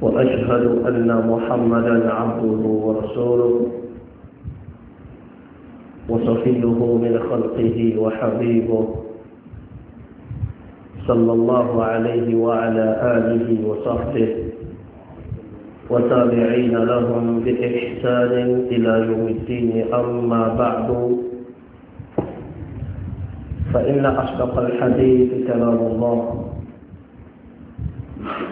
وأشهد أن محمدا عبده ورسوله وصفيه من خلقه وحبيبه صلى الله عليه وعلى آله وصحبه وتابعين لهم بإحسان إلى يوم الدين أما بعد فإن أصدق الحديث كلام الله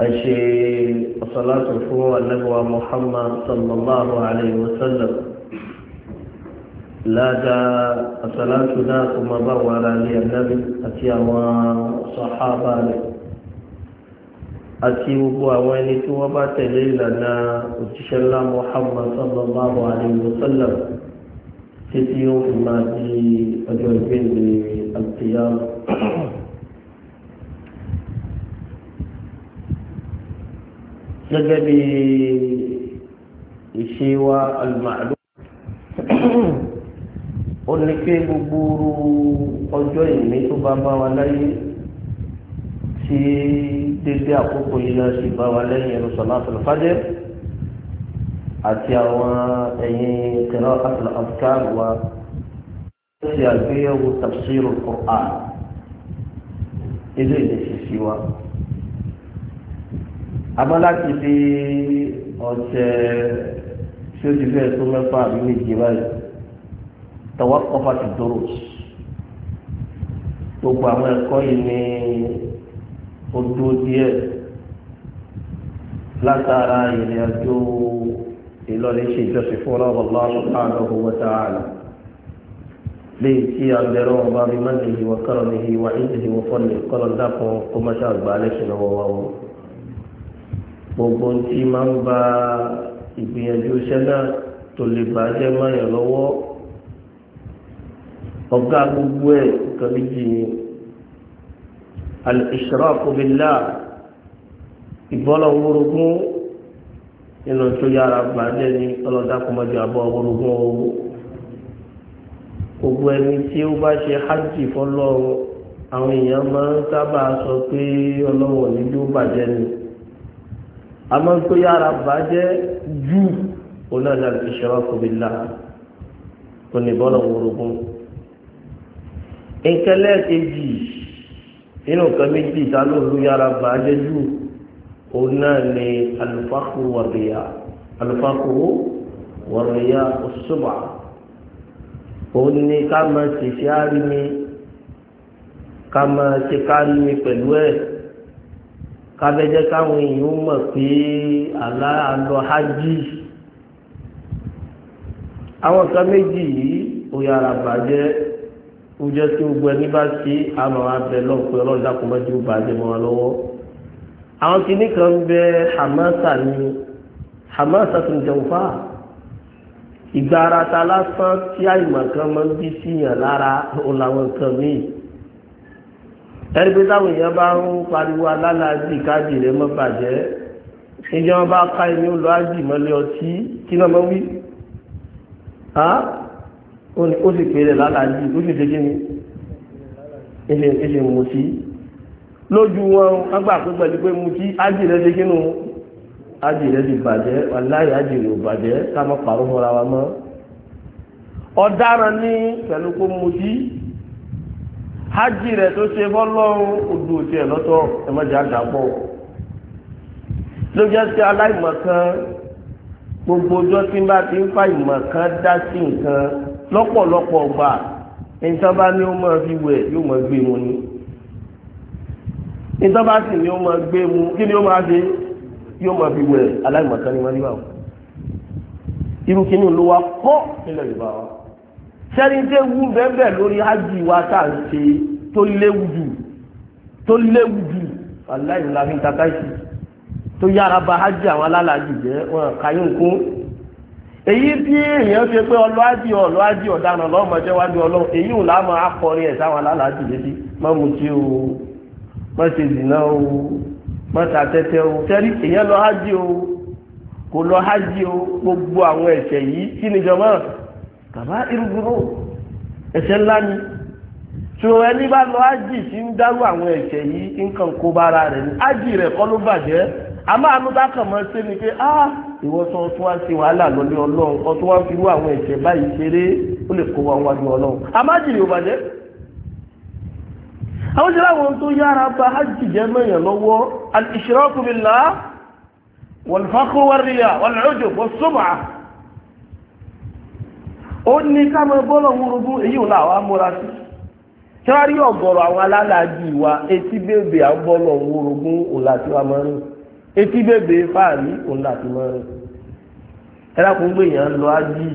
أشي صلاة فوق النبوة محمد صلى الله عليه وسلم لا دا صلاة ذاكم بورا للنبي أتيا وصحابة أتي وبوا ويني توبا تليلنا وتشلى محمد صلى الله عليه وسلم تتيو في ما دي أجوبين بالقيامة gẹ́gẹ́ bí ìṣe wa alùmọ̀lù ó ní pé gbogbo ọjọ́ ìní tó bá bá wa láyé tí dédé àkókò yìí náà sì bá wa lẹ́yìn ẹ̀rọ salatul fajr àti àwọn ẹ̀yìn qira'atul adhkar wa ṣe àgbéyẹ̀wò tafsirul Qur'an ilé ìdẹ̀sí sí wa àmọ́ láti fi ọ̀sẹ̀ tí ó ti fẹ́ tó mẹ́fà àbí méje báyìí tọwọ́ kọfà ti dúró gbogbo àwọn ẹ̀kọ́ yìí ní ó dúró díẹ̀ látara ìrìn àjò ìlọrin ṣe ìjọsìn fún ọlọ́run lọ́wọ́ subhanahu wa ta'ala léyìí tí a bẹ̀rẹ̀ wọn bá bí mọ́tò yìí wọ́n kọ́rọ̀ mi yìí wọ́n ìdíje wọ́n fọ́ọ̀lì kọ́lọ̀ dákun kó má ṣe àgbà lẹ́sìn lọ́wọ́ wa wọ́n gbogbo tí máa ń ba ìgbìyànjú iṣẹ́ náà tó lè bàjẹ́ máyàn lọ́wọ́ ọ̀gá gbogbo ẹ̀ nǹkan méjì ni al-ishraku billah ìbọ́lọ̀wọ́rogún nínú tó yára bàjẹ́ ní ọlọ́dàkùnmọ́jọ àbọ̀ ọ̀wọ́rogún owó gbogbo ẹni tí ó bá ṣe hajj fọlọ́run àwọn èèyàn máa ń sábà sọ pé ọlọ́wọ̀ níbi ó bàjẹ́ ni àmọ́ tó yára bàjẹ́ jù onáàlá ìṣirọ́kù billah kò ní bọ́lá wọ́rọ́gún. nǹkan lẹ́ẹ̀kejì nínú nǹkan méjì ta ló lu yára bàjẹ́ jù onáà ní alùfáàkù wàríyà alùfáàkù wàríyà ọ̀ṣùbà òun ni ká máa ṣèṣe àárín ká máa ṣe ká ní pẹ̀lú ẹ̀ kábẹ́jẹ́ káwọn èèyàn mọ̀ pé aláàlọ́ hajj àwọn kan méjì yìí òyàrá bàjẹ́ ó jẹ́ tí gbogbo ẹni bá ṣe àmọ́ abẹ lọ́wọ́ pé bá ju bàjẹ́ mọ́ wọn lọ́wọ́ àwọn kìíní kan bẹ hamasa ni hamasa tó ń jẹun fáà ìgbà ara ta lásán tí àìmọ̀ kan máa ń bí síyàn lára òun làwọn nǹkan míì ẹni pé táwọn èèyàn bá ń pariwo alálàájì káàdì rẹ̀ mọ́ bàjẹ́ ìjọ bá ká ẹni ó lọ ájì mọ́lẹ̀ ọtí kí náà mọ́ wí ó sì pè rẹ̀ lálàájì ó sì dégé ní ìṣe mú sí lójú wọn wọ́n gbà pé pẹ̀lú pé mú ájì rẹ̀ dégé nù ájì rẹ̀ sì bàjẹ́ wàláyé ájì rẹ̀ ò bàjẹ́ ká mọ́ pàrọ̀ fọ́ra wa mọ́ ọ̀daràn ní pẹ̀lú kó mú hajj rẹ̀ tó ṣe bọ́lọ́run odò tí ẹ̀ lọ́tọ̀ ẹ̀mọ́jà àdàpọ̀ ló jẹ́ sí aláìmọ̀kan gbogbo ọjọ́ tí bá ti ń fa ìmọ̀kan dá sí nǹkan lọ́pọ̀lọpọ̀ ọgbà nǹkan bá ní ó máa fi wẹ̀ yóò máa gbé mu ni nǹkan bá sì ní ó máa gbé mu kí ni ó máa fi yóò máa fi wẹ̀ aláìmọ̀kan ni wọ́n ní wà. irú kí ló wá kọ́ nílẹ̀ Yorùbá wa sẹ́ríńdé wú bẹ́ẹ̀ lórí ájì wa tá à ń ṣe tó léwu jù tó léwu jù aláìlá fi tata ìsìn tó yára ba ájì àwọn alálàájì jẹ́ wọn kàyé nǹkan èyí tí èèyàn ṣe pé ọlọ́ ájì ọlọ́ ájì ọ̀daràn lọ́mọdé wájú ọlọ́run èyí ò lámọ akọrin ẹ̀ sáwọn alálàájì létí má mu tí o má ṣe dìná o má ta tẹ́tẹ́ o sẹ́rí èèyàn lọ ájì o kò lọ ájì o gbogbo àwọn ẹ̀ṣẹ̀ yìí kí ni bàbá irúgbó ẹ̀ṣẹ̀ ńlá ni tí ẹni bá lọ ájì tí ń dárú àwọn ẹsẹ yìí nǹkan kó bára rẹ ni ájì rẹ̀ kọ́ ló a àmọ́ àmúdá kàn mọ́ ni pé á ìwọ tó wá sí wàhálà lórí ọlọ́run kan tó wá ń firú àwọn ẹ̀ṣẹ̀ báyìí ṣeré ó lè kó wa ó ní ká mọ bọ́lọ̀ wúrubú èyí ò láwa múra sí tíwárí ọ̀gọ̀rọ̀ àwọn alálàájì wa etí bèbè àbọ̀lọ̀ wúrubú òun láti wá mọ́ rìn etí bèbè fáàrí òun láti mọ́ rìn ẹlẹ́kùn gbé yẹn lọ ájì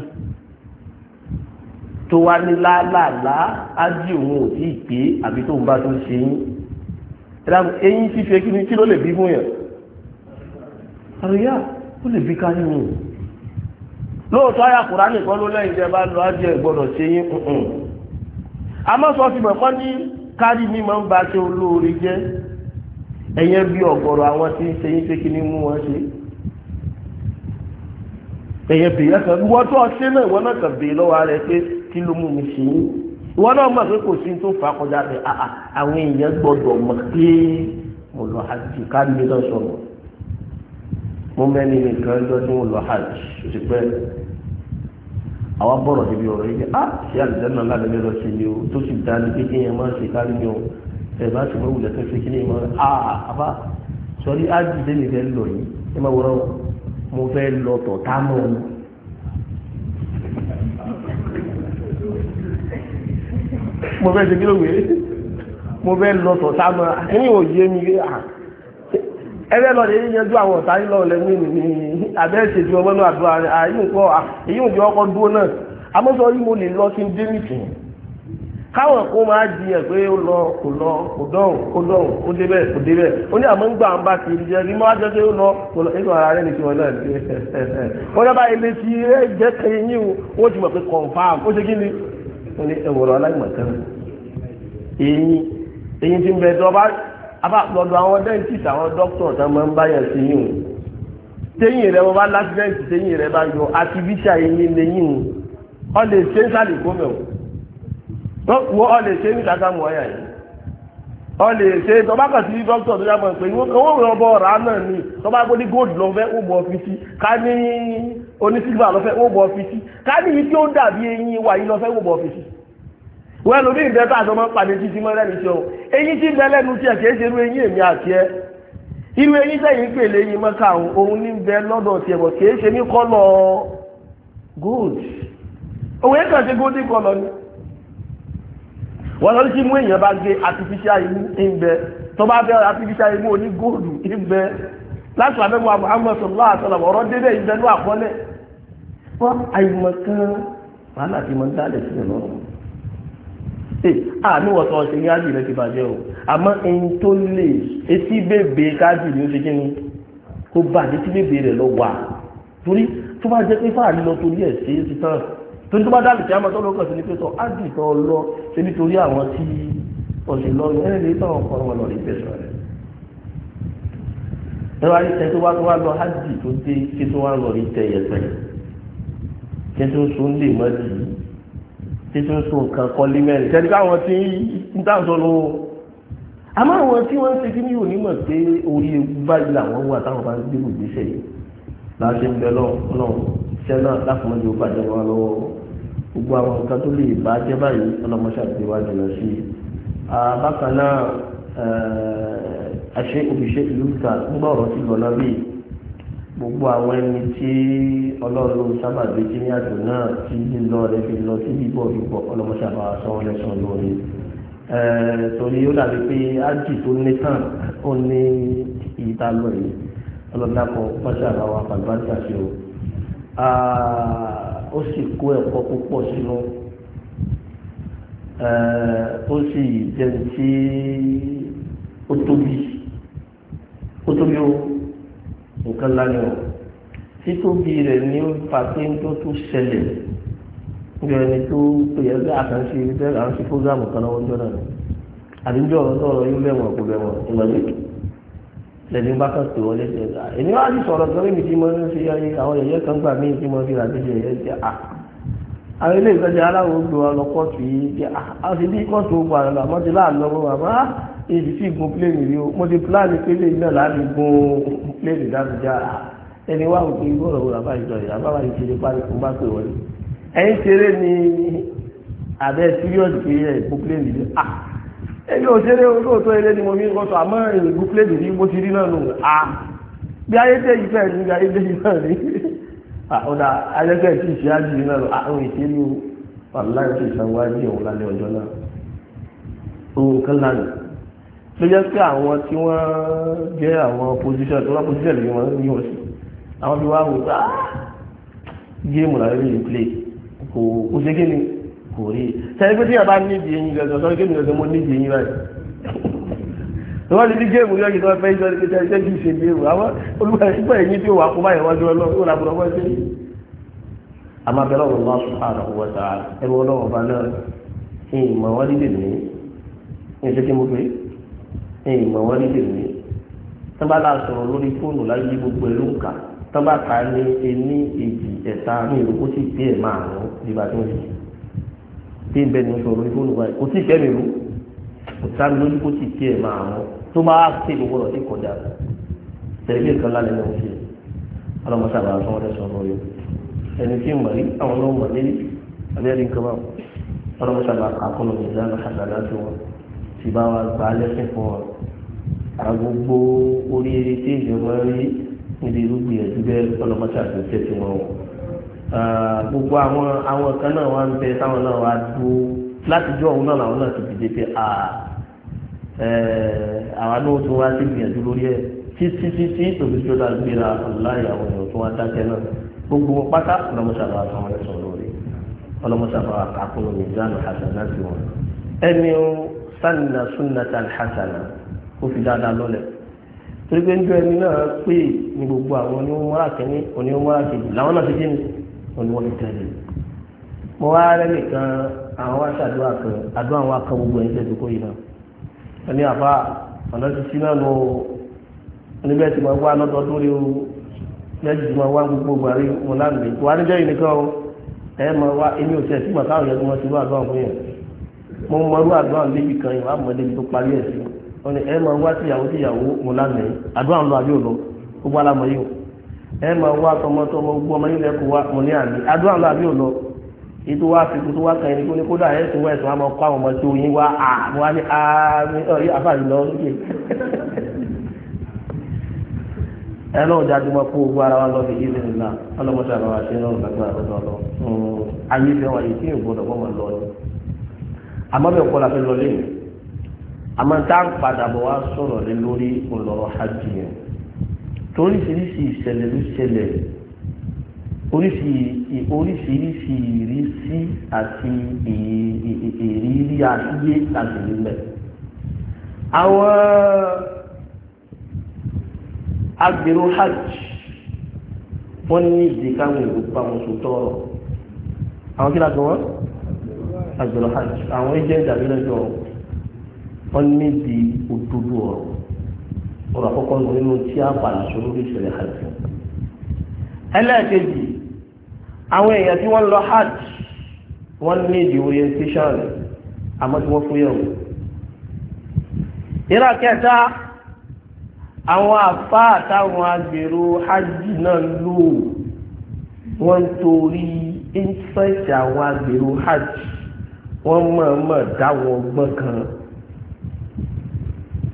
tó wá ní láàlàlá ájì òun ò tí pé àbí tóun bá tó ṣe yín ẹlẹ́kùn eyín fífi kí ni kí ló lè bí fún yẹn àríyá ó lè bí ká nínú yìí lóòótọ́ ayé àkùránì kan ló lẹ́yìn ìjẹba lọ á jẹ ìgbọ́dọ̀ ṣe yín kùn. àmọ́ sọ ti mọ̀kọ́ ní kárí mi máa ń ba ṣe olóore jẹ́ ẹ̀yẹ bí ọ̀gọ̀rọ̀ àwọn tí ń ṣe yín pé kí ni mú wọn ṣe. ẹ̀yẹ bèèrè kan ìwọ tó ọṣẹ náà ìwọ náà kàn bèèrè lọ́wọ́ rẹ pé kí ló mú mi ṣe yín ìwọ náà mọ̀ pé kò sí tó fà kọjá pé àwọn èèyàn gbọ́dọ̀ mọ̀ pé mo lọ hajj kárí mi náà mo mẹ́ni nìkan ẹjọ́ tí mo àwọn bọ̀rọ̀ débi ọ̀rọ̀ yìí á ah, ṣe àlùjáná láti lè lọ sí ni o tó sì dá ní kékeré yẹn máa ń ṣe kárí ni o ẹ̀ bá ṣe mọ́wùlẹ̀ tó ṣe kíní máa á ah, àbá sọrí ájì lé mi fẹ́ lọ yìí ẹ máa wọ́rọ́ mo fẹ́ lọ tọ̀ tá mọ́ ọ. mo fẹ́ ṣe kí ló wẹ̀ mo fẹ́ lọ tọ̀ tá mọ́ ẹni ò yé mi à. Ah, ẹgbẹ́ lọ lè yanjú àwọn ọ̀tá yìí lọ lẹ́nu ìnìyí abẹ́ ìṣèjú ọmọ náà àdúrà àyè ńkọ èyí ò jẹ́ ọkọ̀ dúró náà amọ́sọ yìí mo lè lọ kí n dé nìkì káwọn kó máa jiyàn pé ó lọ kò lọ kò dọ̀hùn kò dọ̀hùn ó débẹ̀ kò débẹ̀ ó ní àmọ́ ń gbà ń bá ti rí jẹ́ kí máa jẹ́ pé ó lọ kò lọ ètò ara rẹ̀ ní tiwọn náà dé wọ́n dábàá ilé tí ẹ jẹ́ kẹyìn o wọ́n ti mọ̀ pé confam ó ṣe kí ni ó ní ẹ̀wọ̀rọ̀ aláìmọ̀tẹ́rẹ̀ èyí èyí ti ń bẹ dọ́ba abáàpọ̀dọ̀ àwọn dentist àwọn doctor tó máa ń báyàn sí yìí o téyìn rẹ wọn bá lásìdẹ́ǹtì téyìn rẹ bá yọ àtìbíṣà yìí lẹ́yìn o ọ lè ṣe ń sàlẹ̀ gómẹ̀ o wọ́n ọ lè ṣe ń sàkàmù ọ̀yà yìí ọ lè ṣe tọ́ba kan sí dókítà tó yàgbọ́n pé owó rẹ̀ ọbọ̀ ọ̀rá náà ni tọ́ba gbọ́dí gold lọ fẹ́ ó bọ̀ ọ́fíìsì ká ní onísílvà lọ fẹ́ ó bọ̀ ọ́fíìsì ká ní ibi tí ó dàbí eyín wà yìí lọ fẹ́ ó bọ̀ ọ́fíìsì. wọ́n lómi ìbẹ́ bá àtọmọ́ pàdé títí mọ́ lẹ́nu tí ó eyín tí bẹ lẹ́nu tí ẹ̀ kìí ṣe irú eyín èmi àti ẹ irú eyín sẹ́yìn pè lé eyín mọ́ká òun ní bẹ lọ́dọ̀ tiẹ̀ bọ̀ kìí ṣe gold òun ṣe golden ni wọ́n lọ sí mú èèyàn bá gé artificial imú tó bá bẹ artificial imú gold láti wàá bẹ́ẹ̀ ọ̀rọ̀ àmì wọ̀ tọ́ ṣe ní ájì rẹ̀ ti bàjẹ́ o àmọ́ ẹni tó lè etí bèbè káàdì ni ó ṣe kíni kó bàjẹ́ tí bèbè rẹ̀ lọ wà torí tó bá jẹ́ pé fáàrí lọ torí ẹ̀ ṣe é ti tán torí tó bá dàbí tí a máa tọ́lọ́kọ̀ sí ni pé sọ ájì tó lọ ṣe nítorí àwọn tí ọ̀sẹ̀ lọ́nu ẹ̀rẹ́ lè tán ọkọ̀ wọn lọ rí bẹ̀sọ̀ rẹ̀ ẹ̀rọ ayé tẹ tó wá tó wá lọ ájì tó dé kí tó wá lọ rí tẹ yẹpẹ títún so nǹkan kọlí mẹ́rin tẹ́lẹ̀ káwọn tí ń tà sọ lọ́wọ́ àmọ́ àwọn tí wọ́n ń ṣe kí ní onímọ̀ pé orí ewu báyìí làwọn wà táwọn bá ń gbé kò gbéṣẹ́ yìí láti ń bẹ lọ́wọ́ iṣẹ́ náà lákùnrin yóò bàjẹ́ wọn lọ́wọ́ gbogbo àwọn nǹkan tó lè bá jẹ́ báyìí ọlọ́mọṣẹ́ àti ìwádìí lọ sí i bákan náà àṣẹ òbíṣẹ́ ìlú ta ń gbọ́ ọ̀rọ̀ sí lọ́nà bíi gbogbo àwọn ẹni tí ọlọ́run ló sábà gbé tí ní àjò náà tí lílọ rẹ̀ fi lọ sí bíbọ̀ bíbọ̀ ọlọ́mọṣàbà sanwó lẹ́sàn lórí torí ó dàbí pé ájì tó ní tàn ó ní ìdálọ́ yìí ọlọ́dàkọ̀ mọ́ṣàbà wa pàlùbáṣà sí o ó sì kó ẹ̀kọ́ púpọ̀ sínú ó sì jẹun tí ó tóbi ó tóbi ó nǹkan lánàá o títóbi rẹ̀ ní pàṣẹ tó tó ṣẹlẹ̀ níbi ẹni tó pèyẹ bí àkànṣe bẹ́ẹ̀ àkànṣe fúgàmù kan lọ́wọ́ jọ náà àdúgbò ọ̀rọ̀ sọ̀rọ̀ yóò bẹ̀wọ̀n kò bẹ̀wọ̀n ìmọ̀lẹ́ lẹ́ni bá kàn pè wọlé ṣe ká èmi wá sí sọ̀rọ̀ sọ̀rọ̀ èmi tí mo ń fi ayé àwọn ẹ̀yẹ kan gbà mí tí mo fi ràdí ṣe ẹ̀yẹ jẹ́ à ah, àwọn ilé ìtajà aláwọ̀ gbé wa lọ kọ́ọ̀tù yìí jẹ́ à á sì bí kọ́ọ̀tù gbà lọ àmọ́ ti láàánú ọmọ bàbá ibi tí ìgbó pléènì rí o mo ti pláàni pé lè náà láti gun pléènì dábìjá ẹni wá òkè ìgbọ́rọ̀ wò lábá ìjọ yìí lábá ìjọ yìí parí fún bá pè wọlé ẹ̀yin ṣeré ni àbẹ́ síríọ̀sì pé ẹ̀ ìgbó pléènì rí a ẹni ò ṣeré olóòótọ́ eré ni mo mi ń kọ́ sọ àmọ́ ìgbó pléènì rí mo ti rí náà nù a bí ayédè yìí fẹ́ẹ̀ ní ayédè yìí náà rí ọ̀dà ayẹ́kẹ́ tí ìṣe ájú yìí náà àwọn ìṣèlú wàlúwàlú ti ló jẹ́ pé àwọn tí wọ́n jẹ́ àwọn position tí wọ́n position lè wọ́n ní wọ́n sí àwọn bí wá wò pé géèmù làwọn lè play kò kò ṣe kéèmì kò rí sẹ́yìn pé tí yàrá nídìí eyín gẹ̀gẹ̀ sọ géèmù gẹ̀gẹ̀ mo nídìí eyín báyìí tí wọ́n ti ní géèmù yọ kí wọ́n fẹ́ sọ ní kéèmù ṣe kí ṣe géèmù àwọn olùkọ́ ẹ̀yìn tí ó wà kó báyìí wájú ọlọ́run bá náà wọ́n dídì ní ìṣẹ́kí ẹ̀yìn mọ̀ wọ́n ní tèmi tọ́ba la sọ̀rọ̀ lórí fóònù láyé gbogbo ẹ̀ ló ń kà tọ́ba ta ní ení èjì ẹ̀ta ní ìlú kó sì bí ẹ̀ máa rún nígbà tó ń yìí tí ń bẹ ní sọ̀rọ̀ lórí fóònù báyìí kò sí ìfẹ́ mi rú kò sá mi lójú kó sì bí ẹ̀ máa rún tó bá ṣe gbogbo ọ̀rọ̀ sí kọjá tẹ̀lé kan lálẹ́ náà ṣe ọlọ́mọṣàbà àwọn ọ̀rẹ́ sọ̀rọ̀ yìí ẹni tí ń mọ̀rí àwọn ọlọ́mọ tí bá wà gbà lẹ́kẹ̀kọ́ àgbogbo oríire tí èèyàn máa rí níbi irúgbìn ẹ̀dú bẹ́ẹ̀ ọlọ́mọṣà tó tẹ̀ sí wọn o. gbogbo àwọn àwọn kan náà wá ń bẹ táwọn náà wá dúró látijọ́ òun náà làwọn náà ti dìde pé àwa náà tún wá sí gbìyànjú lórí ẹ̀ títí títí tòbí tí ó dá gbéra láì àwọn èèyàn tó wá dákẹ́ náà gbogbo pátá ọlọ́mọṣà bá wọn sọ̀rọ̀ lórí ọlọ́mọṣà bá wọn kàkúrò nìjánu àṣà náà ti wọn. ẹni o sanna sunnata hasana kó fi dáadáa lọ́lẹ̀ torí pé ń jọ ẹni náà pé ní gbogbo àwọn onímọ̀ra kẹ́ni onímọ̀ra kejì làwọn náà dé ní fi tẹ̀lé mo wá nìkan àwọn wá ṣàdúrà kan àdúrà wa kan gbogbo ẹni tẹ̀sí kó yìí náà ẹni àfa ọ̀nà ti sí náà lọ oníbẹ̀ tí wá rí o lẹ́yìn tí wá gbogbo gbàrí yìí nìkan o ẹ̀ máa wá ò tẹ̀ yẹn mo mọrú àdúrà lébi kan yìí wàá mọ débi tó parí ẹ̀ sí wọn ni ẹ máa wá síyàwó síyàwó mo lánàá àdúrà ń lọ àbí òlọ gbogbo yìí ẹ wá gbogbo ọmọ yìí lẹkọọ wa mo ní àdúrà ń lọ òlọ ètò wa kan yìí ní kódà ẹ ti wá ẹsùn àmọ́ kọ wa lọ sí yìí lẹnu náà náà ayé fẹ àmọ́ bẹ́ẹ̀ kọ́ la fẹ́ lọ lẹ́yìn àmọ́ tá à ń padà bọ̀ wá sọ̀rọ̀ lé lórí ọ̀rọ̀ hajj yẹn toríṣiríṣi ìṣẹ̀lẹ̀ ló ṣẹlẹ̀ oríṣiríṣi ìrísí àti ìrírí àtúnyé láti nílẹ̀ àwọn agbèrò hajj wọ́n ní ìdíkàwọn ìlú pàmòsò tọrọ àwọn kí láti wọ́n azulhaj àwọn agent àbílẹ̀jọ wọn níbi òdodo ọ̀rọ̀ ọ̀rọ̀ àkọ́kọ́ nínú tí a fà lóṣù lórí ìṣẹ̀lẹ̀ hajj ẹlẹ́ẹ̀kejì àwọn èèyàn tí wọ́n lọ hajj wọ́n níbi orientation àmọ́ tí wọ́n fúyẹ̀ wọ́n ìrà kẹta àwọn àfá àtàwọn agbèrò hajj náà lò wọ́n torí interest àwọn agbèrò hajj wọ́n mọ̀ọ́mọ̀ dáwọ́ ọgbọ́n kan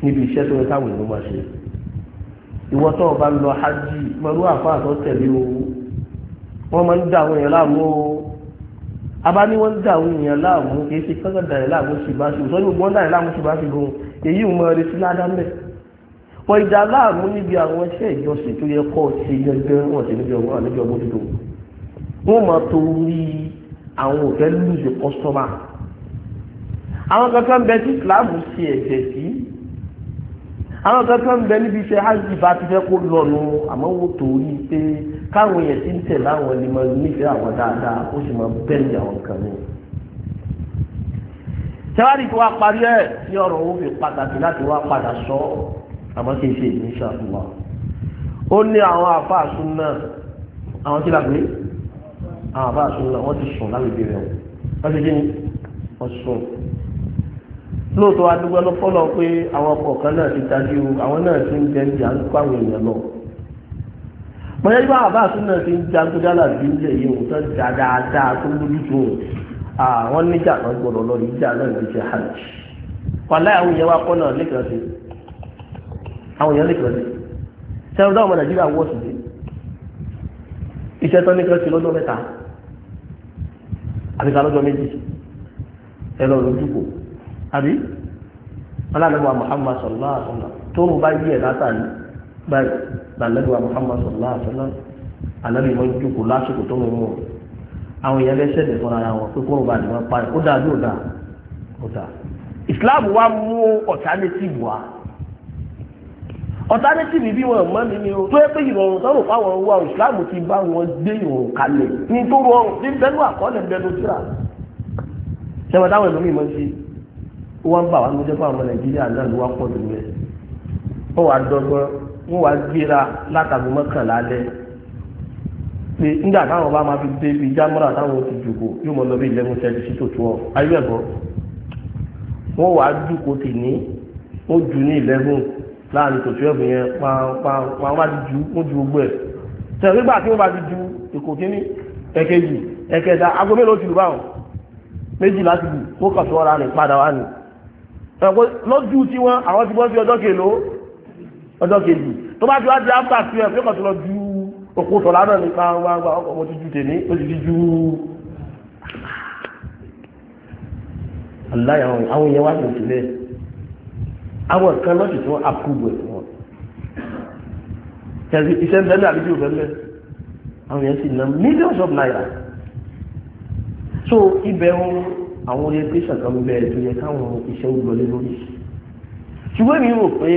níbi iṣẹ́ tó ń táwọn èèyàn máa ṣe ìwọ tó o bá ń lọ hajj mọ̀lú àfáà tó tẹ̀lé o wọ́n máa ń dá àwọn èèyàn láàmú o abáni wọ́n ń dá àwọn èèyàn láàmú kì í ṣe kọ́kọ́ dà ẹ̀ láàmú ṣùgbọ́n ṣùgbọ́n sọ́yìn ògbọ́n dà ẹ̀ láàmú ṣùgbọ́n ṣùgbọ́n èyí ò mọ ẹrẹ sí ládàá mẹ́ wọ́n ìdá láàmú níbi àwọn iṣẹ́ ìjọsìn tó yẹ kọ́ ṣe gangan wọ́n ti níjọ wọ́n níjọ mójútó wọ́n máa torí àwọn òfẹ́ lùzẹ̀ kọ́sọ́mà àwọn kankan bẹ tí ìsìláàmù ṣe ẹ̀jẹ̀ sí àwọn kankan bẹ níbi iṣẹ́ hajj bá ti fẹ́ kó lọ́nu àmọ́ wò torí pé káwọn èèyàn ti ń tẹ̀lé àwọn ẹni máa nífẹ̀ẹ́ àwọn dáadáa ó sì máa bẹ́ẹ̀lì àwọn kan ní. sẹ́wádìí tó wá parí ẹ̀ ní ọ̀rọ̀ òun fi pàtàkì láti wá padà sọ àmọ́ kì í ṣe ìlú ìṣàfihàn. ó ní àwọn àfáà súnà àwọn tí làgbé àwọn àfáà súnà wọ́n ti sùn lágbègbè rẹ̀ wọ́n ti kí ni wọ́n sùn lóòótọ́ adúgbò lọ́fọ́lọ́ pé àwọn ọkọ̀ kan náà ti tajú àwọn náà ti ń jẹun jà ń kó àwọn èèyàn lọ. mọ̀yẹ́ bí báwa bá a tún náà ti ń jagun dára bí ń lẹ̀ yìí òun tó da dáadáa tó lójú tó àwọn níjà kan gbọ́dọ̀ lọ níjà náà ti ṣe hàn. wàhálà àwọn èèyàn wa kọ́ náà lẹ́kọ̀ọ́ sí àwọn èèyàn lẹ́kọ̀ọ́ sí sẹ́wọ́n dáwọn nàìjíríà wọ́ sí iṣẹ́ tán àbí aláàlẹ́gbà Muhammad sallallahu alaihi wasallam tó ń bá yí ẹ̀ látàrí báyìí Muhammad sallallahu alaihi wasallam àlẹ́bí wọn jókòó lásìkò tó ń mú àwọn èèyàn lẹ́sẹ̀ lè fọ́nra ara wọn pé kó ń bá nìwọ̀n parí ó dáa yóò dáa ó dáa Islam wa mú alternative wa alternative bí wọn mọ mi ni o tó yẹ pé ìrọ̀rùn sọ̀rọ̀ fáwọn wa Islam ti bá wọn gbé ìrọ̀rùn kalẹ̀ ní tó rọrùn ní bẹ́ẹ̀ ló àkọọ́lẹ̀ bẹ́ẹ̀ ló tíra ṣẹ́wọ́n táwọn ìlú mi mọ̀ ó wá ń bà wá ní ojú fáwọn ọmọ nàìjíríà náà ló wá pọ̀ jù rẹ̀ ó wàá dọ́gbọ́n wọ́n wàá gbéra látàgbé mọ́kànlá lẹ́ pé nígbà táwọn bá máa fi dé ibi jámọ́ra táwọn ti jùkò yóò mọ lọ bí eleven thirty sí tòtú ọ ayé ẹ̀bọ wọ́n wàá jùkò tì ní ó jù ní eleven láàrin tòtú ẹ̀bùn yẹn pàápàá wọ́n ti ju wọ́n ju gbogbo ẹ̀ tẹ̀lé gbà tí wọ́n bá ti ju èkó kínní ẹ̀kẹ́jì ẹ̀kẹ́ta ago mélòó ti lù báwọn méjì láti lù kó kàtó ọ̀rá rẹ̀ padà wá nìí lọ́jú tí wọ́n àwọn ti bọ́ sí ọjọ́ kèlò ọjọ́ kejì tó bá ti wá di áfà sí ẹ̀ fíkọ̀ tó lọ ju òkú tọ̀lá náà ní ká wá wá ọkọ̀ mo ti ju tèmi ó ti fi ju aláyà àwọn èèyàn wá sí òtúlẹ̀ àwọn kan lọ́sì tí wọ́n approve ẹ̀ wọn tẹ̀sí iṣẹ́ ń bẹ́lẹ̀ àbíjú millions of naira so ibẹ̀ wọn àwọn orientation kan bẹ tó yẹ káwọn iṣẹ́ ó lọlé lórí ṣùgbọ́n mi rò pé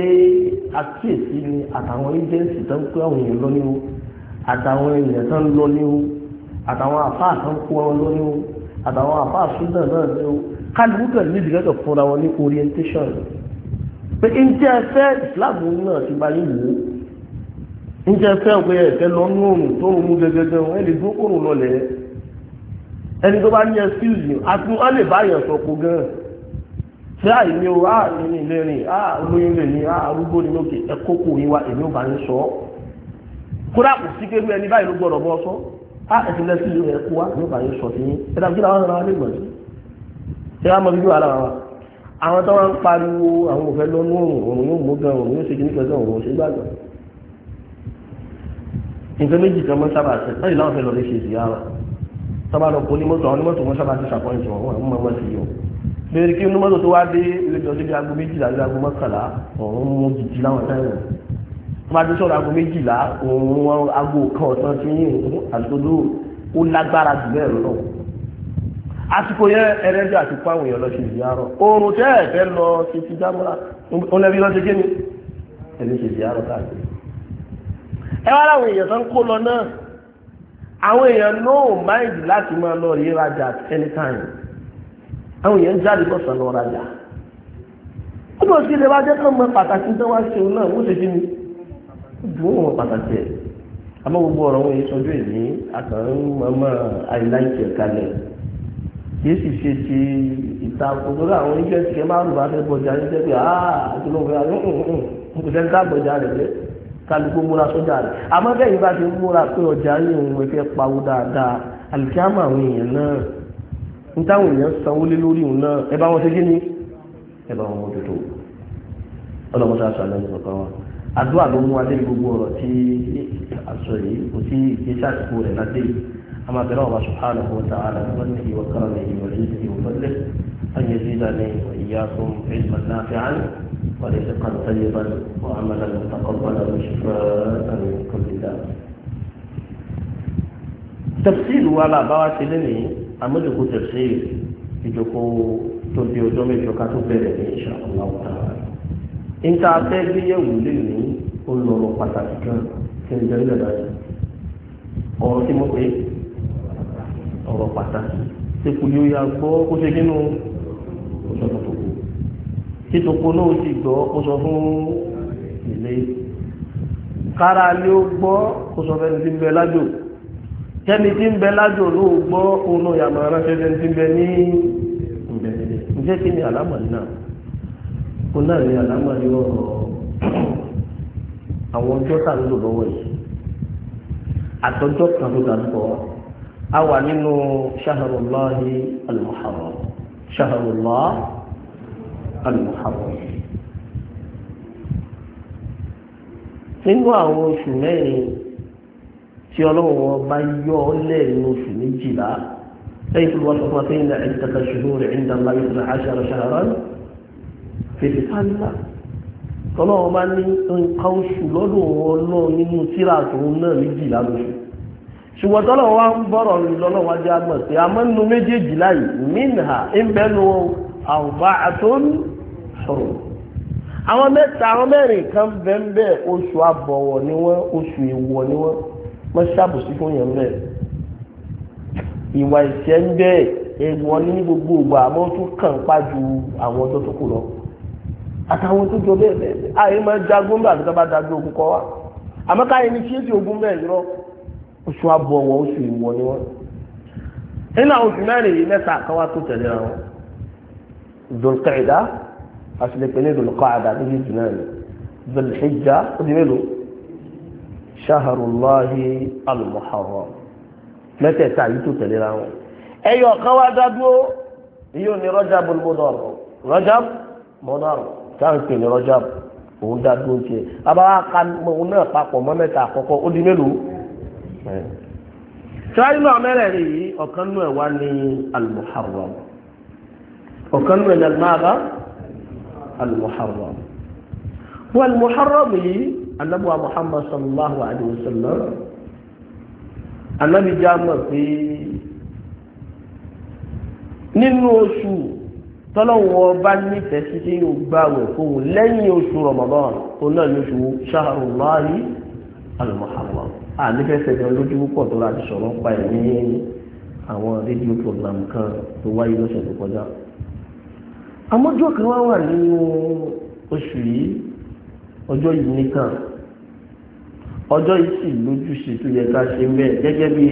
àkíyèsí ni àtàwọn agency tó ń pé àwọn èèyàn lọ ní o àtàwọn èèyàn tó ń lọ ní o àtàwọn àfáà tó ń kó wọn lọ ní o àtàwọn àfáà súdà náà ní o kálukú kan níbi lọ́dọ̀ fúnra wọn ní orientation pé njẹ́ ẹfẹ́ Islam náà ti bá yín wò ó njẹ́ ẹfẹ́ òpin ẹ̀fẹ́ lọ́nù òrùn tó rùn mú gẹ́gẹ́gẹ́ wọn ẹ̀ lè dúró kòrò ẹni tó bá ní excuse yìí àti wọ́n lè bá yẹn sọ̀pọ̀ gan ṣé àìní o á ní ilé rìn á olóyún lè ní á arúgbó ní lókè ẹ kókó yín wa èmi ò bá yín sọ ọ́ kódà kò sí kéwú ẹni báyìí ló gbọ́dọ̀ bọ́ sọ á ẹ̀sìn lẹ́sìn yìí ẹ̀ kó wa èmi ò bá yín sọ sí yín ẹ dàbí kí làwọn ará lè gbọ̀n sí ṣé wàá mọ bíbí wàhálà wa àwọn tó wọn pariwo àwọn òfẹ lọ́nú òrùn òrùn yóò mú gan òrùn yóò ṣe kíní pẹ̀lú òrùn ṣe gbàgbọ́ nǹkan méjì kan mọ́ sábà ṣe báyìí láwọn fẹ́ lọ lè ṣe ìsìyá wa sábà lọ kó onímọ́tò àwọn onímọ́tò wọn sábà ti ṣàpọ́ǹtì wọn wọn mọ̀ sí yìí o bẹ́ẹ̀ kí onímọ́tò tó wá dé ilé ìjọsí bí aago méjìlá bí aago mọ́kànlá òun mú jìjì láwọn táyà máa dé sọ̀rọ̀ aago méjìlá òun aago kan ọ̀sán ti yín òun àtòdó ó lágbára jù bẹ́ẹ̀ lọ àsìkò yẹn ẹrẹ́jì àti pàwọn èèyàn lọ sí ìyàrọ̀ oorun tẹ́ ẹ̀ fẹ́ lọ sí ti dámọ́ra òun ẹbí lọ sí kí ni ẹni sì ìyàrọ̀ káàkiri ẹ wá láwọn èèyàn tó ń kó lọ náà àwọn èèyàn no mind láti máa lọ rí rajà at any time àwọn èèyàn jáde lọ́sàn lọ rajà ó lọ sí ilé wa jẹ́ kán mọ pàtàkì tó wá ṣe òun náà wọ́n ṣe kí ni dùn ún wọn pàtàkì ẹ̀ àmọ́ gbogbo ọ̀rọ̀ wọn yìí sọjú èmi àtàwọn mọ̀mọ́ àìláìkì ẹ̀ka lẹ̀ kì í sì ṣe ti ìta gbogbo àwọn oníjẹ́ ti kẹ́ máa ń lò wá fẹ́ bọ̀jà ní sẹ́kẹ̀ àá ah, àti lóun fẹ́ kálukú múra sójà rẹ̀ àmọ́ bẹ́ẹ̀ bá ti múra pé ọjà ní òun ẹ̀fẹ́ pawó dáadáa àlùkíámà àwọn èèyàn náà ń táwọn èèyàn sanwó lé lórí òun náà ẹ bá wọn ṣe kí ni ẹ bá wọn mójútó ọlọ́mọdé aṣọ àlẹ́ ìgbà kan wọn àdúrà ló mú adé gbogbo ọ̀rọ̀ tí aṣọ yìí kò sí iṣẹ́ àsìkò rẹ̀ láti أما بروض سبحانه وتعالى بفضله وكرمه وعزه وفضله أن يزيدني وإياكم علما نافعا ورزقا طيبا وعملا متقبلا وشفاء من كل داء tafsir wa la bá wa ṣe lónìí amójúkú tafsir ìjòkó tó di ọjọ́ mẹ́jọ ká tó bẹ̀rẹ̀ ní insha Allah ta'ala. níta fẹ́ gbéyẹ̀wò lónìí ó lọ ọ̀rọ̀ pàtàkì kan tí ń jẹ́ ìlẹ̀ báyìí. ọ̀rọ̀ tí mo pè é ọ̀rọ̀ pàtàkì ṣe kò ní ó yà gbọ́ kó ṣe kínú ó sọ̀tọ̀ tó títòkó náà sì gbọ́ ó sọ fún ilé kára lé ó gbọ́ ó sọ fẹ́ni tí ń bẹ lájò tẹ́ni tí ń bẹ lájò ló gbọ́ òun náà yàmọ̀ ránṣẹ́ tẹ́ni tí ń bẹ ní ìbẹ̀rẹ̀ ǹjẹ́ kí ni àlámọ̀lì náà kó náà ní àlámọ̀lì ọ̀rọ̀ àwọn ọjọ́ tà ń lò lọ́wọ́ yìí àtọ́jọ́ kan tó dàgbọ́ a wà nínú shahrullahi al-muharram al-muharram nínú àwọn oṣù mẹ́rin tí ọlọ́wọ́ bá yọ ọ́ lẹ́ẹ̀rin oṣù méjìlá lẹ́yìn tó wọ́n sọ fún akéyìn náà ẹ̀ka kan ṣòro rẹ̀ ń dàgbà yóò fún aṣọ àṣàrà fèsì kálíà tọ́lọ́wọ́ bá ní nǹkan oṣù lọ́dọ̀ wọn náà nínú tíra àtòun náà méjìlá lóṣù ṣùgbọ́n tọ́lọ̀ wa ń bọ̀rọ̀ lọ́lọ́wọ́ ṣòro àwọn mẹ́ta àwọn mẹ́rin kan bẹ́ẹ̀ oṣù abọ̀wọ̀ ni wọ́n oṣù èèwọ̀ ni wọ́n wọ́n ṣàbòsí fún yẹn bẹ́ẹ̀ ìwà ìṣẹ́ ń bẹ́ẹ̀ èèwọ̀ ní gbogbo ògbà àmọ́ tó kàn pa ju àwọn ọjọ́ tó kù lọ àtàwọn tó jọ bẹ́ẹ̀ bẹ́ẹ̀ àyè máa jagun bá àbíkọ́ bá dájú ogun kọ́ wa àmọ́ káyé ní ṣéèdì ogun bẹ́ẹ̀ yọ oṣù abọ̀wọ̀ oṣù èèwọ̀ ni wọ́n nínú àwọn oṣù mẹ́rin yìí mẹ́ta kan tó tẹ̀lé ra wọn Dhul Qa'dah àṣìlẹ̀pẹ̀ ní ìdùnnú káàdà níbi ìdùnnú ẹ̀ zulhijja ó di mélòó ṣaharulahi almuharram mẹ́tẹ̀ẹ̀ta yìí tó tẹ̀lé ra wọn. ẹyọ kan wá dádúró yóò ní rọ́jàbù mọ́dọ̀rọ̀ rọ́jàbù mọ́dọ̀rọ̀ táǹkì ní rọ́jàbù òun dádúró tiẹ̀ abáwá ka òun náà papọ̀ mọ́ mẹ́ta àkọ́kọ́ ó di mélòó tíwájú náà mẹ́rẹ̀ẹ̀rin yìí ọ̀kan nú ẹ̀ wá ní almuharram ọ̀kan nú ẹ̀ ní almaba al-muharram wal muharram yìí anábọ̀ muhammad sallallahu alayhi wa sallam anábì já mọ̀ pé nínú oṣù tọ́lọ́wọ́ bá nífẹ̀ẹ́ sí tí yóò gbààwẹ̀ fóun lẹ́yìn oṣù ramadan tó náà ní oṣù shahrullahi al-muharram ànífẹ́fẹ́ kan lójú púpọ̀ tó láti sọ̀rọ̀ pa ẹ̀ ní àwọn rédíò program kan tó wáyé lọ́sẹ̀ tó kọjá amójọ́ kan wá wà nínú oṣù yìí ọjọ́ yìí nìkan ọjọ́ yìí sì lójúṣe tó yẹ ká ṣe mẹ́ gẹ́gẹ́ bí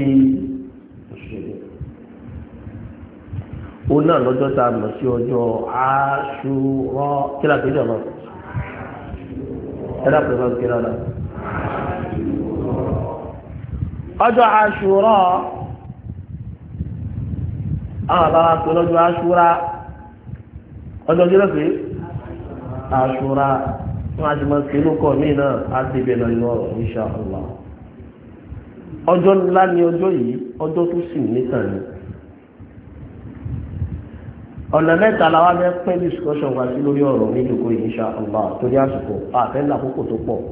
o òun náà lọ́jọ́ tá a mọ̀ sí ọjọ́ aṣúrọ́ kí láti ìjọ náà ẹ̀dá pẹ̀lú ọjọ́ kíláàdá ọjọ́ aṣúrọ́ àwọn àbáwá pẹ̀lú ọjọ́ aṣúrọ́ ọjọ́ jẹ́ lọ́pẹ́ àṣùra wọn àti máa ṣe lókọ̀ mí náà á ti ọjọ́ ńlá ni ọjọ́ yìí ọjọ́ tó sì nítàn ni ọ̀nà mẹ́ta la discussion wa sí lórí ọ̀rọ̀ níjòkó yìí insha torí àsìkò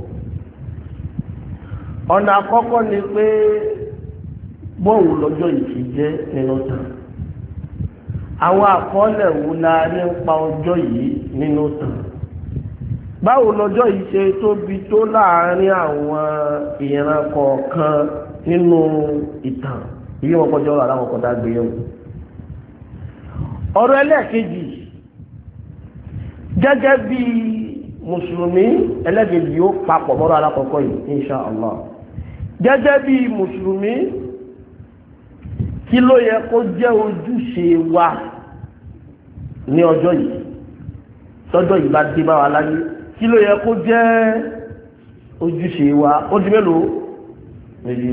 àwọn àkọọ́lẹ̀ wo la nípa ọjọ́ yìí nínú tàn báwo lọ́jọ́ yìí ṣe tóbi tó láàárín àwọn ìran kọ̀ọ̀kan nínú ìtàn ilé wọn kọjọ́ ọ̀rọ̀ àwọn kọ̀ọ̀dá gbé yẹ̀wò ọ̀rọ̀ ẹlẹ́ẹ̀kejì gẹ́gẹ́ bí mùsùlùmí ẹlẹ́ẹ̀kejì yóò papọ̀ mọ́rọ̀ alákọ̀ọ́kọ́ yìí insha allah gẹ́gẹ́ bí mùsùlùmí kí ló yẹ kó jẹ́ ojúṣe wa ní ọjọ́ yìí tọ́jọ́ yìí bá dé bá wa láyé kí ló yẹ kó jẹ́ ojúṣe wa ó di mélòó méjì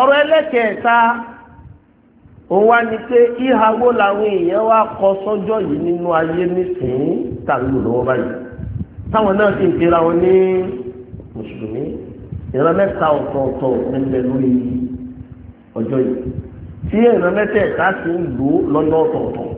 ọ̀rọ̀ ẹlẹ́kẹ̀ẹ́ta òun wá ní pé ìhàwó làwọn èèyàn wá kọ sọ́jọ́ yìí nínú ayé nísìnyí tàbí lọ́wọ́ báyìí táwọn náà sì ń pera wọn ní mùsùlùmí ìran mẹ́ta ọ̀tọ̀ọ̀tọ̀ nílẹ̀ lórí ọjọ́ yìí tí ìran mẹ́tẹ̀ẹ̀ta sì ń lò lọ́jọ́ ọ̀tọ̀ọ̀tọ̀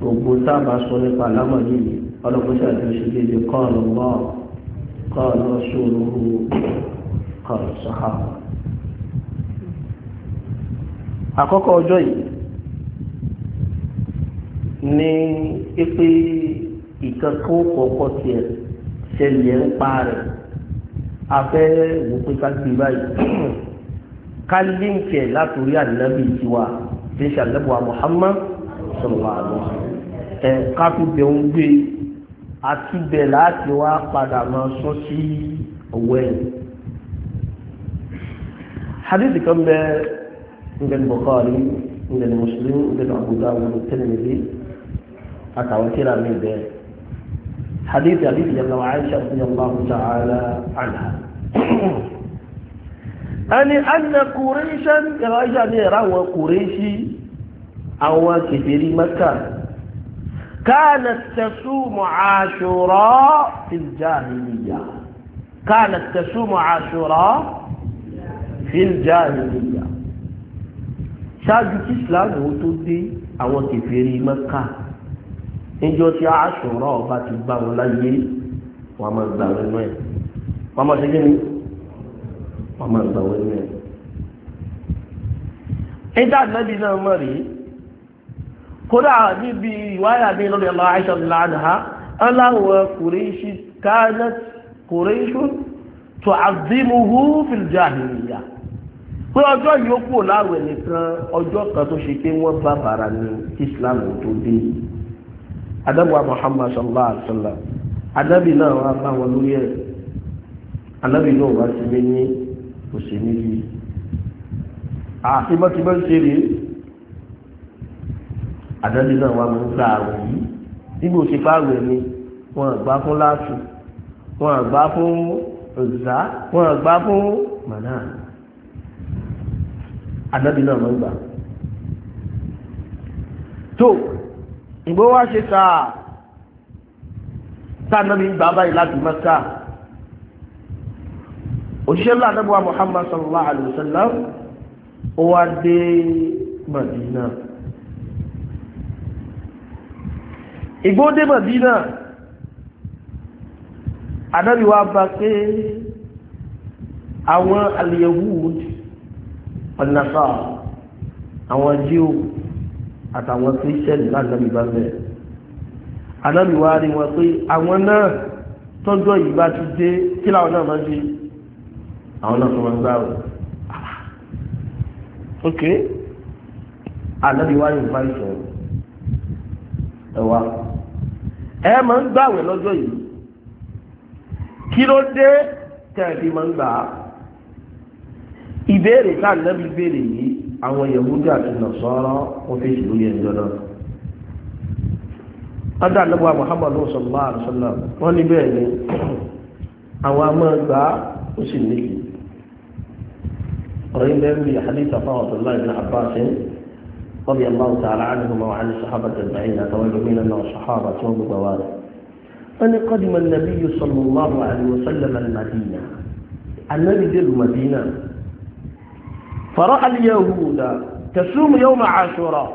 gbogbo tábà sọ nípa àlámọ̀ yìí ọlọ́gbọ́sẹ̀ àti òṣèlú ilé kọ́ọ̀lù mọ́ kọ́ọ̀lù ṣòro kọ́ọ̀lù sọ́hà. àkọ́kọ́ ọjọ́ yìí ní pípé ìkan tó kọ̀ọ̀kọ́ tiẹ̀ ṣẹlẹ̀ ń pa rẹ̀ afẹ́ wò pé ká gbé báyìí ká líǹkì ẹ̀ látòrí ànábì tiwa tí ń ṣàlẹ́bùwà Muhammad sallallahu alaihi káfíńbẹ̀ ń gbé àtúbẹ̀ láti wá padà máa sọ sí ọwọ́ ẹ̀. hadith kan bẹ ngẹni Bukhari ngẹni Muslim ngẹni Abu Dawud Tirmidhi àtàwọn tíra mi bẹ hadith hadith yẹn lọ́wọ́ Aisha radiyallahu ta'ala anha. ẹni anna Qurayshan yàrá ìṣàlẹ̀ ìràwọ̀ Qurayshi àwọn kèfèrí Mẹ́kà كانت تصوم عاشوراء في الجاهلية كانت تصوم عاشوراء في الجاهلية ṣáájú tí islam ó tó dé àwọn kèfèrí mẹ́kà níjọ tí aṣọ́ra ọba ti bá wọn láyé wọn máa gbà wọn náà wọn máa ṣe kí ni wọn máa gbà wọn náà. ẹ̀dá ànábì náà mọ̀ rèé kódà níbi ìwáyà ní lọ́dẹ̀ lọ àìṣà láàdá aláwọ̀ kùrẹ́ṣì káàdà kùrẹ́ṣù tó àdímuhu fìlìjáàdìyà pé ọjọ́ yìí ó kú láwẹ̀ nìkan ọjọ́ kan tó ṣe pé wọ́n bá bàrà ní Islam tó dé adábọ̀wá Muhammad sallallahu alaihi wa sallam adábì náà wá bá wọn lórí ẹ̀ adábì náà wá sí mi ní òsì níbi àti bá ti bá ń ṣe rèé àdáni náà wà mú gbà àwẹ̀ yìí nígbà òṣè fáwẹ̀ ni wọn àgbá fún láàtù wọn àgbá fún òzà wọn àgbá fún màná àdáni náà máa ń gbà. tó ìgbó wá ṣe sáà sáà náà mi ń gbà báyìí láti Mákà òṣìṣẹ́ ńlá àdàbọ̀ Muhammad sallallahu alayhi wa sallam ó wá dé Madina. ìgbóndé Mádínà Ànábì wa bá pé àwọn al-Yahud wan-Nasara àwọn jíò àtàwọn kírísẹ́lì lánàbí bá bẹ̀rẹ̀ Ànábì wa rí wọn pé àwọn náà tọ́jọ́ yìí bá ti dé kí láwọn náà máa ń ṣe àwọn náà tó máa ń gbá rẹ̀ ah, ok Ànábì wa rí wọn bá ìṣòro ẹ ẹ máa ń gbàwẹ̀ lọjọ yìí kí ló dé tẹ̀lé máa ń gbà á ìbéèrè tá ànábi béèrè yìí àwọn àti Nasara wọn fi ṣùgbọ́n yẹn jọ náà ọdá àlọ́gbà Muhammadu sallallahu alaihi wọ́n ní bẹ́ẹ̀ ni àwọn amọ́gbà ó sì nílùú ọ̀rọ̀ ilẹ̀ ń bí àdìsá fáwọn ọ̀tọ̀lá ìlú رضي الله تعالى عنهما وعن الصحابة أجمعين أتوجه منا والصحابة وبوارد أن قدم النبي صلى الله عليه وسلم المدينة النبي دير المدينة فرأى اليهود تصوم يوم عاشوراء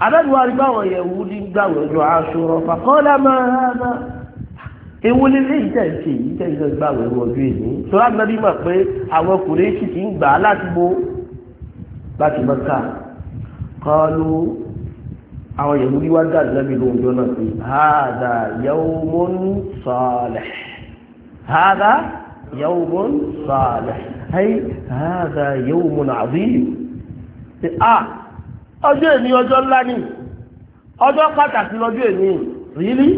على الوالبا واليهود قالوا عاشوراء فقال ما هذا ewo lele ìjà ìṣe yìí tẹ́ ìjọ ìgbà àwọn ẹ̀rọ ọdún èyí sọ́ra nàbí mọ̀ pé àwọn ọkùnrin sì ti ń gbà á láti bó láti mọ́ká kọlu àwọn yẹ̀wúrí wá dà lẹ́bi ló ń jọ náà sí hádà yawmun salih hádà yawmun salih hey hádà yawmun azim ti a ọjọ́ èmi ọjọ́ ńlá ni ọjọ́ pàtàkì lọ́jọ́ èmi rírí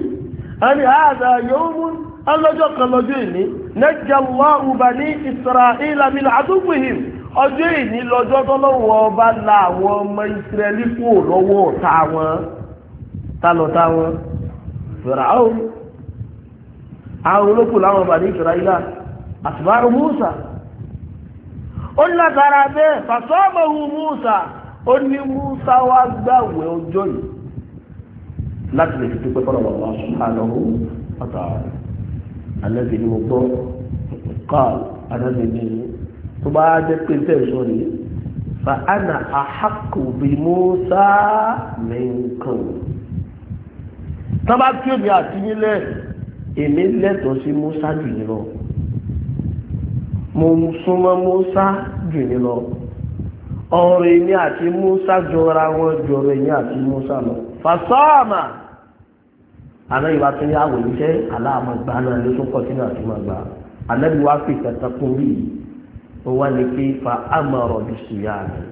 ẹni hádà yawmun ọlọ́jọ́ kan lọ́jọ́ èmi najjallahu bani isra'ila min aduwwihim ọjọ́ ìní lọ́jọ́ tọ́lọ́wọ́ ọba la àwọn ọmọ ìsírẹ́lì kúrò lọ́wọ́ ọ̀tá wọn tá lọ́tá wọn Fìràáhùn àwọn olókù láwọn bàdé Ísírẹ́lì àtìbárò Mùsà ó ní látara bẹ́ẹ̀ fàṣọ́bọ̀hù Mùsà ó ní Mùsà wá gbàwẹ̀ ọjọ́ yìí láti lè fi dúpẹ́ fọ́nà bàbá subhanahu wa ta'ala alẹ́ bìí mo gbọ́ káà alẹ́ bìí ni tó bá jẹ́ pé ń tẹ̀sọ rèé fa ana àhàkù bí Musa minkum tó bá tí èmi àti nílẹ̀ èmi lẹ́tọ̀ọ́ sí Musa jù ní lọ mo súnmọ́ Musa jù ní lọ ọ̀rọ̀ èmi àti Musa jọra wọn jọrọ èmi àti Musa lọ fasọ́ọ̀mà àmọ́ ìwà tó ní àwòrán iṣẹ́ aláàmọ̀gbá náà ló tún kọ́ sínú àtúmọ̀gbá àlẹ́bí wá fi kẹta kún rí yìí ó wá ní pé fa amọ̀rọ̀ bí ṣùyà mi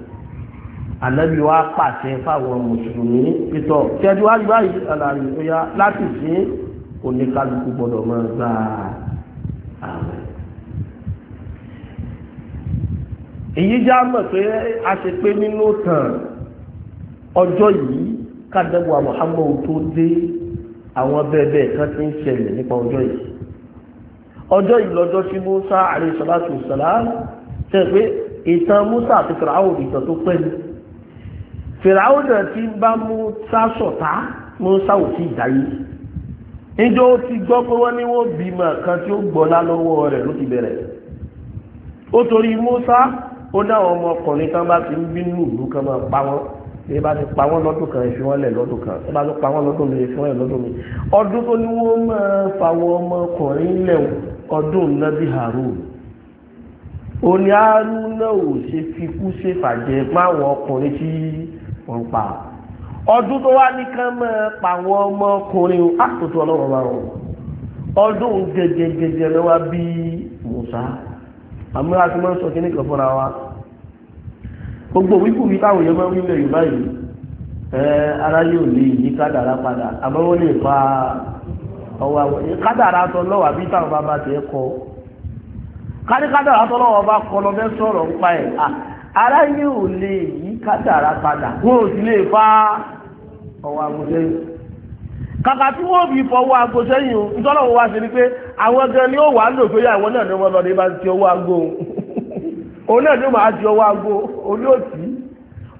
ànábì wa pàṣẹ fáwọn mùsùlùmí pítọ̀ tẹ́jú wá yíwá yìí àlàyé tó yá láti sí oníkálukú gbọ́dọ̀ máa gba àwẹ̀. èyí já mọ̀ pé a ṣe pé nínú tàn ọjọ́ yìí kádẹ́gbà Muhammadu tó dé àwọn bẹ́ẹ̀bẹ́ẹ̀ kan ti ń ṣẹlẹ̀ nípa ọjọ́ yìí ọjọ́ yìí lọ́jọ́ tí Musa alayhi salatu wassalam tẹ́ pé ìtàn Musa àti fìràwọ̀ ìtàn tó pẹ́ ni fìràwọ̀ náà ti bá Musa ṣọ̀tá Musa ò sí ìdáyé níjọ́ ó ti gbọ́ pé wọ́n ní wọ́n bímọ kan tí ó gbọ́lá lọ́wọ́ rẹ̀ ló ti bẹ̀rẹ̀ ó torí Musa ó dáwọn ọmọkùnrin kan bá ti ń bínú ìlú kan máa pa wọ́n bí bá ti pa wọ́n lọ́dún kan ìfi wọ́n lẹ̀ lọ́dún kan bí bá ti pa wọ́n lọ́dún mi ìfi wọ́n lẹ̀ lọ́dún mi ọdún tó ní wọ́n máa fa ọmọkùnrin lẹ̀ ọdún nàbí Harun oní àánú náà ò ṣe fikú ṣe fàjẹ máwọn ọkùnrin tí wọ́n pa ọdún tó wá ní kán máa pa àwọn ọmọkùnrin àtúntò ọlọ́run bá wọn ọdún gẹgẹgẹgẹ ló wá bí musa máa ń sọ wa gbogbo wíkú táwọn èèyàn máa ń ẹ ara yóò lè yí kádàrá padà àmọ́ wọ́n fa ọwọ́ àwọn kádàrá sọ lọ́wọ́ àbí táwọn kọ́ káríkádà àtọ́lọ́wọ́ bá kọlọ fẹ́ sọ̀rọ̀ ń pa ara ò lè yí padà wọn ò lè fa ọwọ́ agbóṣẹ́yìn kàkà tí wọ́n bí fọwọ́ agbóṣẹ́yìn ìtọ́lọ́wọ́ ṣe ni pé àwọn gan ni ó wà á lò pé àwọn náà ni ní ti ọwọ́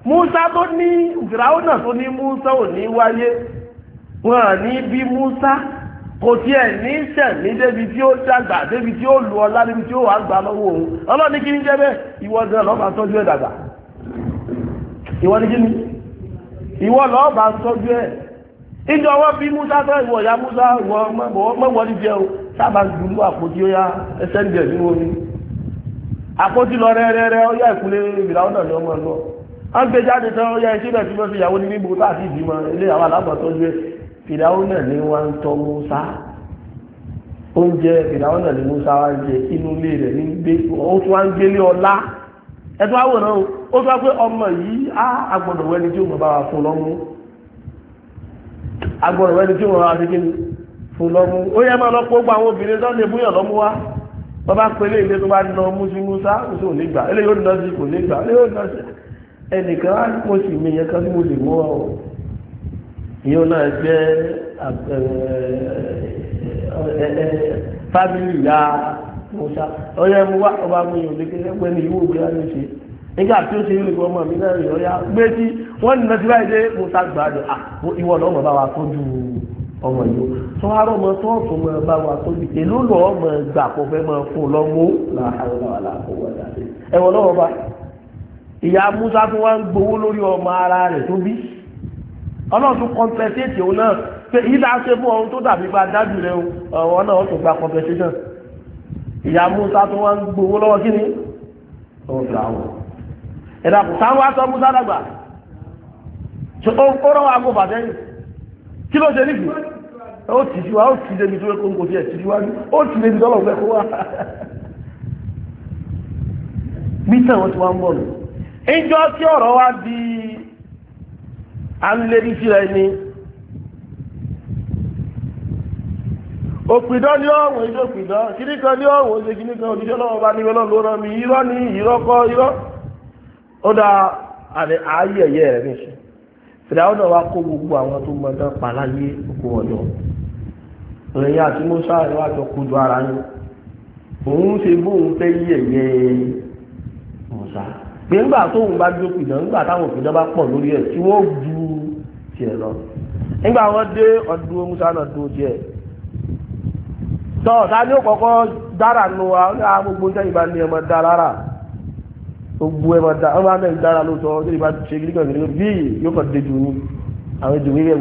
Musa tó ní Musa ò ní wáyé wọn à Musa kò tiẹ̀ ní sẹ̀mí débi tí ó dàgbà débi tí ó lu ọlá débi tí ó wà gbà lọ́wọ́ òun ọlọ́ni kí ni jẹ́ ìwọ gan lọ́ọ́ bá tọ́jú ẹ̀ dàgbà ìwọ ni kí ni ìwọ tọ́jú ìjọ wọn bí Musa tọ́ ìwọ ya Musa ìwọ mọ́wọ́ ní sábà àpótí àpótí lọ ìkúlé ìbìlà ọmọ lọ fìdáwọ́nà ní wá ń tọ́ Musa oúnjẹ fìdáwọ́nà ní Musa wá ń jẹ inú ilé rẹ̀ ní gbé ó tún wá ń gbélé ọlá ẹ̀tọ́ àwòrán o ó tún wá pé ọmọ yìí á agbọ̀dọ̀ wẹni tí ó mọ̀ bá wa fún lọ́mú agbọ̀dọ̀ wẹni tí ó mọ̀ bá wa fi kíni fún lọ́mú ó yẹ máa lọ pé ó gba àwọn obìnrin tó lè búyàn lọ́mú wá wọ́n bá pe tó bá nà ọmú sí Musa kò sí òní gbà eléyìí ó nà sí kò ní gbà eléyìí ó nà sí ẹnìkan á mo sì mi yẹn kan tí mo lè mú ọ ìyẹn náà jẹ́ fábílì ìyá mọ́ṣá ọ̀yẹ́ mú wá ọba mú yòó lékè lẹ́gbẹ́ ní ìwò òbí láti ṣe nígbà tí ó ṣe é lóko ọmọ mi náà yọ̀ ya gbé tí wọ́n nà sí báyìí dé mọ́ṣá gbàdọ̀ ìwọ lọ́mọ bá wa tọ́jú ọmọ yìí tó arọ ọmọ tó ọ̀tún mọ bá wa tọ́jú èló lọ ọmọ gbà kó fẹ́ mọ fún lọ́mọ ẹ̀wọ̀n lọ́wọ́ bá ọlọ́run tún compensate òun náà pé yìí dáa ṣe fún ọrùn tó dàbí gba dájú rẹ ọ̀wọ́n náà tún gba compensation ìyá musa tó wá ń gbowó lọ́wọ́ kí ni òun fìlà wọ̀ ẹ̀dá kò sáwọn aṣọ musa dàgbà tó ó rọwọ́ àgọ́ bàtẹ́yìn kí ló ṣe níbi ó ti fi wá ó ti débi tó yẹ kó ń kò tiẹ̀ ti fi wá ní ó ti débi tọ́lọ̀ fẹ́ kó wá bí tẹ̀wọ́n ti wá ń bọ̀ nù ìjọ tí ọ̀rọ̀ wá di à ń lérí sí ẹni òpìdán ní ọ̀hún ilé òpìdán kíníkan ní ọ̀hún ní ọlọ́run ló rán mi irọ́ ní irọ́ kọ́ irọ́ ó ààyè ẹ̀yẹ rẹ̀ kó gbogbo àwọn tó mọ̀ pa láyé oko ọ̀dọ́ àti kojú ara yín òun ṣe bóun fẹ́ yí ẹ̀yẹ pé ńgbà tó ń bá dúró pìdán ńgbà táwọn òpìdán bá pọ̀ lórí ẹ̀ tí wọ́n ju tiẹ̀ lọ ńgbà wọ́n dé ọdún musa náà dúró tiẹ̀ tọ́ ta ni ó kọ́kọ́ dára nù wa ó ní àwọn ah, gbogbo ń tẹ́yìn bá ní ẹmọ dá lára gbogbo ẹmọ dá ọmọ náà ń dára lóòótọ́ ó ní bá ṣe kíríkọ̀ kíríkọ̀ bí yóò kọ́ dé dùn ní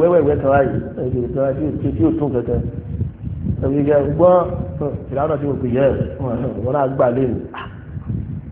àwọn ètò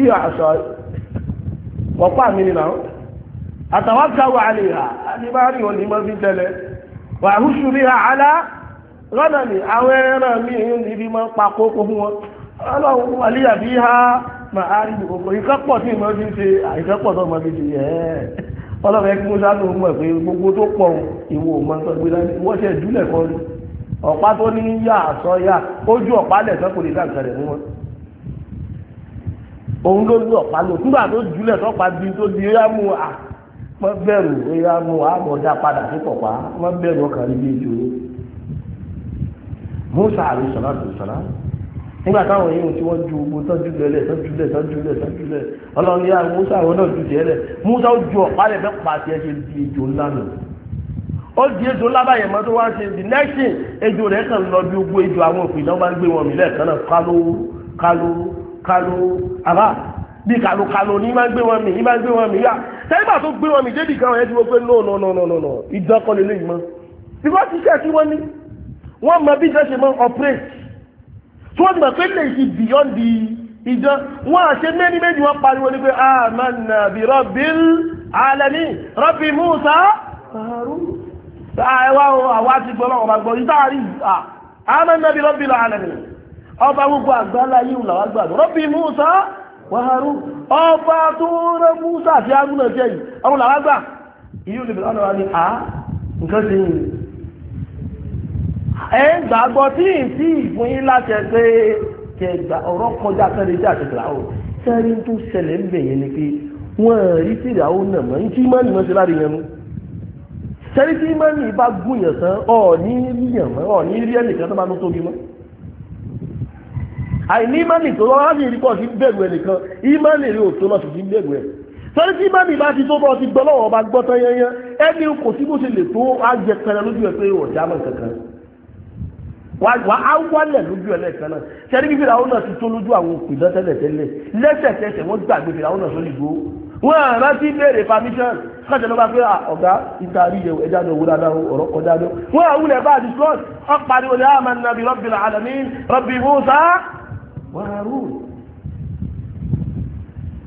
iyọ̀ aṣọ pọ̀pá mi nìyà ó àtàwọn káwọ àlè hà àdìbárì òní mọ́ fi tẹ́lẹ̀ wà húṣù bí hà alá lọ́nà ni àwọn ẹran mi níbi máa ń pa kókó fún wọn ọlọ́run wà líyà bí hà máa rí gbogbo ìkọ́pọ̀ tí mo fi ń ṣe àìkọ́pọ̀ tó mo fi ṣe yẹ ẹ́ ọlọ́run ẹgbẹ́ musa ló mọ̀ pé gbogbo tó pọ̀ ìwò mọ̀ tó gbé láti wọ́n ṣe ìdúlẹ̀ kan ọ̀pá tó ní yà sọ yà ojú ọ̀pá lẹ̀ sọ́kùnrin dáǹkà rẹ̀ mú wọn òun ló lù ọ̀pá lò nígbà tó jùlẹ̀ tọ́pa bí tó di yá mú a mọ bẹ̀rù yá mú a mọ̀ dá padà sí pọ̀pá mọ bẹ̀rù ọkàn níbi ìjòyè Musa àlè sọ̀rọ̀ àti sọ̀rọ̀ nígbà táwọn èèyàn tí wọ́n ju ogun tọ́jú lẹ́lẹ̀ tọ́jú lẹ̀ tọ́jú lẹ̀ tọ́jú lẹ̀ ọlọ́run yá Musa àwọn náà ju tiẹ̀ lẹ̀ Musa ó ju ọ̀pá lẹ̀ fẹ́ pàṣẹ ẹ̀ ṣe di ejò ńlá nù ó di next thing ejò rẹ̀ kàn lọ bí ogun ejò àwọn òpin náà bá kalo àbá bí kalokalo ní máa ń gbé wọn mì ní máa ń gbé wọn mì yá tẹ́lifà tó gbé wọn mì débi kan ẹ̀ tí wọ́n pé no no no no no ìdánkọ́ lè léyìn mọ́ bíkọ́ ti kẹ́ sí wọ́n ní wọ́n mọ bí ìjọ ṣe mọ́ operate tí wọ́n ti mọ̀ pé lè ṣe beyond the ìjọ wọ́n àṣẹ méjì méjì wọ́n pariwo ní pé amanna bi rabbil alani. Rabi musa harun àwa àwa ti gbọ́ lọ́wọ́ bá gbọ́ ìtàrí amanna bi rabbil alani ọba gbogbo àgbálá yíò làwà gbàdọ̀ rọ́bì Musa wa Harun ọba tó rẹ̀ Musa àti Haruna jẹ́ yìí ọmọ làwà gbà ìyú lè bẹ̀rẹ̀ wọn ni a nǹkan ṣe yìí ẹ ń gbàgbọ́ tí ì sí ìfún yín láti ẹgbẹ́ kẹgbà ọ̀rọ̀ kọjá sẹ́ni jẹ́ àti ìlà òun sẹ́ni tó ṣẹlẹ̀ ń bẹ̀yẹn ni pé wọ́n rí sí ìlà òun náà mọ́ ní kí mọ́ni mọ́ ṣe láre yẹn mú sẹ́ni tí mọ́ni bá gún yẹn tán ọ̀ ní rí yẹn mọ́ ọ̀ ní rí ẹnìkan tó bá ló tóbi mọ́ àìní ìmánì tó lọ́wọ́ láti rí pọ̀ sí bẹ̀rù ẹ̀ nìkan ìmánì rí òtó lọ́sì sí bẹ̀rù ẹ̀ sọ́rí tí ìmánì bá ti tó bọ́ ti gbọ́ lọ́wọ́ ọba gbọ́ tán yẹnyẹn ẹni kò sí bó ṣe lè tó ajẹ pẹrẹ lójú ẹ pé wọ́n já mọ́ kankan wà á wálẹ̀ lójú ẹ lẹ́ẹ̀kan náà sẹ́rí bí fìlà ọ̀nà ti tó lójú àwọn òkú iná tẹ́lẹ̀ tẹ́lẹ̀ lẹ́sẹ̀kẹsẹ̀ wọ́n gbàgbé fìlà ọ̀nà sórí ìgbó wọ́n rántí béèrè permission kọ́jọ́ ló bá pé ọ̀gá ìtàrí yẹ̀wò ẹja ní owó dáadáa ọ̀rọ̀ kọjá lọ wọ́n àwúlẹ̀ bá àdìsọ́ọ̀tì ọ̀pariwo ni àmà nàbì rọ́bì làálàmí rọ́bì Musa wa Harun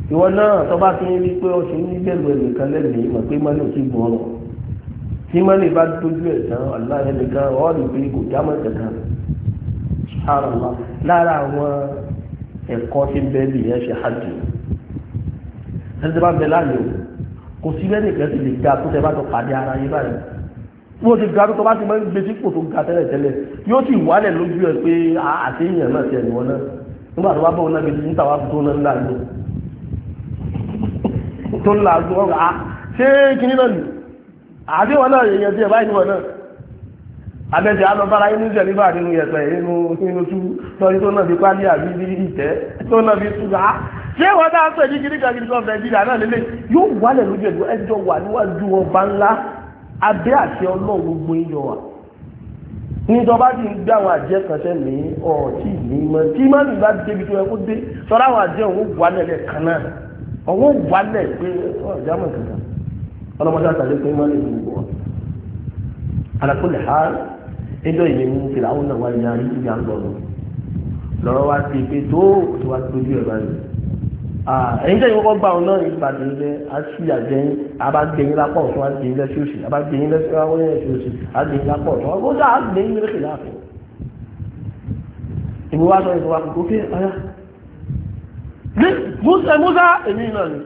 ìwọ náà tọ́ba ti ń rí pé ó ṣe ní bẹ̀rù ẹnìkan lẹ́nu mọ̀ pé mọ́lẹ̀ ò ti bọ̀ ọ̀rọ̀ tí mọ́lẹ̀ bá dojú ẹ̀ tán aláìlẹ́ nìkan ọ̀rọ̀ ìgbé kò dámọ̀ kankan ṣàrànlá lára àwọn ẹ̀kọ́ tí ń bẹ́ẹ̀ nìyẹn ṣe hajj ẹ̀sìn bá bẹ láàyò kò sí bẹ́ẹ̀ nìkan ti lè ga tó tẹ bá tó pàdé ara yín báyìí bí wọ́n ti ga tó bá ti máa ń gbé tó ga tẹ́lẹ̀ yóò sì wálẹ̀ lójú ah, ẹ̀ pé àtẹ̀yìn náà tẹ̀ nígbà tó bá bọ̀ náà bíi níta wà tó náà ń làlú tó ń làlú ọ̀rọ̀ à ṣé kíní náà nì àti wọn náà yẹ̀yẹ̀ sí ẹ̀ báyìí wọn náà abẹ́jẹ́ alọ́bára inú jẹ̀ nígbà nínú yẹ̀pẹ̀ inú inú tú lọ́rí tó náà fi pálí àbí bí ìtẹ́ tó náà fi túgá ṣé wọ́n dáa pẹ̀ ní kíríkà kiri sọ́ọ̀fù nàìjíríà náà lélẹ̀ yóò wálẹ̀ lójú ẹ̀dùn ẹjọ́ wà níwájú ọba ńlá abẹ́ àti ọlọ́run gbogbo níjọba ti ń gbé àwọn àjẹ́ kan sẹ́ni ọ̀tí ní mọ́ tí má ní bá débi tó yẹ kó dé sọ́dọ̀ àwọn àjẹ́ òun wà lẹ́lẹ̀ kan náà òun wà lẹ̀ pé ọ̀já mọ̀ kankan ọlọ́mọdé àtàlẹ́ pé má lè ní ìwọ. alákòlè ha ẹjọ́ ìyẹn mú fìlà àwọn náà wáyé ní àríkì ní àgbọ̀nù lọ́rọ́ wá sí pé tó tó wá tójú ẹ̀ báyìí Ah, ẹ̀yin tẹ́yìn kọ́kọ́ gbà wọn náà ìbàdàn ilẹ̀ àti àjẹyìn abágbẹ̀yìn lápọ̀ ọ̀tún àgbẹ̀yìn lẹ́sí òsì abágbẹ̀yìn lẹ́sí òsì àgbẹ̀yìn lápọ̀ ọ̀tún ó dá àgbẹ̀yìn mẹ́rẹ̀kì láàfin ìwọ wá sọ ìwọ wá kókó pé ọ̀yá Musa Musa èmi náà ni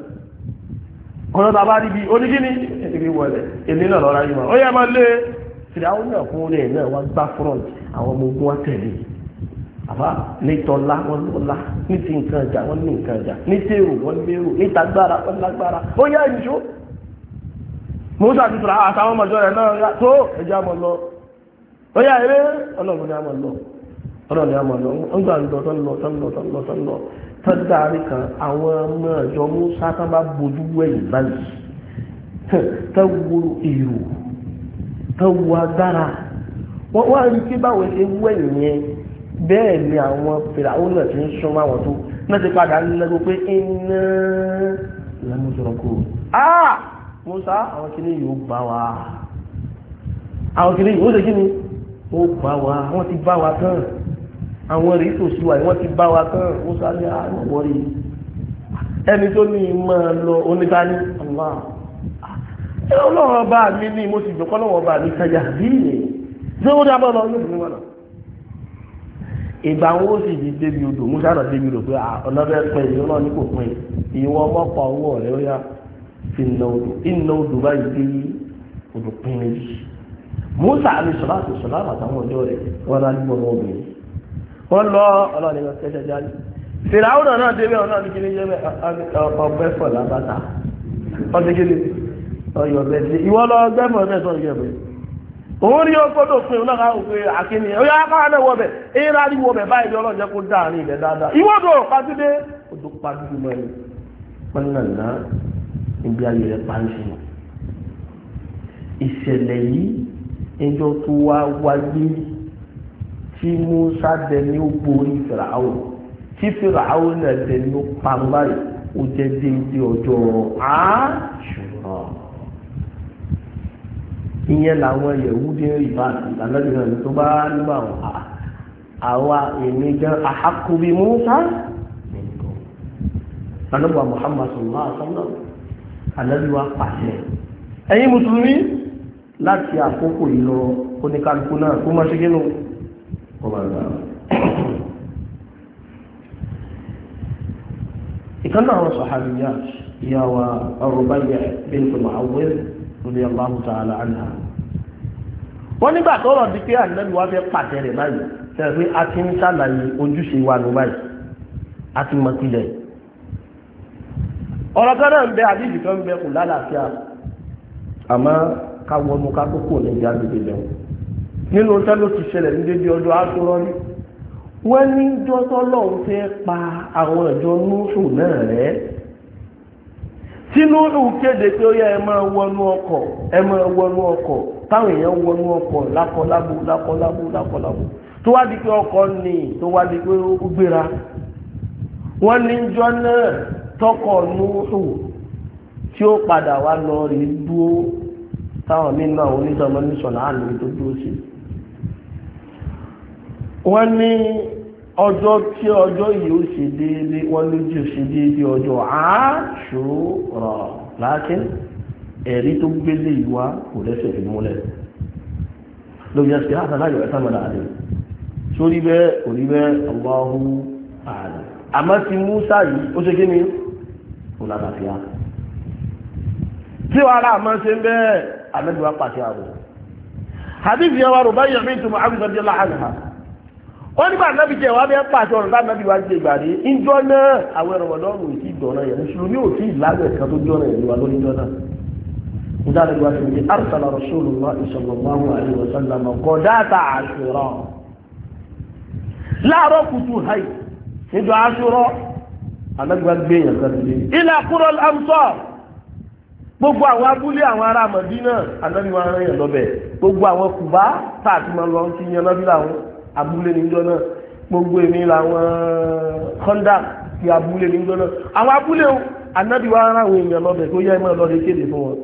ọ̀nà bàbá rí bí oníkíní ìrìn wọlé èmi náà lọ́ra yìí mọ́ ó yẹ máa lé fìdáwọ́ náà fún orí ẹ̀ náà wá gbá front àwọn ọmọ ogun wá tẹ̀lé yìí àbá nítọ́lá wọ́n lọ́lá ní ti nǹkan ìjà wọ́n ní nǹkan ìjà ní tèrò wọ́n lérò níta gbára wọ́n lágbára ó yá ìjó mọ́sá ti tura àtàwọn ọmọdé rẹ̀ náà tó ẹjọ́ àmọ́ lọ ó yá eré ọlọ́run ni àmọ́ lọ ọlọ́run ni àmọ́ lọ ń gbà ń lọ tán lọ tán lọ tán lọ tán lọ tán dárí kan àwọn ọmọ ìjọ mọ́sá tán bá bojú wẹ̀yìn báyìí tán wo èrò tán wo agbára wọ́n wá rí pé báwo ṣe wẹ̀yìn yẹn bẹ́ẹ̀ ni àwọn fìràwọ́ náà ti ń súnmọ́ àwọn tó náà ti padà lẹ́gbẹ́ pé iná lẹ́nu sọ̀rọ̀ kò áà Musa àwọn kìíní yóò bá wa àwọn kìíní yóò ṣe kíni ó bá wa wọ́n ti bá wa tán àwọn rí tó sí wa wọ́n ti bá wa tán Musa ní àwọn ah, wọ́rí ẹni tó ní máa lọ oníkání Allah ah, ọlọ́wọ́ bá mi ní mo sì jọ kọ́ lọ́wọ́ bá mi kájà bí ìyẹn ó dá lọ yóò fi mí náà. ìgbà wo sì di débi odò musa lọ débi odò pé ọlọ́bẹ̀ pẹ́ yìí ọlọ́run ní kò pẹ́ ìwọ owó ó yá fi odò odò báyìí dé odò pín musa sọlá àti sọlá àtàwọn wọn wọn wọn lọ ní fìràwọn náà débi òun ni ó gbọ́dọ̀ pin òun náà òwe àkíní ó yá káwá náà wọbẹ̀ èyí rárí wọbẹ̀ báyìí ọlọ́run jẹ́ kó dáàrin ilẹ̀ dáadáa ìwọ́dọ̀ pàdúdé odò pàdúdé mọ́ ẹni pẹ́ńnà náà níbi ayé rẹ̀ pàǹsì nù ìṣẹ̀lẹ̀ yìí ẹjọ́ tó wá wáyé tí Musa dẹni ó borí Fìràwọ̀ tí Fìràwọ̀ náà dẹni ó pàmbáyé ó jẹ́ déédéé ọjọ́ àṣùrọ̀ ìyẹn làwọn yẹ̀wúdí ìbá ìtàlẹ́bí náà tó bá nígbà wọn àwa èmi gan àhákùbí Musa nìkan alọ́gbà Muhammad sọ̀rọ̀ àṣọ́nà alẹ́bí wa pàṣẹ ẹ̀yin mùsùlùmí láti àkókò yìí lọ oníkálukú náà kó má ṣe gínú ọba ìgbà ìkan náà wọn sọ̀hàbíyà ìyá wa Rubayya bint Mu'awwidh radiyallahu ta'ala anha wọ́n nígbà tó rọ̀ di pé ànábì wa fẹ́ pàtẹ rẹ̀ báyìí sẹ́yìn pé a ti ń ṣàlàyé ojúṣe wa ló báyìí a ti mọ tilẹ̀ ọ̀rọ̀ kan náà ń bẹ àdéhì kan ń bẹ kò lálàáfíà àmọ́ ká wọnú ká tó ní ìjà gbèdé lẹ́wọ̀n nínú tẹ́ló ti ṣẹlẹ̀ ní débi ọjọ́ aṣọ́rọ́ ní wọ́n ní jọ́tọ́ lọ́wọ́ fẹ́ pa àwọn ìjọ núṣù náà rẹ̀ tí kéde pé ó yẹ ẹ máa wọnú ọkọ̀ ẹ máa wọnú ọkọ̀ táwọn èèyàn wọnú ọkọ̀ lákọlábo lákọlábo lákọlábo tó wá di pé ọkọ̀ ní tó wá di pé ó gbéra wọ́n ní jọ náà tọkọ̀ núhù tí ó padà wá lọ rí dúó táwọn míín náà oníṣọ́mọ níṣọ̀lá àná tó dúró sí wọ́n ní ọjọ́ tí ọjọ́ yìí ó ṣe déédéé wọ́n lójú ṣe déédéé ọjọ́ àṣùrọ̀ lákìn. ẹ̀rí tó gbélé ìwá kò lẹ́sẹ̀ fi múlẹ̀ lórí ẹsẹ̀ àtàláyọ̀ ẹ̀sàmọ̀lá àdé sórí bẹ́ẹ̀ kò rí bẹ́ẹ̀ ààrẹ àmọ́ ti Musa yìí ó ṣe kíni kò tí wàhálà àmọ́ ṣe ń bẹ́ẹ̀ àmẹ́gbẹ̀wá pàṣẹ àbò hadith yẹn wa rọ̀bá yẹn mìtùmù àbíṣẹ́bí láhàlá wọ́n nígbà jẹ́ wà pàṣẹ ọ̀rọ̀ bá wá ìgbà rí ìjọ náà àwọn لذلك وقت أرسل رسول الله صلى الله عليه وسلم قداة عاشوراء لا ركضوا هاي نجوا عاشوراء أنا قلت بين إلى قرى الأمصار gbogbo àwọn abúlé àwọn ará mọ̀dínà anáni wọn aráyàn lọ́bẹ̀ gbogbo àwọn kùbá táàtì máa lọ sí yan lọ́bí làwọn abúlé níjọ náà gbogbo èmi làwọn kọ́ńdà ti abúlé níjọ náà àwọn abúlé anáni wọn aráyàn lọ́bẹ̀ tó yẹ ẹ máa lọ lè kéde fún wọn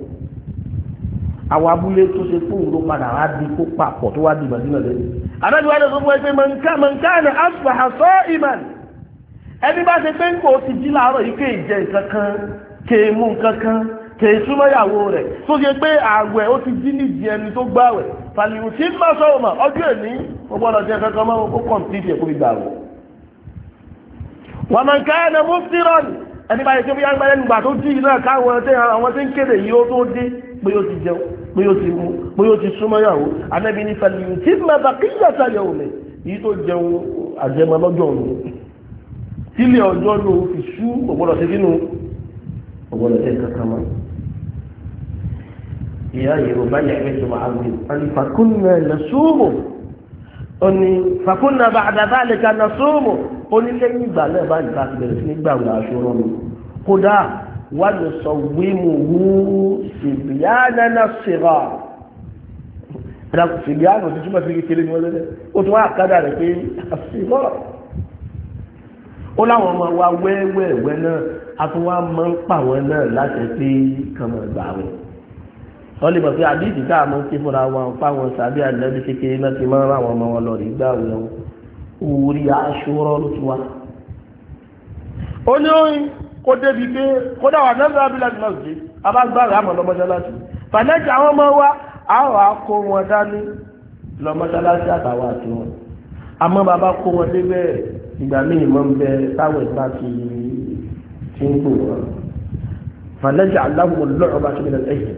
àwọn abúlé tó ṣe fóun ló padà wá di kó papọ̀ tó wá di ìbàdínà lẹ́yìn. àbẹ́bíwá ló sọ fún ẹ pé mọ̀nká ni asbaha sa'iman ẹni bá ṣe pé ń kò ti jí láàárọ̀ yìí kéè jẹ nǹkan kan kéè mú nǹkan kan kèé súnmọ́yàwó rẹ̀ tó ṣe pé ààwẹ̀ ó ti jí nídìí ẹni tó gbààwẹ̀ fàlìwù tí ń bá sọ̀rọ̀ mọ̀ ọjọ́ èní ó gbọ́dọ̀ jẹ́ kankan mọ́ ó kọ̀m̀pìtì ẹ̀kú gbígbà rẹ̀. wọ́n máa ń ká ẹ̀nà muftiran ẹni báyìí tó bí yá ń gbẹ́lẹ́ nígbà tó jí iná káwọn ẹ̀tẹ́ àwọn tí ń kéde yìí ó tó dé pé o ti jẹun pé ó ti mu pé ó ti súnmọ́yàwó anábì ní fàlìyàn tí mà bá kí yàtà yẹ̀wò mẹ́ èyí tó jẹun àjẹmọ lọ́jọ́ òun tílé ọjọ́ ló fi sú ọ̀gbọ́dọ̀ sí kínú ọ̀gbọ́dọ̀ sí kankan mọ́. ìyá yorùbá yà ẹgbẹ́ tó máa gbé ọ̀nì fàkúnnà lẹ́sùmù ọ̀nì fàkúnnà bàdàbà lẹ́ka lẹ́sùmù onílé nígbà náà bá ìgbà bẹ̀rẹ̀ sí nígbà wọn aṣọ rọ́ọ̀nù kódà wà ló sọ wíìmù wú ìbíyánná síra ìdàkùsì ìbíyánná òtún túmọ̀ sí kékeré ni wọ́n lé lẹ́ ó tún wá àkádà rẹ̀ pé àṣìbọ̀ ó láwọn ọmọ wa wẹ́wẹ́wẹ́ náà a tún wá máa ń pa wọn náà láti pé kàn máa wọn lè mọ̀ pé àdìsí tá a mọ̀ sí fúnra wọn fáwọn sàbí àdìlẹ́bí kékeré náà ti máa ń ráwọn ọmọ wọn lọ rí gbà wọn orí aṣọ rọ́ ló ti wá. ó ní oyin kó débi pé kódà wà náà lábílẹ̀ mọ́sùlì abágbára àmọ́ lọ́mọdálásí fànẹ́jì àwọn ọmọ wa àwọn akó wọn dání lọ́mọdálásí àtàwọn àti wọn àmọ́ bàbá kó wọn débẹ̀ ìgbà míì mọ́ ń bẹ táwọn ìgbà ti ti ń gbò wọn fànẹ́jì aláwọ̀ lọ́rọ̀ bá ti bẹ̀rẹ̀ lẹ́yìn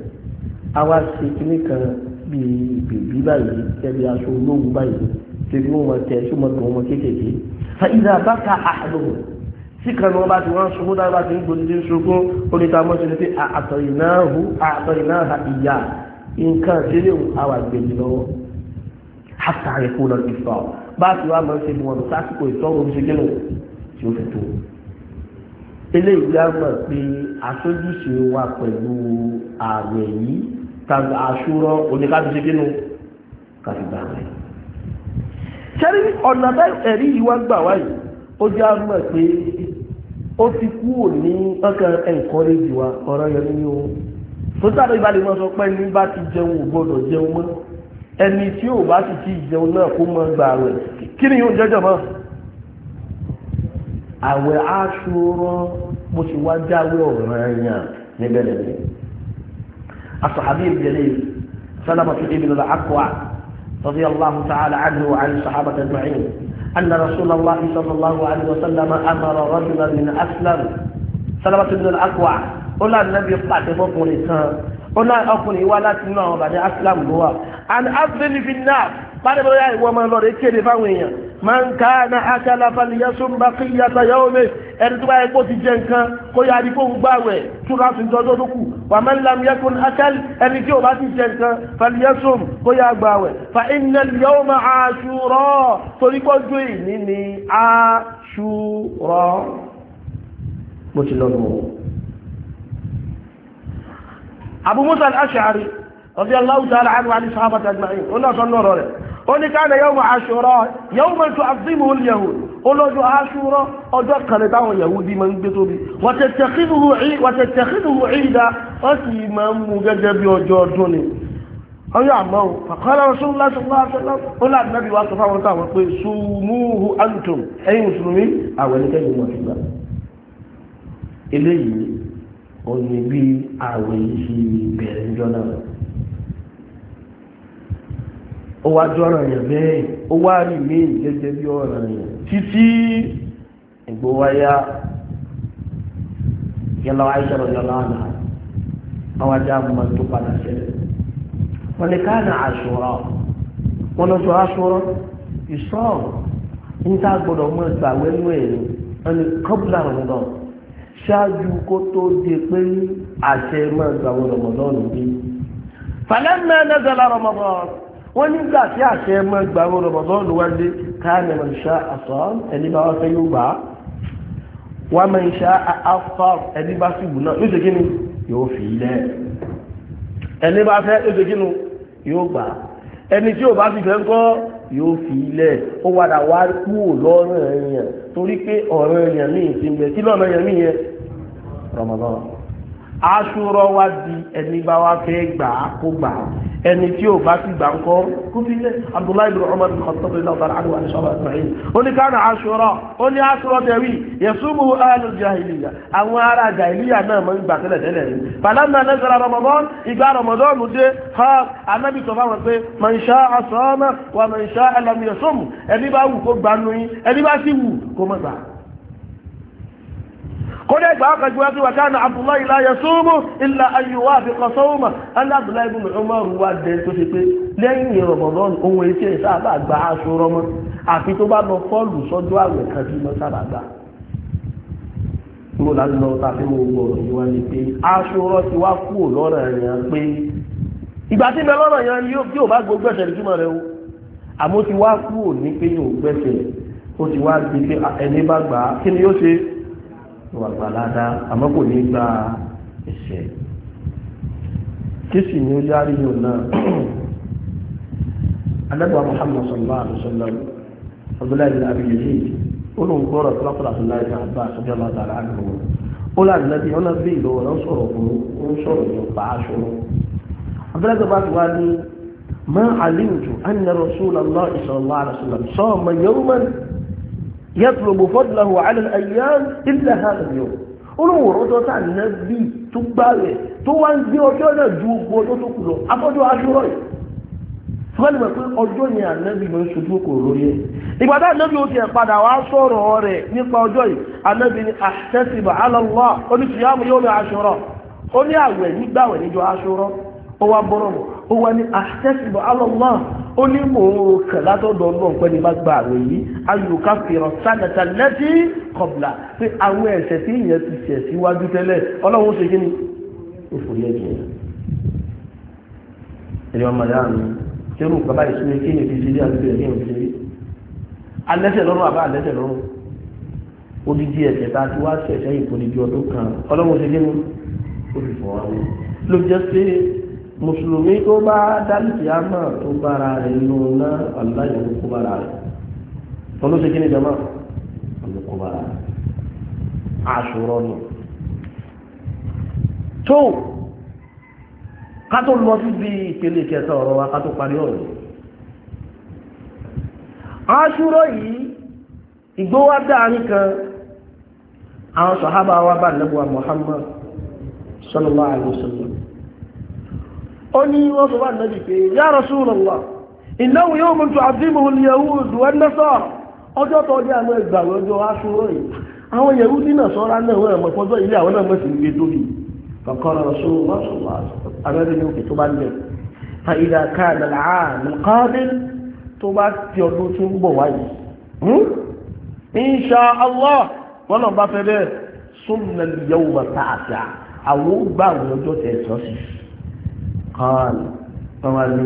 àwa ṣe kan bíi bèbí báyìí kẹbi aṣọ ológun báyìí tẹbi wọn tẹ súnmọ́ tó tí kan ní wọ́n bá ti wọ́n ṣubú dáa bá ti ń gbòdì ṣubú oníta mọ́ ṣe pé àtọ̀yìnáhù àtọ̀yìnáhà ìyá nǹkan ìdílé àwọn àgbègbè lọ́wọ́ àtàrí kó lọ ìfọ̀ bá ti wá máa ń ṣe bí wọn sásìkò ìtọ́wò ń ṣe kí lóun tí ó fi tó eléyìí á mọ̀ pé aṣojúṣe wa pẹ̀lú ààwẹ̀ yìí tàbí aṣúrọ̀ oníkàtúnṣe kí lóun kàfìgbà rẹ̀ ṣẹ́rí ọ̀nà ẹ̀rí yìí wá gbà wáyé ó jẹ́ àmọ̀ pé ó ti kú òní ọkàn ẹ̀ǹkọ́rẹ́jì wa ọ̀rọ̀ yẹn ní o tó sáré ìbálẹ̀ mọ́ sọ pé ní bá ti jẹun ò gbọ́dọ̀ jẹun mọ́ ẹni tí ò bá ti ti jẹun náà kó mọ́ gbà rẹ̀ kí ni yóò jẹ́jọ́ mọ́ àwẹ̀ aṣọ́rọ́ mo sì wá jáwé ọ̀ràn ẹ̀yàn níbẹ̀ lẹ́yìn asọ̀hábí ìbẹ̀lẹ̀ sálámà tó débi lọ́la akọ́à radiyallahu ta'ala anhu wa an sahabati ajma'in أن رسول الله صلى الله عليه وسلم أمر رجلا من أسلم سلمة بن الأكوع قلنا النبي قاعد فوق ولسان قلنا أخني ولا تنوى بعد أسلم هو أن أفضل في الناس pàdébọ́lá ìwọ máa lọ rẹ̀ kéde fáwọn èèyàn máa ń ká na akala faliyasum baki yata yaome ẹni tó bá yẹ kó ti jẹ nǹkan kó yá di fóun gbàwẹ̀ tó ká fi jọjọ́ tó kù wà máa ń lam yakun akal ẹni tí o bá ti jẹ nǹkan faliyasum kó yá gbàwẹ̀ fa iná yóò máa aṣúrọ torí kó jó ìní ni aṣúrọ. mo ti lọ nù. Abu Musa al-Ash'ari radiyallahu ta'ala anhu wa ali sahabata ajma'in ó náà sọ ń lọ́rọ̀ rẹ̀ oníkàlẹ yọmọ aṣọrọ yọmọ tó azimu olùyẹwò olójú aṣọrọ ọjọ́ kàlẹ táwọn Yahudi máa ń gbé tóbi wàtẹtẹkínú ìdá wọn sì máa ń mú gẹ́gẹ́ bí ọjọ́ ọdún ni ọyọ àmọ́ o àkọọlẹ ọsùn lásán lásán ó láti nábì wá sọ fáwọn táwọn pé sùmùhù antum ẹ̀yin mùsùlùmí òní bí àwẹ̀ yìí bẹ̀rẹ̀ jọ náà. ó wá jọ ọ̀ràn yẹn bẹ́ẹ̀ ó wá rí mí gẹ́gẹ́ bí títí ìgbówáyá yẹlọ àìsàn ọ̀yọ́lá àná àwọn ajá mọ́ tó padà sẹ́lẹ̀ wọ́n lè káàdà àṣùrọ̀ wọ́n lọ sọ àṣùrọ̀ ìṣọ́ níta gbọ́dọ̀ mọ́ wẹ́nu ẹ̀ ni wọ́n kọ́bùlà rọ̀mọ́dọ̀ ṣáájú kó tó di pé àṣẹ mọ́ wọ́n rọ̀mọ́dọ̀ wọ́n nígbà tí àṣẹ ẹmọ gbàgbọ́ rọ̀bọ̀dọ́ọ̀lù wá dé káàmì man sha'a asam ẹni bá wá fẹ́ yóò gbà á wà man sha'a afar ẹni bá sì wù náà yóò ṣe kíni yóò fi lẹ̀ ẹni bá fẹ́ yóò ṣe kíni yóò gbà ẹni tí ò bá sì fẹ́ ń kọ́ yóò fi lẹ̀ ó wàdà wá kú lọ́rùn ẹ̀yàn torí pé ọ̀rọ̀ ẹ̀yàn míì ti ń bẹ kí lọ́rùn ẹ̀yàn míì yẹn Ramadan aṣúrọ wá di ẹni bá wá fẹ́ gbà á kó gbà á ẹni tí ò bá ti gbà ń kọ́ kú fi lẹ́ abdullahi bin umar bin khattab bin abdul ahu wa nisaba ismail ó ní kánà aṣúrọ ó ní aṣúrọ tẹ̀wí yẹsùmù ahlul jahiliya àwọn ará jahiliya náà máa ń gbà tẹ́lẹ̀ tẹ́lẹ̀ rí falamma nazara ramadan ìgbà ramadan dé ha anabi sọ fáwọn pé man sha'a sama wa man sha'a lam yasum ẹni bá wù ẹni bá wù kó gbà kódé ìgbà ọkà ju wákì wákà náà abdullahi láyé sóòmù ilà ayùwá àfikọ sóòmù ẹni abdullahi bùnú ọmọrù wá dé tó ṣe pé lẹ́yìn rọmọdún ohun etí ẹ sábà gba aṣọ rọmọ àfi tó bá lọ fọlù sọ́jọ́ àwẹ̀ kan tí mo sábà gbà mo láti lọ tàbí mo gbọ́rọ̀ yìí wá ní pé aṣọ rọ ti wá kú lọ́rọ̀ yẹn pé ìgbà tí mi lọ́rọ̀ yẹn ni yóò yóò wà gbà ládàá àmọ́ kò ní gba ẹ̀ṣẹ̀ kí sì ni ó yára yóò náà adágbà Muhammad sallallahu alaihi wasallam abdullahi bin abi yazid ó lóun gbọ́rọ̀ tó lọ́kọ̀ọ́ abdullahi bin abbas ọjọ́ náà tààrà àgbò ó láti lẹ́bi ọ̀nà bí ìlú ọ̀nà sọ̀rọ̀ fún un sọ̀rọ̀ nípa aṣọ abdullahi bin abbas wá ní ما علمت أن رسول الله صلى الله عليه وسلم صام يوما يطلب فضله على الأيام إلا هذا اليوم olóhùn ọjọ́ tà nẹ́bí tó gbá rẹ̀ tó wá ń gbé ọjọ́ náà ju ọjọ́ tó kù lọ afọ́jọ́ aṣọ́rọ̀ yìí fọ́nìmọ̀ pé ọjọ́ yẹn ànẹ́bí mọ̀ ń ṣojú kò lórí ẹ̀ ìgbàdá ànẹ́bí ó ti ẹ̀padà wá sọ̀rọ̀ rẹ̀ nípa ọjọ́ yìí ànẹ́bí ni àtẹ́sìbà alọ́lọ́ oníṣìyàmù yóò lọ aṣọ́rọ̀ ó ní àwẹ̀ nígbàwẹ̀ níjọ aṣọ́rọ̀ ó wá bọ́rọ̀ ó wá ní àṣẹ́sìbọ̀ ah, alọ́lá ó ní mò ń ro kẹ̀ látọ̀dọ̀ ọlọ́run pé ní bá gba àwẹ̀ yìí ayòká fìràn sánàtà lẹ́tí kọ̀bìlà pé àwọn ẹ̀ṣẹ̀ tí ìyẹn ti ṣẹ̀ síwájú tẹ́lẹ̀ ọlọ́run ó ṣe kí ni òfòlẹ́ yẹn ẹ̀rí ọmọ ìyá mi ṣé mo bàbá ìṣúná kí ni fi ṣe àti bẹ̀rẹ̀ òṣèré alẹ́sẹ̀ lọ́rùn àbá alẹ́sẹ̀ lọ́rùn odidi ẹ̀ṣẹ̀ tá ti wá ṣẹ̀ṣẹ̀ ìpolíjú mùsùlùmí tó bá dálítì àmà tó bára rẹ̀ nínú ná aláyọ̀ ló bára rẹ̀ tó kí ni jama ló kó bára rẹ̀ àṣùrọ̀ nù. tó ká tó lọ síbi ìpele kẹta ọ̀rọ̀ wa ká tó parí ọ̀rọ̀ yìí. yìí ìgbówá dáhàní àwọn sàhábà wa bá nàbọ̀ Muhammad sallallahu alaihi wasallam. ó ní wọ́n bá nàbì pé ya Rasulullah innahu yawmun tu'azzimuhu al-yahud wan-nasara ọjọ́ tó dé àwọn ìgbàwé ọjọ́ aṣúrò yìí àwọn Yahudi náà sọ́ra náà wọ́n ẹ̀mọ̀ pọ́jọ́ ilé àwọn náà mọ̀sí ilé tóbi kọ̀kọ́rọ̀ Rasulullah àbẹ́rẹ́ ní òkè tó bá lẹ̀ fa idha kana al-aam tó bá ti ọdún tó ń bọ̀ wáyé hmm? insha Allah náà bá fẹ́ bẹ́ẹ̀ kọ́ọ̀lù tọ́wálé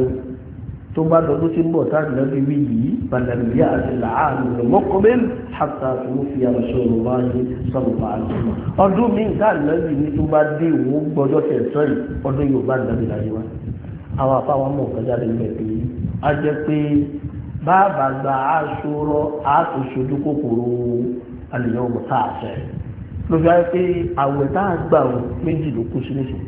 tó bá dọ̀dún tí ń bọ̀ táàdì lọ́dún ibi yìí bàdàlùyà àti làálù lọ́mọ́kọ́bẹ́lì hàtà tó mú fi àrùsọ̀ rọ̀bá yìí sọ̀rọ̀ bá lù. ọdún mi táàdì lọ́dún ní tó bá dé ìwò gbọ́jọ́ tẹ̀sán yìí ọdún yóò bá dàbí láyé wa. àwọn afáwọn mọ̀ kájà lè gbẹ̀ pé a jẹ́ pé bàbá gba aṣọrọ àtúnṣojú kòkòrò àlèyàn ọmọ táà fẹ́. lóbi àyè pé àwẹ̀ táà gbà méjì ló kú sí nísìnyí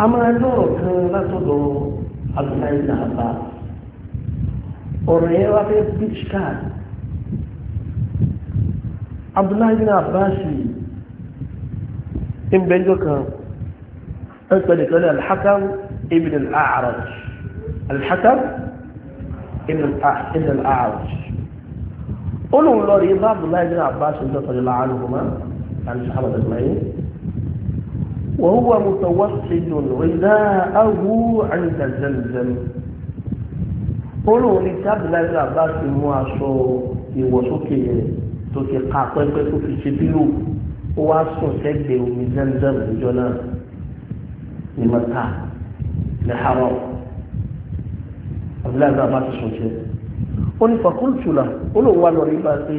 أما لوك لا تدو أبناء الأباء أريوا في بيشكار أبناء الأباء إن بيجوك أنت لكل الحكم ابن الأعرج الحكم ابن الأعرج قولوا لوري ما عبد الله بن عباس رضي الله عنهما عن الصحابة أجمعين وهو متوسط غذاءه عند الزلزل olóòní tábìláì àbá ti mú aṣọ ìwọ̀sókè rẹ̀ tó ti ka pẹ́pẹ́ tó fi ṣe bílò ó wá sùn sẹ́gbẹ̀ẹ́ omi zamzam ìjọ náà ní mẹ́ta ní haram abdullahi àbá ti sùn ṣe. ó ní fakultula olóòwò wa lọ rí bá ṣe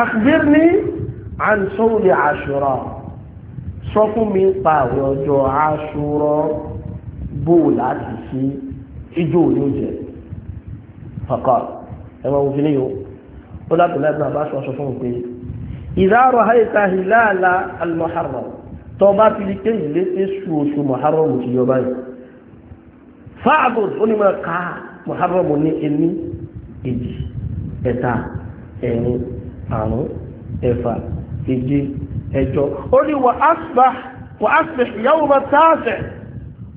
àkùbẹ́rẹ́ ní àǹsọ́rọ̀ ní àṣùrà sọ fún mi pa àwọn ọjọ́ aṣúrọ́ bò láti ṣe ijó ní oúnjẹ fọkàn ẹ máa wo fi níyò ó láti láti náà bá sọ sọ fún mi pé ìdárò àìsà ìlàlà almuharram tó bá fi lè ké ìlé sí su oṣù muharram ti yọ báyìí fáàbù ó ní máa ka muharram ní ẹni èjì ẹ̀ta ẹ̀rin àrún ẹ̀fà èje ẹjọ́ ó ní wà asbih yawma tasi'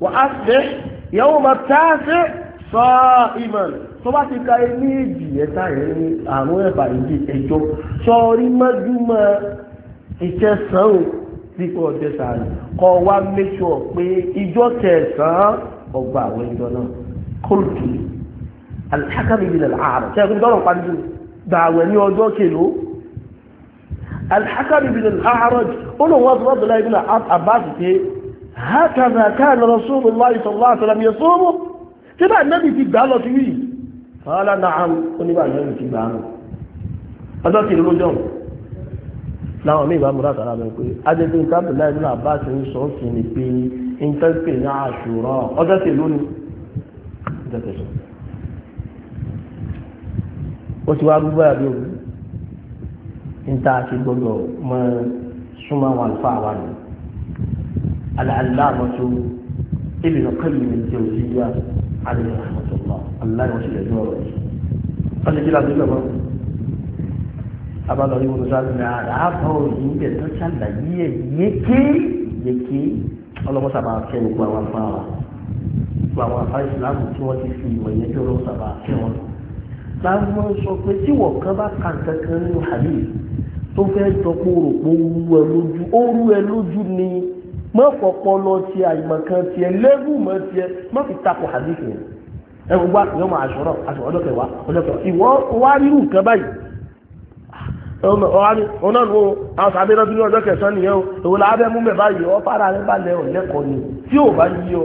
wà asbih yawma tasi' sa'iman tó bá ti ka ẹni èjì ẹ̀ta ẹ̀ ní àrùn ẹ̀bà ìdí ẹjọ́ sọ́ọ́rí mọ́júmọ́ iṣẹ́ sàn ó tí kò ọjọ́ sàárì kọ́ wá make pé ìjọ kẹsàn-án ọgbà àwọn ìjọ náà kóòtù alhakami bin al-aara dọ́rọ̀ pàdé dàwẹ̀ ní ọjọ́ kèlò الحكم بن الأعرج قلوا وضرب الله ابن عباس هكذا كان رسول الله صلى الله عليه وسلم يصوم كما النبي في الدالة فيه قال نعم قلوا بقى النبي في الدالة هذا في الرجل láwọn míì bá múra tàrà bẹ pé adébíyí tábìlá ìlú àbáṣe ń sọ sí ni pé ìtẹ́pẹ̀ ní àṣùrọ̀ ọjọ́ tè lónìí ọjọ́ tè sọ. ó ti wá níta ti gbọdọ̀ mọ súnmọ́ àwọn àlùfáà wa ni al-allamatu Ibn Qayyim al-Jawziyya alayhi rahmatullah aláàmọ̀ sí ẹ̀dùn ọ̀rọ̀ yìí wọ́n ti jí láti gbọ́ abalọ̀ yìí wọ́n sáré ní àdáfọ́ yìí bẹ̀ tó ṣàlàyé ẹ̀ yéké yéké ọlọ́mọ́sàbà kẹ́ gbogbo àwọn àlùfáà wa gbogbo àwọn àlùfáà ìsìlámù tí wọ́n ti fi ìmọ̀ yẹn tó ọlọ́mọ́sàbà kẹ́ wọn láwọn sọ pé tí wọ́n kan bá kàǹkankan nínú hadith tó fẹ́ jọpọ̀ rò pé ó rú ẹ lójú ó rú ẹ lójú ni má fọpọlọ ti àìmọ̀kan tiẹ̀ lẹ́rù mọ́ tiẹ̀ má fi takò hadith yẹn ẹ gbogbo àtúnyọ́ máa aṣọ́rọ̀ aṣọ ọjọ́ kẹwàá ọjọ́ kẹwàá wá rírù nǹkan báyìí ọ̀nà nù àwọn sàbẹ̀ náà tún ní ọjọ́ nìyẹn o èwo la abẹ́ mú mẹ́ báyìí ọ fara rẹ bá yí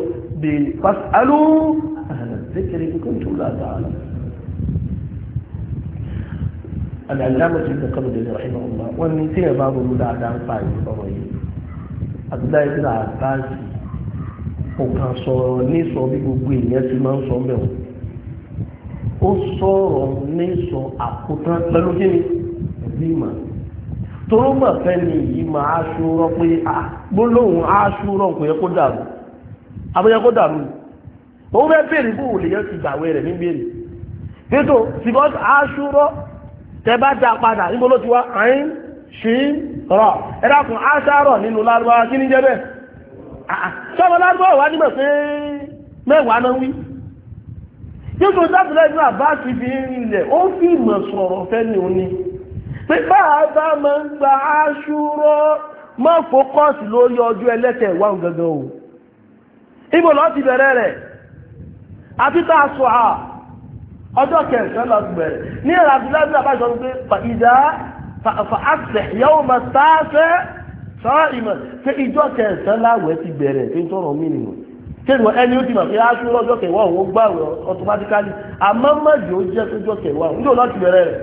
ọ ala tí kò kọ́lù dèrè ọ̀hìn ọ̀gbà wọ́n ní tí ẹ̀ bá ronú dáadáa ń pa ìsọ̀rọ̀ yìí àdúrà yìí náà báàsì kò kàn sọ̀rọ̀ ní sọ bí gbogbo èèyàn ti máa ń sọ mẹ́wọ̀n ó sọ̀rọ̀ ní sọ àkótán pẹ̀lú kí ni bí mà toró mà fẹ́ ni yìí ya tẹ dá padà níbo ló ti wá àyín ṣí rọ ẹ dákun nínú lárúbáwá kí ní jẹ́ bẹ́ẹ̀ sọ́mọ lárúbáwá nígbà pé mẹ́wàá náà wí yíṣu sátìlẹ́ ìlú fi ilẹ̀ ó fi sọ̀rọ̀ fẹ́ni òní pé bá a bá gba lórí ọjọ́ ẹlẹ́tẹ̀ o ibo lọ́ọ́ ti bẹ̀rẹ̀ rẹ̀ àti ọjọ́ kẹsàn-án la bẹ̀rẹ̀ ní ẹ̀rọ abdullahi abájọ wípé fàìdá fàásẹ̀ yóò máa sáfẹ́ sọ́ọ́ ìmọ̀ pé ìjọ kẹsàn-án láwẹ̀ ti bẹ̀rẹ̀ pé ń tọrọ mí nìyẹn ẹni ó ti mọ̀ pé aṣọ lọ́jọ́ kẹwàá òun gbà wẹ̀ ọtọmátíkálì àmọ́ mọ̀jì ó jẹ́ tó kẹwàá òun yóò bẹ̀rẹ̀ rẹ̀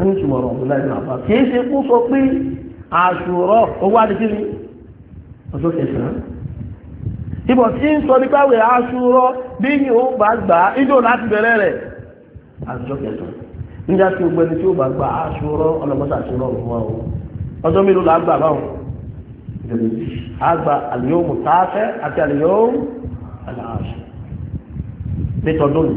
ẹni kì í ṣe kó sọ pé àṣùrọ̀ owó adìsí ni ibọ̀ tí ń sọ ní káwẹ̀ aṣúrọ́ bí ní ó bá gbà á ìjọ láti bẹ̀rẹ̀ rẹ̀ àjọjọ́ kẹsàn-án níjà tí gbogbo ẹni tí ó bá gbà aṣúrọ́ ọlọ́mọdé aṣúrọ́ òun wa o ọjọ́ mélòó la gbà báwọn àgbà àlùyọ́mù tààfẹ́ àti àlùyọ́mù aláàṣẹ nítọ́dún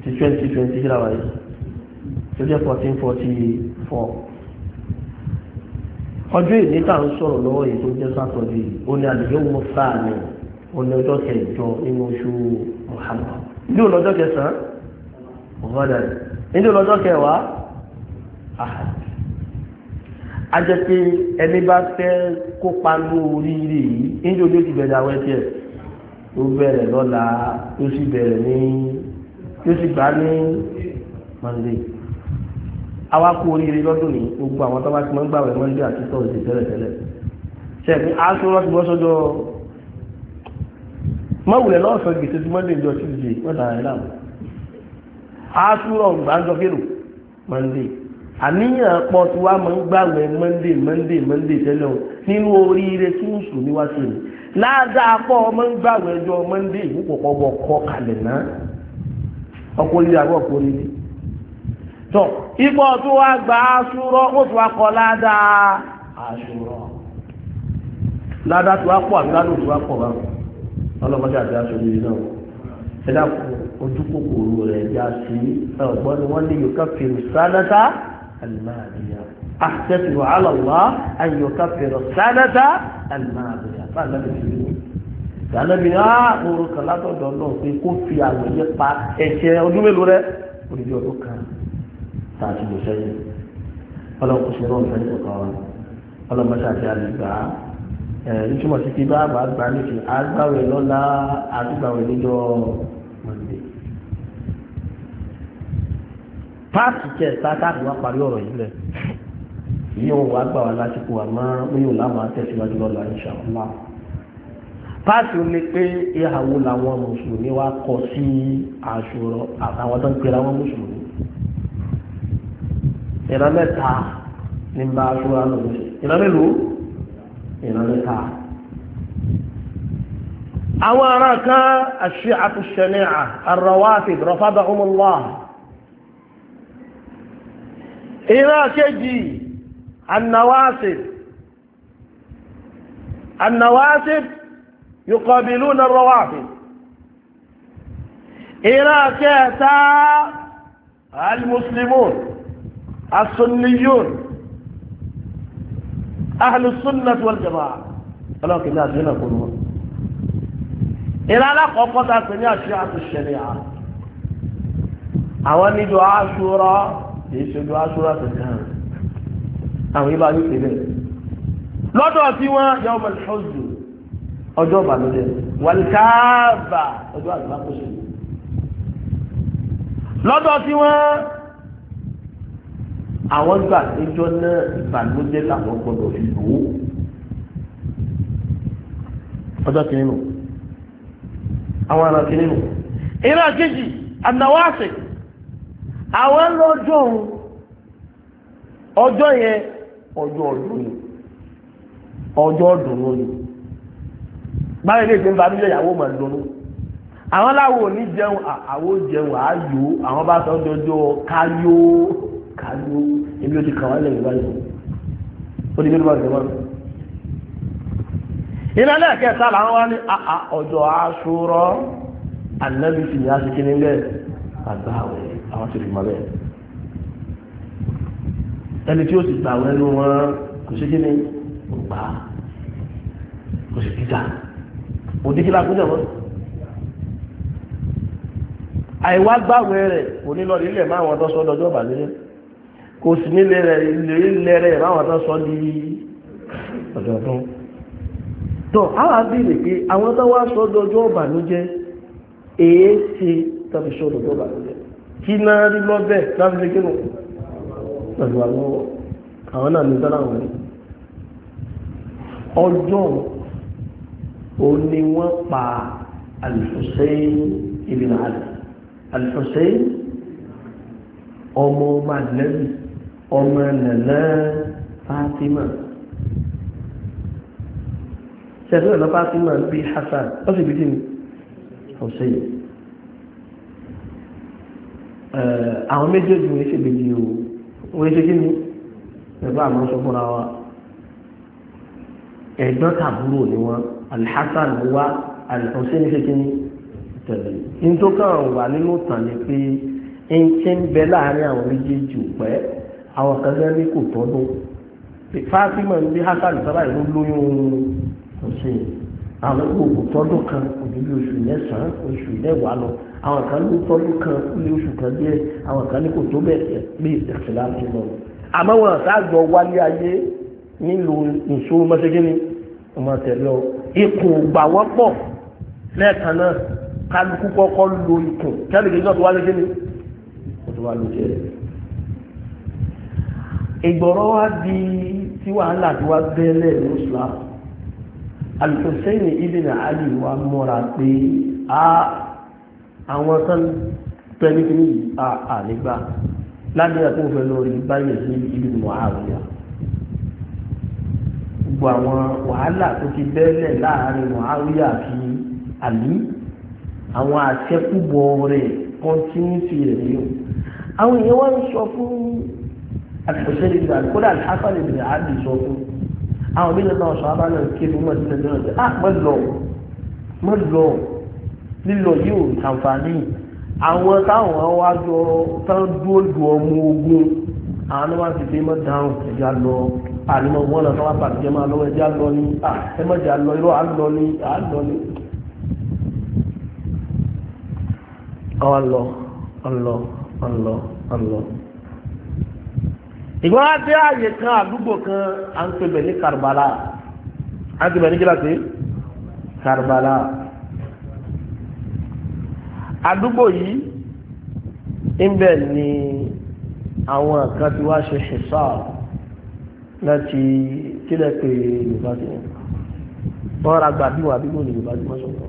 ti 2020 kíláwàá yìí tó forty-four ọjọ́ ìní tá à ń sọ̀rọ̀ lọ́wọ́ yìí tó jẹ́ sátọ̀dé ó ní àdìgbò mọ́ sáà ní ó ní ọjọ́ kẹjọ nínú oṣù Muharram ní ọlọ́jọ́ kẹsàn-án ọ̀gọ́dà ní ọlọ́jọ́ kẹwàá Ahad a jẹ́ pé ẹni bá fẹ́ kópa ní oríire yìí ní ojú ti bẹ̀rẹ̀ àwọn ẹ̀jẹ̀ tó bẹ̀rẹ̀ lọ́la tó sì bẹ̀rẹ̀ ní tó sì gbá ní Monday àwa kú oríire lọ́dún ní gbogbo àwọn tó bá ti máa ń gbàwẹ̀ mọ́ndé àti tọ́sídẹ̀ẹ́ tẹ́lẹ̀tẹ́lẹ̀ ṣẹ̀gbìn aṣọ rántí bọ́ sọ́jọ́ mọ́wùlẹ̀ lọ́sọ̀ gbèsè tí mọ́ndé ìjọ tuesday mọ́ta ẹ̀láàmù aṣúrọ̀ gbàǹjọ fèrò mọ́ndé àníyàn pọ̀ tí wá máa ń gbàwẹ̀ mọ́ndé mọ́ndé mọ́ndé tẹ́lẹ̀ nínú oríire tí ń sùn níwá sí ni ládàá pọ̀ máa ń gbàwẹ̀ ọjọ́ tọ ipò tó wá gba aṣúrọ ó tó wá kọ ládàá aṣúrọ ládàá tó wá pọ̀ àbí ládàá tó wá pọ̀ bá ọlọ́mọdé àti aṣojú yìí náà ẹ dákun ojú kòkòrò rẹ̀ já sí ọgbọ́n ni wọ́n lè yọ káfíìn sádàtà àlùmáàdìyà أحتسب على الله أن يكفر السنة الماضية قال النبي قال النبي آه أورك الله تدعو الله في كفي على يقع إيش أدوم الورة ولدي أدوك tààtì lò sẹ́yìn ọlọ́run kò sí ọlọ́run sẹ́yìn kọ̀ọ̀kan wọn ọlọ́run mọ́tà àti àlùgbà ìtumọ̀ sí pé bá àgbà àgbà nìkì àgbàwẹ̀ lọ́la àdúgbàwẹ̀ níjọ́ mọ̀lẹ́ páàkì kẹta káàdì wá parí ọ̀rọ̀ yìí lẹ̀ yìí wọn wá gbà wá lásìkò àmọ́ yóò láwọn àtẹ̀síwájú lọ́la ìṣàkóso páàkì ni pé ìhàwó làwọn mùsùlùmí wá kọ sí àṣùrọ̀ àtàwọn tó ń pera wọn mùsùlùmí ìran mẹ́ta ní bá aṣọ́ra lọ sí ìran mélòó ìran mẹ́ta. àwọn ará kan àṣì àtúnṣẹ́ni àrọ̀wáfì rọ̀fábà ọmọlá ìran kejì ànáwáṣì ànáwáṣì يقابلون الروافد إلى كاتا المسلمون asúnníyún ahàlùsúnnà tí wọ́n jẹba ọlọ́kì ní àṣírí náà kò lọ. ìlànà kọ̀ọ̀kan tá a pè ní àṣírí àtúnṣẹlẹ̀ à àwọn níjọ aṣúra kì í ṣojú aṣúra tẹ̀lé hàn àwọn ibà ní tẹ̀lé lọ́dọ̀ tí wọ́n yọ ọmọ ìṣọ́jú ọjọ́ ìbànújẹ́ wàlíkàbà ọjọ́ àdúrà kò sí lọ́dọ̀ tí wọ́n àwọn gbà péjọ náà ìbànújẹ́ làwọn gbọ́dọ̀ fi lò ó ọjọ́ kìíní nù àwọn ará kìíní nù ìrìn àkejì àdáwáṣe àwọn lọ́jọ́ òun ọjọ́ yẹn ọjọ́ ọdún ni ọjọ́ ọdún ni báyìí lè ṣe ń bànújẹ́ ìyàwó mà dùnú àwọn aláwo ò ní jẹun àwọn ò jẹun àáyò àwọn bá sọ ọjọ́ ọjọ́ káyó kà á ló ebi ó ti kà wá lẹ́yìn báyìí ó di mélòó àgbẹ̀wọ̀n. iná náà làwọn wá ní àà ọjọ́ aṣọ́rọ́ ànábì sì ní aṣọ kíní bẹ́ẹ̀ àgbà àwẹ̀ àwọn ti fi mọ́ bẹ́ẹ̀. ẹni tí ó sì gbà wẹ́nu wọn kò sí kíní kò gbà kò sì kíjà òdìkí lákúnjẹ̀ wọn àìwá gbàwé rẹ̀ kò ní lọ nílẹ̀ máa wọn tọ́sọ́ lọ́jọ́ ìbàlẹ́ kò sí nílé rẹ̀ ilé rẹ̀ láwọn tó sọ di ọ̀dọ̀ọ̀dún tó àwọn bèèrè pé àwọn tó wá sọ dọjọ́ ọ̀bànújẹ́ èé ṣe tàbí sọ dọjọ́ ọ̀bànújẹ́ kí náà rí lọ́bẹ̀ láti fi kínú pẹ̀lú àwọn àwọn náà ní sára wọn ọjọ́ ò ní wọ́n pa ọmọ ọmọ àdìlẹ́bì ọmọ nànà Fatima ṣẹ̀fẹ́ ọ̀nà Fatima ń bí Hassan ó sì bí kí ni Hussein àwọn méjèèjì wọ́n ṣe bèjì o wọ́n ṣe kí ni ẹ̀bá àmọ́ sọ fúnra wa ẹ̀gbọ́n tàbúrò ni wọ́n Al-Hassan wá Al-Hussein ṣe kí ni tẹ̀lé ní tó kàn wà nínú tàn ní pé ń ṣe ń bẹ láàárín àwọn méjèèjì pẹ́ẹ́ àwọn kan lẹ́ ní kò tọ́dún Fátímà ń bí Hasan sábà ìlú lóyún ọ̀sẹ̀ àwọn gbogbo tọ́dún kan òbí bí oṣù mẹ́sàn-án oṣù mẹ́wàá lọ àwọn kan ló tọ́dún kan ó lé oṣù kan díẹ̀ àwọn kan ní kò tó bẹ̀rẹ̀ pé ẹ̀sìn láti lọ. àmọ́ wọn àtàgbọ̀ wálé ayé nílò nìṣó mọ́ṣẹ́gínní ọmọ tẹ̀lé ọ ikùn gbà wọ́n pọ̀ lẹ́ẹ̀kan náà kálukú kọ́kọ́ lo ikùn kẹ́lẹ́gẹ́dọ́ tó wálé gíní ó tó wá lójú ìgbọ̀rọ̀ wá di tí wàhálà tí wá bẹ́ẹ̀lẹ̀ ní islam al-Hussein ibn wa mọ́ra pé a àwọn tán pẹ̀lúkìní ànígbà lábẹ́rẹ́ tó fẹ́ lórí báyẹ̀ sí ibn Muawiya gbogbo àwọn wàhálà tó ti bẹ́ẹ̀lẹ̀ láàrin Muawiya fi Ali àwọn àṣẹ́kùbọ̀ rẹ̀ kọ́ńtínútì rẹ̀ àwọn èèyàn wá ń sọ àtìkòṣẹ́ lè gbà kódà Hasan lè bẹ̀rẹ̀ àdì sọ fún àwọn bí lọ́nà ọ̀sán abáná kí ẹ̀fọ́ mọ̀ sílẹ̀ lọ́nà sí ah mọ̀ lọ mọ̀ lọ lílọ yóò ṣàǹfààní àwọn táwọn wá jọ tán dúró du ọmọ ogun àwọn náà wá ti fi mọ̀ dáhùn ẹ̀já lọ àlùmọ̀ wọn lọ sọ́wọ́ bàtìjẹ́ máa lọ́wọ́ ẹ̀já lọ ní ah ẹ mọ̀ jà lọ irọ́ àlọ́ ní àlọ́ ní. ọlọ ọlọ ọlọ ọlọ ìgbọ́n á dé àyè kan àdúgbò kan à ń pèbẹ̀ ní Karbala à ń pèbẹ̀ ní kíláàsì Karbala àdúgbò yìí ńbẹ̀ ni àwọn kan ti wá ṣe ṣèṣà láti kílẹ̀ pé yorùbá ti yẹn wọ́n ra gbà bí wọ́n àbí ní yorùbá ti wọ́n sọ̀rọ̀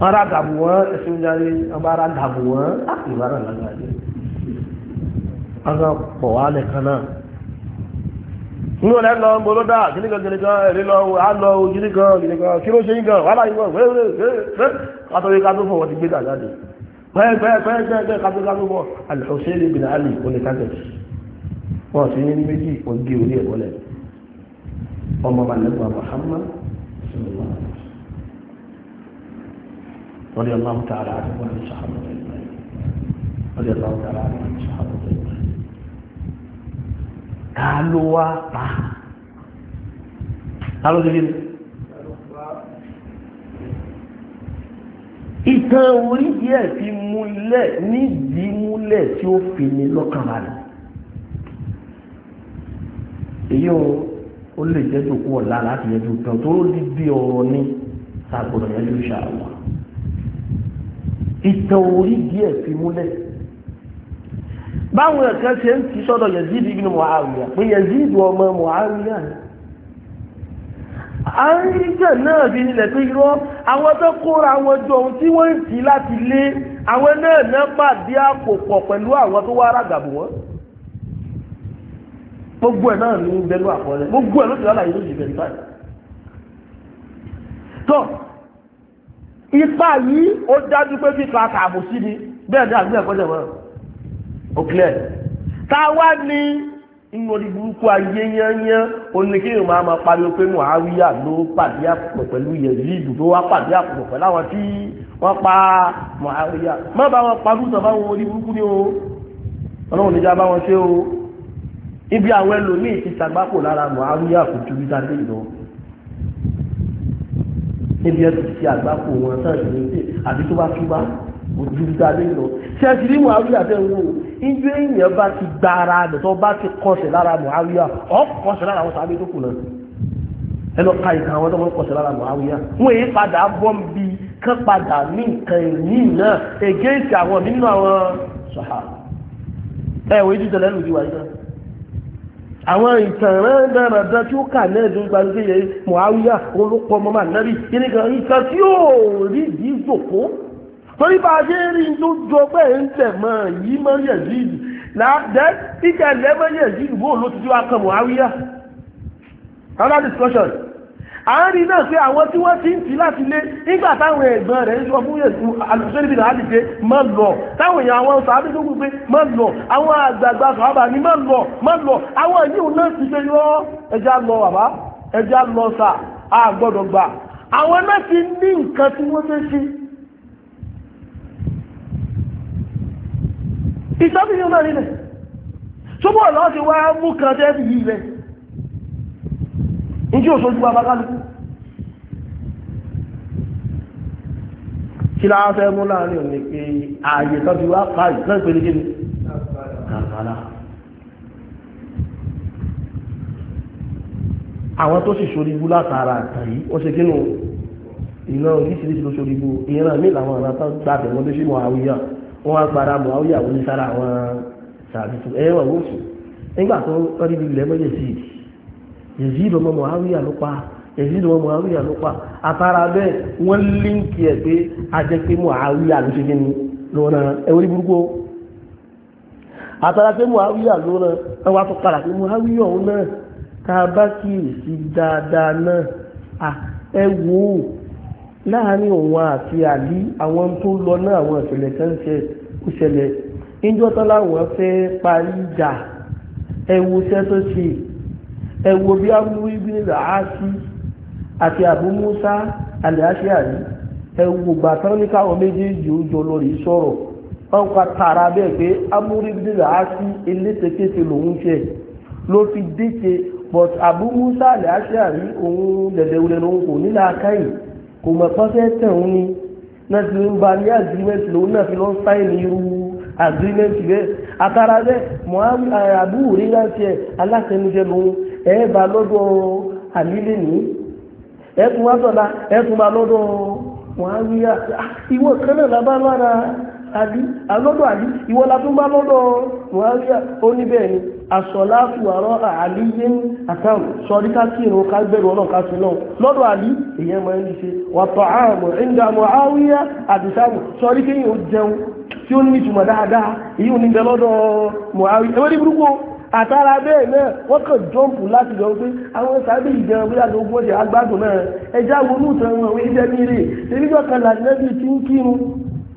wọ́n ra gàbù wọ́n ẹ̀sìn ìjáde wọ́n bá ra gàbù wọ́n á kì í bá lágbàdo aka pọ̀ wá nìkan náà nínú ọ̀lẹ́ lọ ń bolódà gíníkan gíníkan èrè lọ àlọ́ gíníkan gíníkan kí ló ṣe ń gan wàhálà ìwọ̀n wẹ́wẹ́wẹ́ kátó yíká tó fọ̀ wọ́n ti gbé dà jáde pẹ́ẹ́pẹ́ẹ́pẹ́ẹ́pẹ́ kátó Al-Husayn ibn Ali oníkàtẹ̀sì wọ́n sì ní méjì ògì orí ẹ̀wọ́lẹ̀ ọmọ balẹ̀gbà Muhammad wọ́n di ọlọ́run tààrà ta ló wá pa ta ló ti rí ìtàn orí díẹ̀ fi múlẹ̀ nídìí múlẹ̀ tí ó fi ní lọ́kàn balẹ̀ èyí ó lè jẹ́ tó kú ọ̀la láti yẹjú tán tó ló di bí ọ̀rọ̀ ní sàgbọ̀dọ̀ yẹjú ṣàwọn ìtàn orí díẹ̀ fi múlẹ̀ báwọn ẹ̀kan ṣe ń ti sọ́dọ̀ Yazid ibn Muawiya pé Yazid ọmọ Muawiya ni a ń rí jẹ́ náà bí nílẹ̀ pé irọ́ àwọn tó kóra wọn jọ ohun tí wọ́n ń ti láti lé àwọn náà náà pàdé àpò pọ̀ pẹ̀lú àwọn tó wá rágàbò wọn gbogbo ẹ̀ náà ní bẹ́lú àkọọ́lẹ̀ gbogbo ẹ̀ ló ti lálàyé ló sì bẹ̀rẹ̀ báyìí tọ́ ipa yìí ó dájú pé fífa àtàbò sí ni bẹ́ẹ̀ ni àgbẹ̀ ẹ̀kọ́ jẹ̀ wọ́n ó clear táwa ní inú orí burúkú ayé yányán oníkéèyàn máa ma pariwo pé muhawiya ló pàdé àpò pẹ̀lú yẹ̀lídù tó wá pàdé àpò pẹ̀lú àwọn tí wọ́n pa muhawiya má bá wọn parú sọ̀fà wọn orí burúkú ni o ọlọ́run níjà bá wọn ṣe o ibi àwọn ẹlòmíì ti ṣàgbákò lára muhawiya kò ju bí sáté lọ níbi ẹtù ti àgbákò wọn sáà ṣe àti tó bá túbá kò ju bí sáté lọ ṣé ẹ ti rí muhawiya tẹ́ ń wò ibi èèyàn bá ti gba ara rẹ̀ tó bá ti kọsẹ̀ lára Muawiya ọ̀ kọsẹ̀ lára àwọn sábẹ́ tó kù náà ẹ lọ ka ìtàn àwọn tó wọ́n kọsẹ̀ lára Muawiya wọ́n èyí padà bọ́ bí kán padà ní nǹkan ìní náà ègéèsì àwọn nínú àwọn sàhà ẹ wọ́n èyí jùlọ lẹ́nu ìwà yìí àwọn ìtàn rẹ̀ tí ó kà náà ló gbàgbé yẹ Muawiya olùkọ́ mọ́mọ́ ànábì torí bá a ṣe ń rí tó jọ pé ń tẹ̀ mọ́ yìí mọ́ Yazid láàdẹ́ títẹ̀ lẹ́mọ́ Yazid bó ló ti tí wá kan Muawiya another discussion à ń rí náà pé àwọn tí wọ́n ti ń tì láti lé nígbà táwọn ẹ̀gbọ́n rẹ̀ ń sọ fún Yazid alùpùpù níbi láti pé má lọ táwọn èèyàn àwọn sàábí tó kù pé má lọ àwọn àgbààgbà sàábà ní má lọ má lọ àwọn yìí náà ti pé yọ ẹja lọ bàbá ẹja lọ sà á gbọ́dọ̀ gbà àwọn náà ti ní nǹkan tí wọ́n fẹ́ ṣe ìsọ́bí ni náà nílẹ̀ ṣúgbọ́n lọ́ ti wá mú kan tẹ́ fi ní wa bákálù kí láá mú láàrin òní pé ààyè tó wá pa ìtọ́ ìpele kí àwọn tó sì sórí ibú látara àtàn ó ṣe kínú oríṣiríṣi ló sórí ibú ìran mí làwọn wọ́n wá gbára mọ̀ àwọn ìyàwó ní sára àwọn sàbìtù ẹ̀wọ̀n wò sùn nígbà tó lọ́dí ibi ilẹ̀ mọ́yẹ̀ sí yezid ọmọ muhawiya ló pa yezid ọmọ muhawiya ló pa àtàrà bẹ́ẹ̀ wọ́n líǹkì ẹ̀ pé ajẹ́ pé muhawiya ló ṣe kíni lọ́nà ẹ̀wọ́n burúkú àtàrà pé muhawiya lọ́nà ẹwà tó padà pé muhawiya òun náà tá a bá kíyèsí dáadáa náà ẹ láàrin òun àti àlí àwọn tó lọ náà àwọn ìṣẹ̀lẹ̀ kan ṣe ó ṣẹlẹ̀ níjọ́ tán láwọn fẹ́ parí ìjà ẹwo iṣẹ́ tó ṣe ẹwo bí amúrú ibi nílò áásí àti àbú Musa àlẹ́áṣẹ́ àrí ẹwo gbà tán ní káwọn méjèèjì ó jọ lọ rí sọ̀rọ̀ wọn kà tààrà bẹ́ẹ̀ pé amúrú ibi nílò áásí elétekéte lòún ṣe ló fi díje but àbú Musa àlẹ́áṣẹ́ àrí òun lẹ̀lẹ́wulẹ̀ lòun kò nílò akáyìí kò mọ̀ pọ́sẹ̀ tẹ̀hún ni náà ti ń ba ní agreement lòun náà fi lọ sáìn irú agreement bẹ́ẹ̀ àtàrà bẹ́ẹ̀ rí ẹ̀ lòun ẹ̀ bá lọ́dọ̀ ní ẹ̀ tún wá sọ̀la ẹ̀ tún bá lọ́dọ̀ ah, ìwọ kan náà lábá lára àlọ́dọ̀ àlí ìwọ la bá lọ́dọ̀ ní asọ̀láàfù àrọ́ àlíyé àtàrù sọ̀rí ká kí ìrún ká gbẹ̀rù ọlọ́run ká sí náà lọ́dọ̀ àlí èyàn máa ń ṣe wàtọ̀ àmọ̀ ìdààmú àwíyá àdìsáàmù sọ̀rí kí yóò jẹun tí ó ní ìtumọ̀ dáadáa èyí ò ní bẹ lọ́dọ̀ mọ̀háwí ewé ní burúkú àtàrà bẹ́ẹ̀ náà wọ́n kàn jọ́ǹpù láti lọ pé àwọn sábẹ́ ìjẹun bí àti ogún ọjà agbádùn náà ẹja wo ní ìtàn wọn ìjẹ nílé èmi náà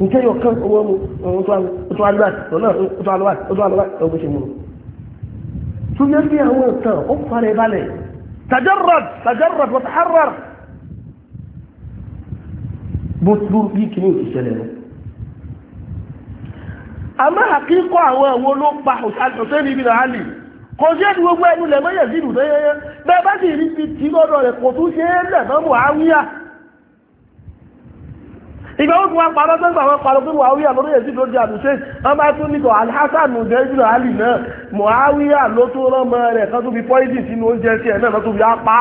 nǹkan yóò kán owó mu ọ̀hún tó alúwà lọ́nà tó alúwà tó alúwà ọ̀hún ṣe mú un. túnjẹ́ bí àwọn ìtàn ó parẹ́ balẹ̀ tajarrad tajarrad wọ́n taharrar bó tó bí kìíní ti ṣẹlẹ̀ lọ. àmọ́ àkíkọ́ àwọn ẹ̀wọ̀n ló pa Hussein ibn Ali kò sí ẹni gbogbo ẹnu lẹ̀ mọ́ Yazid tó yẹyẹ bẹ́ẹ̀ bá sì rí ti lọ́dọ̀ rẹ̀ kò tún ṣe é lẹ̀ mọ́ Muawiya ìgbà ó tún wá parọ́ tó ń gbà wọ́n parọ́ tó ń wàáwíyà lórí èsì lórí àbùsẹ́ wọ́n bá tún ní kò alhassan mujahidin ali náà muawiya ló tún rọ́mọ rẹ̀ kan tó fi poison sínú oúnjẹ tiẹ̀ náà tó fi apá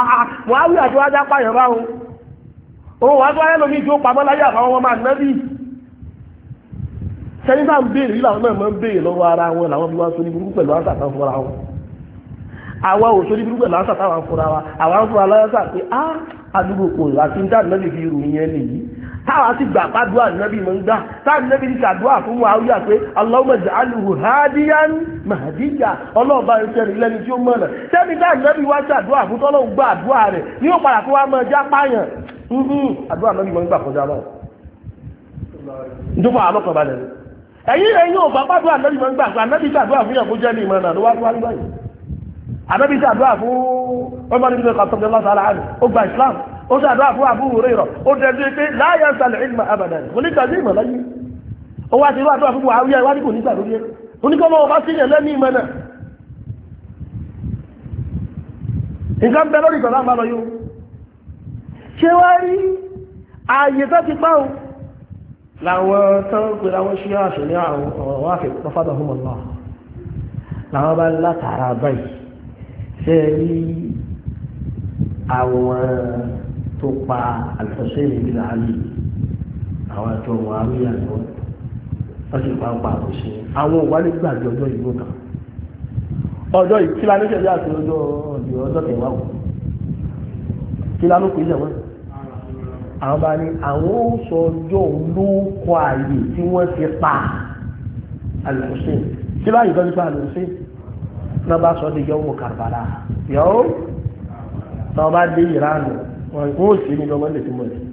muawiya tó wájá pààyàn báwọn òun wá tó wáyé lómi tó pamọ́ láyé àfáwọn ọmọ ànábì sẹ́yìn náà ń béèrè yìí làwọn náà máa ń béèrè lọ́wọ́ ara wọn làwọn fi wá àwa ò sórí burúkú pẹ̀lú táwọn fúnra àwa ń fúnra pé á àdúgbò kò láti ń dá ànábì fi rù nìyí táwa sì gbà pàdúrà nàbì mọ̀ ń gbà táà nàbì ní kàdúrà fún wa wíyà pé Allahumma ja'alhu hadiyan mahdiya ọlọ́ọ̀bá ìṣẹ́ rẹ̀ lẹ́ni tí ó mọ̀nà sẹ́ni táà nàbì wá ṣàdúrà fún tọ́lọ́hún gbà àdúrà rẹ̀ ní ó padà kó wá mọ ẹja páyàn àdúrà nàbì mọ̀ ń gbà kọjá náà ìjọba àlọ́kọ̀balẹ̀ ẹ̀yìn ẹ̀yìn ò bá pàdúrà nàbì mọ̀ ń gbà ànábì ṣàdúrà fún yàn kó jẹ́ ní ìmọ̀ náà ló wá tó wá nígbà yìí ànábì ó sàdúrà fún Abu Hurairah ó dẹ̀dú pé láyé sàlẹ̀ ìgbà abadan kò ní kàdé ìmọ̀ láyé ó wá ti rú àdúrà fún buhari wá ní kò ní gbàdúrà yẹ oníkọ́mọ́ ọba sí yẹn lẹ́ni ìmọ̀ náà nǹkan bẹ lórí ìtọ́lá àbálọ yóò ṣé wá rí ààyè tó ti pa òun láwọn tó ń pè láwọn ṣí àṣẹ ní àwọn ọ̀rọ̀ àfẹ́ pọ́fàdà fún ọ̀nà láwọn bá látara báyìí ṣe rí àwọn tó pa Al-Husayn bin Ali àwọn àjọ Muawiya ni wọ́n wọ́n sì pa pa àkóso àwọn òwálé gbàgbé ọjọ́ ìgbó kan ọjọ́ ìkílánú ṣẹ̀dá àti ọjọ́ ọjọ́ ọjọ́ kẹwàá wò kílánú kò yẹ̀ wọ́n àwọn bá ní àwọn ó sọ ọjọ́ olóko ààyè tí wọ́n ti pa Al-Husayn kí láyé tó ti pa Al-Husayn náà bá sọ ọ́ di yọ̀wò Karbala yọ̀wò náà bá dé ìránù wọ́n kó sí ní lọ́mọ lè fi mọ̀ ẹ́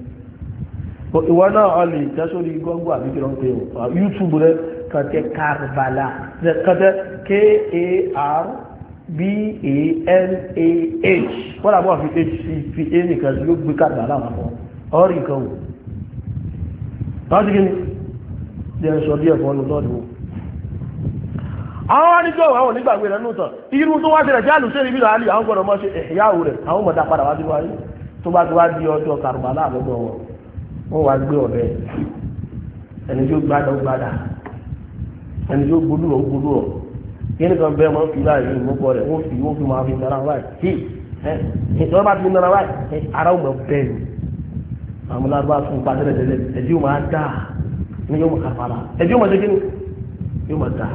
ìwọ náà ọ lè já sórí gọ́gù àbí kí ló ń Karbala K-A-R-B-A-L-A-H wọ́n làbọ̀ fi h c fi a nìkan Karbala wà fún ọ rí nǹkan wò láti kí ni jẹ́ sọ díẹ̀ fún ọ́nù lọ́dún àwọn àdíjọ́ àwọn onígbàgbé rẹ̀ nù tán irú tó wá sí rẹ̀ jẹ́ àlùsẹ́ ìbílẹ̀ àlì àwọn gbọ́dọ̀ mọ́ sí ẹ̀yáwó rẹ̀ àwọn mọ̀dá padà wá sí wáyé tó bá tó wá di ọjọ́ Karbala àlọ́dọ̀ wọn wọ́n wá gbé ọ̀bẹ ẹni tó gbádà ó gbádà ẹni tó gbólú ọ̀ gbólú ọ̀ kíni kan bẹ́ẹ̀ máa ń fi báyìí mú kọ́ rẹ̀ wọ́n fi wọ́n fi máa fi nara báyìí tí ìtọ́ bá ti nara báyìí ara ò mọ̀ bẹ́ẹ̀ ni àwọn alábá fún un pàṣẹ tẹ́lẹ̀ ẹ̀dí ò máa dà ní yóò mọ̀ kàfàlà ẹ̀dí ò máa dé yóò máa dà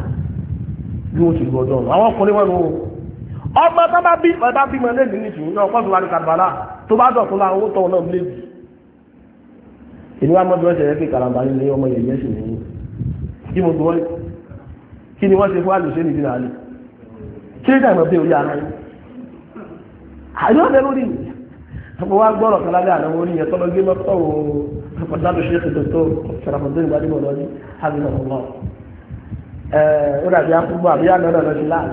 bí wọ́n ti gbọ́dọ̀ àwọn ọkùnrin wọn nù ọmọ tó bá bí ọ̀dá bí mọ̀ lẹ́dìí ní ìṣòro náà pọ́sùn wárí kàrùbálà tó bá dọ̀ tó owó tọ̀ náà lè jù ìlú amọ́bí wọ́n ṣe ní ọmọ ní kí mo kí ni wọ́n ṣe fún kí ní orí ara yìí ọ̀dẹ lórí mi gbọ́rọ̀ àná wọn gbé mọ́tò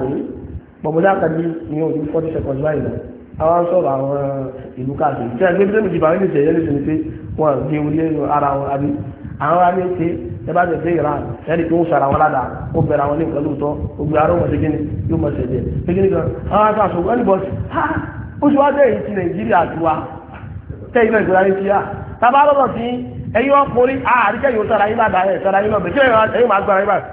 bọ̀bọ̀dá kan ní ní òní forty seconds báyìí lọ àwọn sọ̀rọ̀ àwọn ìlú káàkiri tí a gbé sẹ́nu ìdìbò àwọn ènìyàn yẹn lè pé wọ́n gbé orí ẹnu ara wọn àbí àwọn ará ní ṣe ẹ bá tẹ̀ sí Iran ẹni tó ń sara wọn ládà ó bẹ̀rẹ̀ àwọn ní nǹkan lóòótọ́ gbogbo ara wọn ṣégin yóò mọ̀ ṣẹ̀jẹ̀ ṣégin kan àwọn aṣọ àṣọ wọn bọ̀ ha ó ṣe wá bẹ́ẹ̀ ti Nàìjíríà ti wa tẹ́ ilé ìgbéra ní ti yá tábà lọ́dọ̀ sí ẹ̀yin ọkùnrin àríkẹ́yìn ó sara yín ládà ẹ̀ sara yín lọ́bẹ̀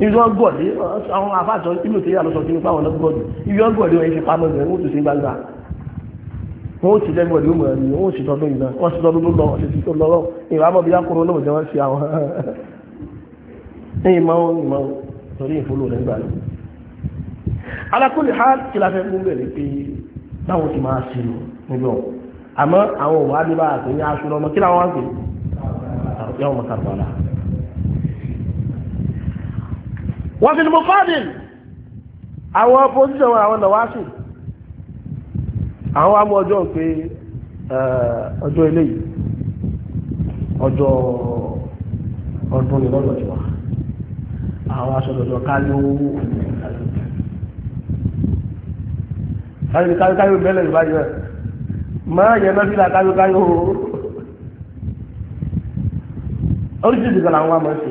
ìyọ́gọ̀dé àwọn afáàtọ̀ ìlú tí yàlọ́sọ̀ tí ó fáwọn lọ́gọ́dù ìyọ́gọ̀dé wọ́n ṣe pamọ́ ìgbẹ̀rún ó tún sí gbangba wọ́n ti lẹ́gbọ̀dé òmùrẹ̀ ni wọ́n sì tọ́dún ìgbà wọ́n sì tọ́dún lọ́wọ́ sí tó lọ́rọ̀ ìwàmọ̀ bí lákòrò lọ́wọ́ jẹ́ wọ́n sí àwọn ẹ̀yìn máa ń mọ́ torí ìfúlò rẹ̀ gbà lọ. alákòlè ha ti la fẹ́ mú bẹ̀rẹ̀ pé báwọn ti máa ṣe lò níbẹ̀ àmọ́ àwọn òwò adébáyà tó ní aṣọ lọ́mọ kí làwọn wá ń pè é wọ́n fi mú fọ́dìn àwọn pòsíṣàn wọn àwọn lọ́wọ́sì àwọn amú ọjọ́ pé eh, ọjọ́ ilé yìí ọjọ́ ọdún ni lọ́dọ̀ tiwa àwọn aṣọ́dọ̀dọ̀ káyó káyó káyó káyó bẹ́lẹ̀ ìbáyìí rẹ̀ máa yẹ lọ́sílà káyó káyó oríṣiríṣi kan làwọn amọ̀ ṣe.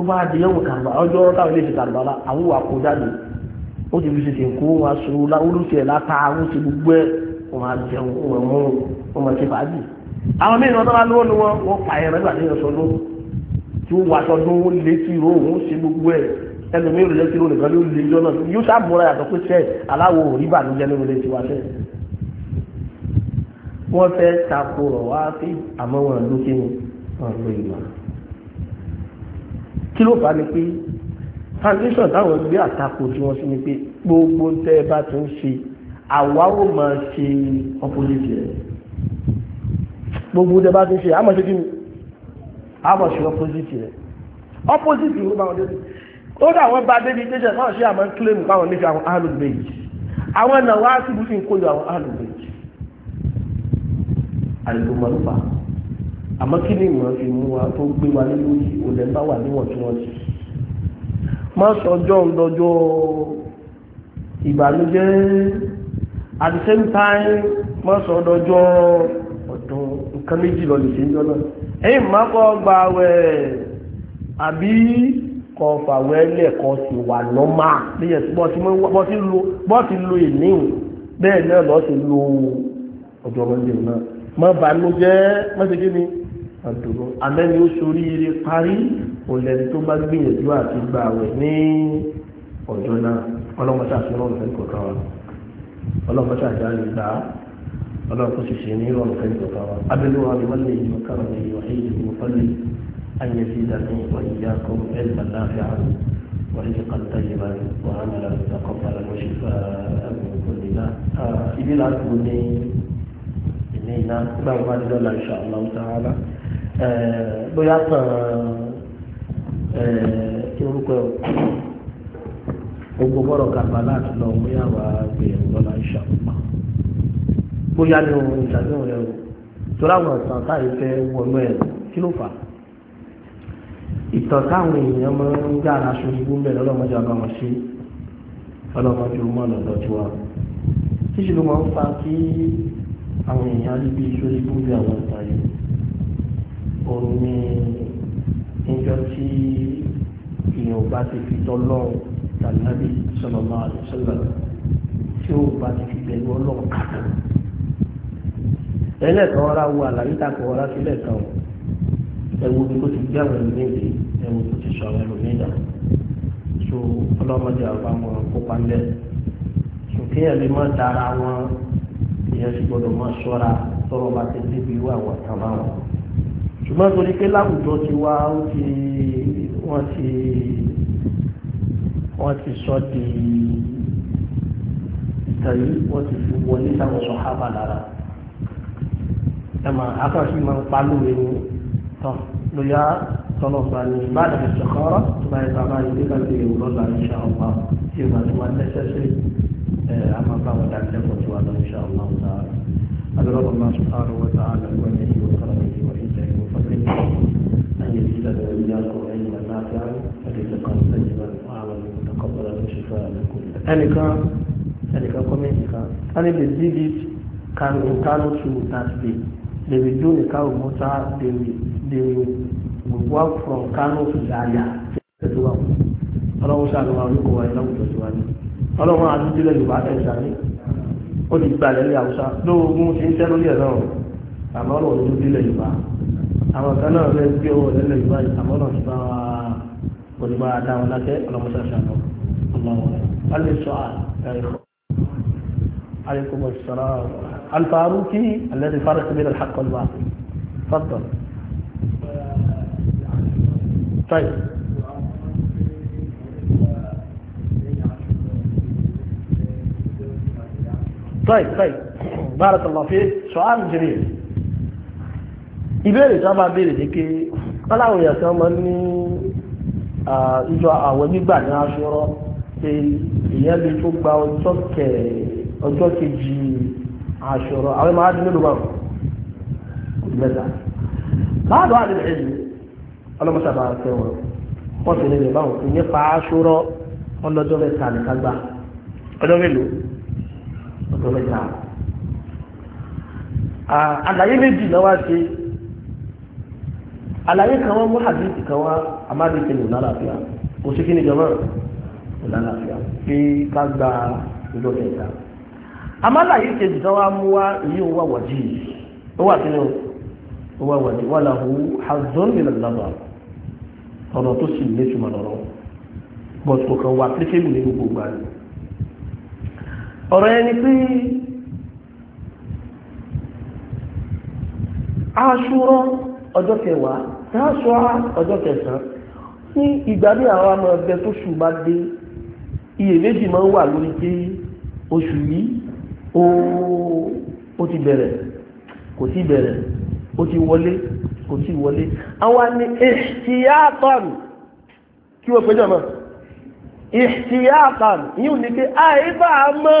tó bá di yẹ́wò kàǹbà ọjọ́ táwọn ilé ìṣèkàǹbà la àwọn wà kó jáde ó ti fi ṣètè kó wọn aṣọ olóṣèlú láta ó ti gbogbo ẹ wọn á jẹun wọn mú wọn mọ ṣe fàájì àwọn míì náà tọ́lá lówó ni wọ́n wọ́n pa ẹ̀rọ nígbà tí yẹn sọdún tí wọ́n wàṣọ dún wọ́n lé sí ìró òun ṣe gbogbo ẹ̀ ẹlòmíì rẹ̀ sí ìró nìkan ló lé jọ́nà yóò ṣàbùrọ̀ yàtọ̀ pé ṣẹ́ aláwo ò rí bàlújẹ́ lórí ilé tiwa ṣẹ́ wọ́n fẹ́ takò rọ̀ wá sí àmọ́ wọn kí ló bá ní pé foundation táwọn gbé àtakò tí wọ́n sí ni pé gbogbo tẹ́ ẹ bá ti ń ṣe àwa ó máa ṣe opposite rẹ̀ gbogbo tẹ́ bá ti ń ṣe àmọ̀ ṣe kí ni àmọ̀ ṣe opposite rẹ̀ opposite ló máa dé ó dà wọ́n bá débi tẹ́sán náà ṣe àmọ́ claim káwọn nífẹ̀ẹ́ àwọn alùpùpù àwọn ẹ̀nà wá síbi sí ń kóyọ àwọn alùpùpù àlùpùpù àmọ́ kí ni ìwọ̀n fi mú wa tó gbé wa nínú yìí olè ń bá wà níwọ̀ntúnwọ̀nsì má sọjọ́ ń dọjọ́ ìbànújẹ́ at the same time má sọ dọjọ́ ọ̀dùn nǹkan méjì lọ lè ṣe ń jọ náà ẹ̀yìn má kọ́ gba awẹ́ àbí kọ́ fàwẹ́ lẹ́ẹ̀kọ́ sí wà nọ́mà níyẹn tí bọ́ ti lo ìníhùn bẹ́ẹ̀ náà lọ́ọ́ sì lo ọjọ́ ọmọdé náà má bànújẹ́ má ṣe kí ni àdúró àmẹ́ni ó sorí ire parí òlẹ́ni tó bá gbìyànjú àti gba àwẹ̀ ní ọjọ́ náà ọlọ́mọṣà sí ọlọ́run fẹ́ kọ̀ọ̀kan wa ọlọ́mọṣà sí àlùgbà ọlọ́run kò sì ṣe ní ọlọ́run fẹ́ kọ̀ọ̀kan wa abẹ́lẹ́ wa ni wọ́n lè yọ káwọn lè yọ èyí tó wọ́n fọ́lẹ̀ ayé sí ìdáná ìwọ̀n ìyá kan ẹ̀ẹ́dà láàfin àrùn ورزقا طيبا وعملا متقبلا وشفاء من كل داء إلى العدل إلينا بعد ذلك إن شاء الله تعالى bóyá tàn kí orúkọ ẹ̀ gbogbo bọ́rọ̀ lọ bóyá wà gbé lọ́la bóyá ní ohun torí àwọn táyì fẹ́ wọnú ẹ̀ kí ló fà á ìtàn táwọn èèyàn máa ń ìbú ń bẹ̀ lọ́lọ́mọdé sí ọlọ́mọdé ọmọ ló máa òní níjọ tí ìyẹn ò bá ti fi tọ́lọ́run tàbí sallallahu alaihi wasallam tí ò bá ti fi bẹ̀rù ọlọ́run kàkà. ẹlẹ́kan wọ́n rà wọ àlàyé tàkùn wọ́n rà sílẹ̀ kan ẹ̀wù ni kò ti gbé àwọn ẹ̀mí ìdè ẹ̀wù kò ti sọ àwọn ẹlòmíì dà so ọlọ́mọdé àbá wọn kópa ń bẹ̀ so kéèyàn lè má dára wọn ìyẹn sì gbọ́dọ̀ má ṣọ́ra tọ́rọ bá ti débi irú àwọn àtàwọn àwọn ṣùgbọ́n torí pé láwùjọ ti wá ó ti wọ́n ti wọ́n ti sọ di ìtàrí wọ́n ti fi wọlé sáwọn sọ̀hábà lára ẹ̀mà akọ́sí máa ń palú ewu tán lóyá tọ́lọ́gbà ní ìbàdàn ìṣọ̀kọ́rọ́ tó bá yẹ bàbá yìí nígbà tí èèwù lọ́la ìṣà ọ̀pá tí ìwà tí wọ́n tẹ́sẹ̀ sí ẹ̀ àmàbáwọ̀ dàgbẹ́kọ̀ọ́ tí wọ́n lọ ìṣà ọ̀pá ọ̀tá abẹ́rẹ́ ọ̀pá máa sọ̀rọ̀ wọ́n ta àlẹ́ wọ́n ní ìwọ̀n kọ́lá أن يزيدنا وإياكم علما نافعا ورزقا طيبا وعملا متقبلا وشفاء من كل أنك أنك قمتك أن يزيد كانوا كانوا to that day they will do the cow motor they will they will walk from Kano to Zaria tẹ̀síwá ọlọ́run ṣàlùwà olùkọ́ wa ìlànà tẹ̀síwá ni ọlọ́run àdúgbò Yorùbá ẹ̀sà ni ó ti gbalẹ̀ ní Haúsá lóògùn ti ń tẹ́ lórí ẹ̀ náà àmọ́ ọlọ́run tó àwọn kan náà lè gbé owó lẹ́lẹ̀ ìgbà ìsàmọ́nà ṣùgbọ́n wa onígbà dáwọn lákẹ́ ọlọ́mọṣẹ́ ṣàlọ́ ọlọ́wọ́ alẹ́ sọ àìkọ́ عليكم السلام الفاروقي الذي فرق بين الحق والباطل تفضل طيب طيب طيب بارك الله فيك سؤال جميل ìbéèrè tí wọ́n bá béèrè ní pé wọ́n láwọn èèyàn kan máa ń ní ìjọ àwọn gbígbà ní aṣọ́rọ́ pé èèyàn lè tó gba ọjọ́ kẹ ọjọ́ kejì aṣọ́rọ́ àwọn máa dín mélòó báwọn kò mẹ́ta báàdọ̀ àdìrẹ̀ ẹ̀yìn ọlọ́mọṣàbà fẹ́ wọn wọ́n sì nílẹ̀ báwọn kò ní pa aṣọ́rọ́ ọlọ́jọ́ mẹ́ta nìkan gbà ọjọ́ mélòó ọjọ́ mẹ́ta àlàyé méjì náà wá àlàyé kan wọn mú àdíjì kan wá amádìsí ní lálàáfíà kò sí kí ni jọmọ́ lálàáfíà pé ká gba ìjọ kẹta amálàyé kejì kan wá mú wá èyí ò wà wàjì ó wà sínú ó wà wàjì hazon ọ̀nà tó sì lé lọ́rọ́ kò kan ọjọ́ kẹwàá táṣọ́ ọjọ́ kẹsàn-án ní ìgbà bí àwọn ọmọ ẹgbẹ́ tó ṣù bá dé iyèméjì máa ń wà lórí pé oṣù yìí ó ti bẹ̀rẹ̀ kò ti bẹ̀rẹ̀ ó ti wọlé kò ti wọlé àwọn ni ìṣìyàtọ̀n kí wọ́n pẹ́jọ́ mọ́ ìṣìyàtọ̀n yíò ní pé àìbá mọ́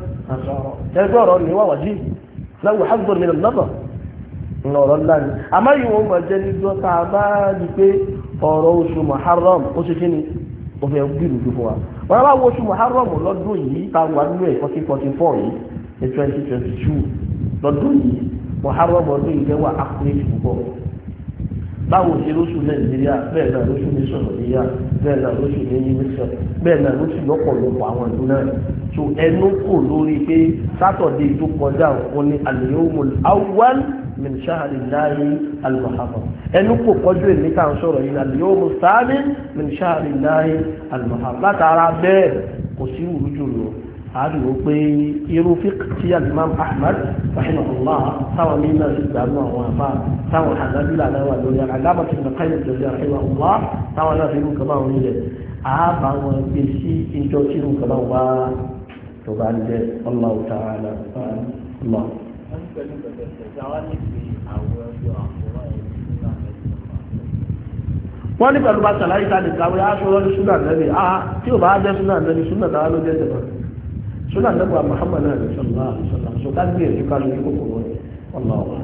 àsọ̀rọ̀ ẹgbẹ́ ọ̀rọ̀ ni wà wájú láwùjọ hasbro mi lọ́bọ̀ ńlọrọ̀ ńlá ni àmọ́ yìí wọ́n máa jẹ́ níjọ́ tá a bá di pé ọ̀rọ̀ oṣù muharram ó ṣe kí ni ó fẹ́ gbìyànjú ju fún wa wọ́n bá wo oṣù muharram lọ́dún yìí tá a wà nínú ẹ̀ fourteen forty four yìí ní twenty twenty two lọ́dún yìí muharram ọdún yìí fẹ́ wà ákúrẹ́sì púpọ̀ báwo ṣe lóṣù nàìjíríà bẹ́ẹ̀ náà lóṣù ní sọ̀rọ̀lẹ́yà bẹ́ẹ̀ náà lóṣù ní yunifásitì bẹ́ẹ̀ náà lóṣù lọ́pọ̀lọpọ̀ àwọn ìlú náà tó ẹnu kò lórí pé sátọ̀dé tó kọjá òun ni al-yawmul awwal min shahrillahi al-muharram ẹnu kò kọjú èmi ká ń sọ̀rọ̀ yìí al-yawmus sani min shahrillahi látara bẹ́ẹ̀ kò sí ìrújú lọ àríwó pé irú fíkì tí alimam ahmad rahimahullah táwọn mímọ ìgbàlú àwọn àbá táwọn àdábìlà náà lórí ara alábàtí nàkàyè lórí rahimahullah táwọn náà fi irú kaba wọn nílẹ̀ àbá wọn gbé sí ìjọ tí irú kaba wọn bá tó bá ń jẹ allah ta'ala allah. wọ́n ní pẹ̀lú bá sàlàyé ta nìkan wọ́n aṣọ lọ́dún súnà nẹ́bí ah, tí ò bá jẹ́ súnà nẹ́bí súnà tàwa ló jẹ́ jẹ̀mọ́ sọ́nà àdàbọ̀ Muhammad náà sọ̀rọ̀ sọ̀rọ̀ sọ̀rọ̀ ká gbé èyí ká lórí kòkòrò rẹ̀ ọ̀là ọ̀wà.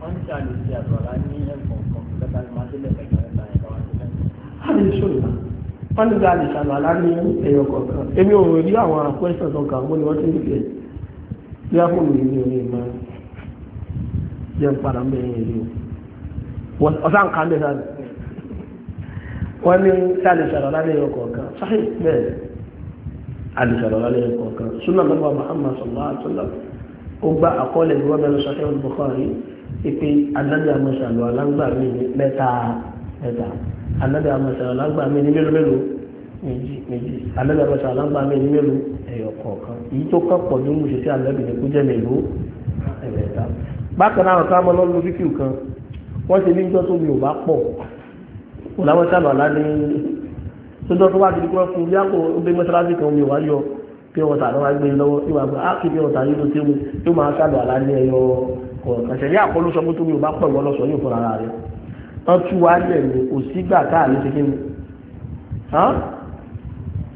wọ́n ń ṣàlù sí àgbàlá ní ẹ̀kọ̀ọ̀kan lẹ́ka lè máa délẹ̀ lẹ́ka lẹ́ka lẹ́ka wá sílẹ̀. a lè sọ̀rọ̀ wọ́n ní ká lè ṣàlùwàlá ní ẹ̀yọ̀ kọ̀ọ̀kan èmi ò rí àwọn àpẹ́sẹ̀ tó kà wọ́n ni wọ́n ti ń fi bí ápòlù yìí ní orí ìmọ̀ àdìsọ̀rọ̀ lálẹ́ ẹ̀kọ́ kan súnà Muhammad sallallahu alaihi wa sallam ó gba àkọọ́lẹ̀ ìwé ọ̀bẹ̀rẹ̀ Sahih al-Bukhari ipe anájà mọ̀sálù alágbà mi ní mẹ́ta mẹ́ta anájà mọ̀sálù alágbà mi ní mélòó mélòó méjì méjì anájà mọ̀sálù alágbà mi ní mélòó ẹ̀yọ̀ kọ̀ọ̀kan èyí tó kọ́ pọ̀ ní mùsùlùmí sí anábì ní kú jẹ́ mélòó ẹ̀mẹ́ta bákan náà ká mọ́ lọ́lọ́ fífì kan wọ́n ti ní ìjọ́ tó mi ò bá pọ̀ kò láwọn sábà lá tójọ́ tó wá dìbò fún bí àpò ọgbẹ́ mọ́sálásí kan mi wá yọ pé wọ́n tàbí wá gbé lọ́wọ́ ìwà pé á kí bí wọ́n tàbí ló tí mu tó máa sábà alá ní ẹyọ kọ̀ọ̀kan ṣẹ̀rí àkọlù sọ pé tó mi ò bá pọ̀ wọ́n lọ sọ yóò fọ́ra rẹ̀ wọ́n tú wá lẹ̀ ní kò sígbà ní ṣe kí ni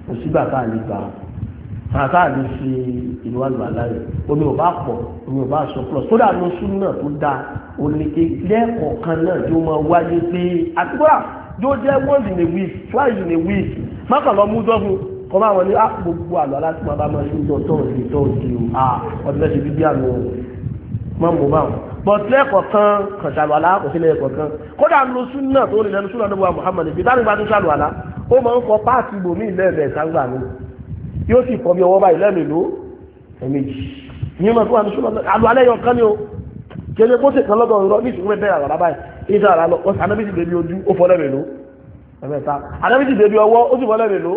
kò sígbà tá à ní gbà tá à ní fi ìlú àlùbà láyè omi ò bá pọ̀ omi ò bá sọ pọ̀ sódà ló sún náà tó dáa òní yóò jẹ́ once in a week twice in a week mákàlọ́ mú dọ́fun kọ́ bá wọn ní ah, gbogbo àlọ́ láti máa bá máa ṣe ń tọ́ ìdí tọ́ ìdí o ah, ọdún mẹ́sẹ̀ bíbí àná mọ́ mọ́ bá wọn. bọ̀t lẹ́kọ̀ọ̀kan kan ṣàlùwàlá kò sí lẹ́kọ̀ọ̀kan kódà ń lo súnà tó lè lẹ́nu súnà níbo Muhammad ibi táwọn ìgbà tó ṣàlùwàlá ó máa ń fọ páàtì ibòmí ìlẹ́ẹ̀mẹ̀ sáńgbà mi yóò sì fọ bí ọwọ́ báyìí lẹ́mìlú ẹ̀mejì ní ọmọ tó wà ní súnà àlùwàlá yọ kan ni o kéré kó sì kan lọ́dọ̀ ọ̀rọ̀ ní ìṣòro ìdá àrà lọ anábì ti débi ojú ó fọlẹ́ mélòó ẹ̀mẹ́ta anábì ti débi ọwọ́ ó sì fọlẹ́ mélòó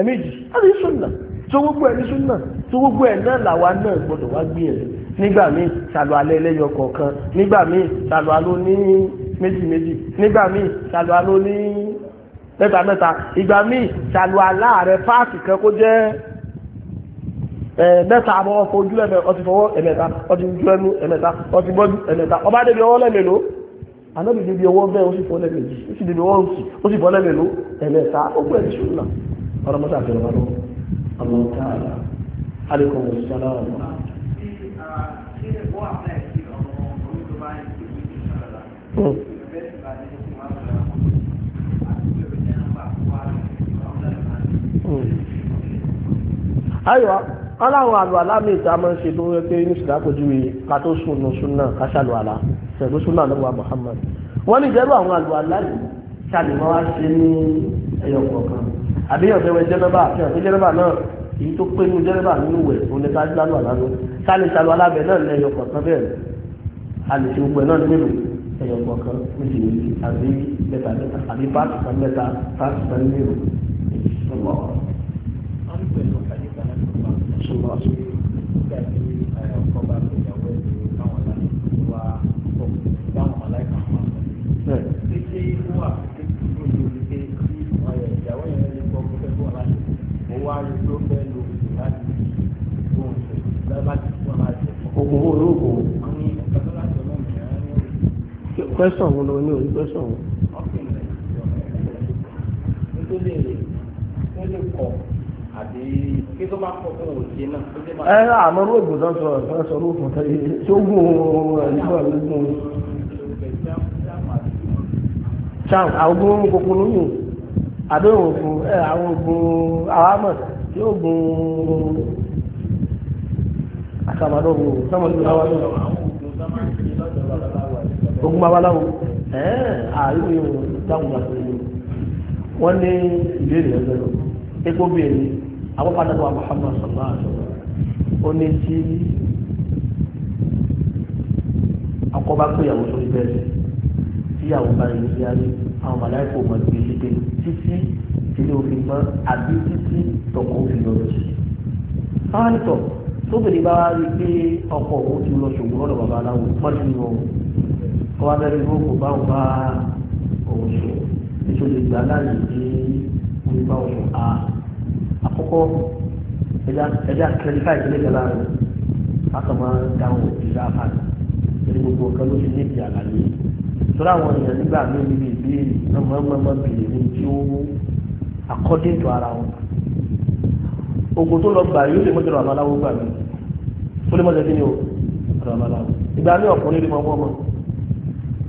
ẹ̀mẹ́jì láti súnà tó gbogbo ẹ̀ ní súnà tó gbogbo ẹ̀ náà làwa náà gbọdọ̀ wá gbé ẹ̀ nígbà míì ṣàlù alẹ́ ẹlẹ́yọ kọ̀ọ̀kan nígbà míì ṣàlù alọ́ ní méjì méjì nígbà míì ṣàlù alọ́ ní mẹ́ta mẹ́ta ìgbà míì ṣàlù aláàrẹ páàkì kan kó jẹ́ mẹ́ta àwọn ọkọ̀ ojú ẹ̀mẹ́ta ọtí fọwọ́ ẹ̀mẹ́ta ọtí ojú ẹnu ẹ̀mẹ́ta ọtí bọ́dú ẹ̀mẹ́ta ọba débi ọwọ́ lẹ́mẹ̀ló anábì débi ọwọ́ bẹ́ẹ̀ ó sì fọ́ lẹ́gbẹ̀ẹ́ jì ó sì débi ọwọ́ òsì ó sì fọ́ lẹ́gbẹ̀ẹ́ ló ẹ̀mẹ́ta ó pẹ̀ ní ṣùgbọ́n náà ọ̀rọ̀ mọ́tà àti ọ̀rọ̀ lọ́wọ́ àwọn ọ̀tá àlà alẹ́kọ̀ọ́ ìṣẹ́lá ọ̀rọ̀. Hmm. ayọ̀ aláwọn àlọ́ alámì ìta máa ń ṣe tó rẹ́ pé ní ìsìlápọ̀jú ká tó sùn nù sùn náà ká ṣàlùwàlá ṣẹ̀gbọ́n súnà lọ́wọ́ Muhammad wọ́n ní ìjẹ́rú àwọn àlùwà láyé ṣàlè máa wá ṣe ní ẹyọ kọ̀ọ̀kan àbí ọ̀fẹ́ wẹ jẹ́nẹ́bà àti ọ̀fẹ́ jẹ́nẹ́bà náà èyí tó pé ní jẹ́nẹ́bà nínú wẹ̀ òní ká lálù àlálù ṣàlè ṣàlù alábẹ̀ náà ní ẹyọ kọ̀ọ̀kan bẹ́ẹ̀ àlè ṣe gbogbo ẹ̀ náà ní mélòó ẹyọ kọ̀ọ̀kan àbí mẹ́ta mẹ́ta àbí kwẹ́sàn òun lọ ní orí kwẹ́sàn òun. ẹ àmọ́ ló gbọ́dọ̀ sọ ọ̀sán sọ ló fún tẹ́lẹ̀ ṣógun ẹ̀dínkù ẹ̀dínkù. sam àwọn ogun kòkó lóyún àdéhùn ogun ẹ àwọn ogun àwámọ̀ tí ogun àtàmàdọ́gbò sọmọdé àwọn ogun ogun babaláwo ààrùn yìí dáhùn bá tó yẹ wọ́n ní ìbéèrè ẹgbẹ́ lọ epo béèrè akọ́kọ́ àdàbọ̀ Muhammad sallallahu alaihi wasallam ó ní tí akọ́bá pé ìyàwó sórí bẹ́ẹ̀ tíyàwó bá yẹ kí á rí àwọn màláìkò máa gbé lédè títí ilé òfin mọ́ àbí títí tọkọ òfin lọ sí. báwọn ìtọ̀ tóbìnrin bá wá rí pé ọkọ òun ti lọ ṣòwò lọ́dọ̀ bàbá aláwo mọ́tò ní wọn wọ́n wá bẹ́ẹ̀ ló kò bá wọn bá òun sùn nítorí lè gbà láàyè pé wọ́n bá wọn sùn a àkọ́kọ́ ẹja kẹrìfà ìdílé kan láàrin látọ̀mọ́ dáhùn ìdílé àfààní ní gbogbo nǹkan ló fi níbi àlàyé sọ́dọ̀ àwọn èèyàn nígbà míì níbi ìbéèrè náà máa ń máa ní tí ó according to ara wọn ogun tó lọ gbà yóò lè mọ́tò ràmàláwo gbà mí ó lè ni o ràmàláwo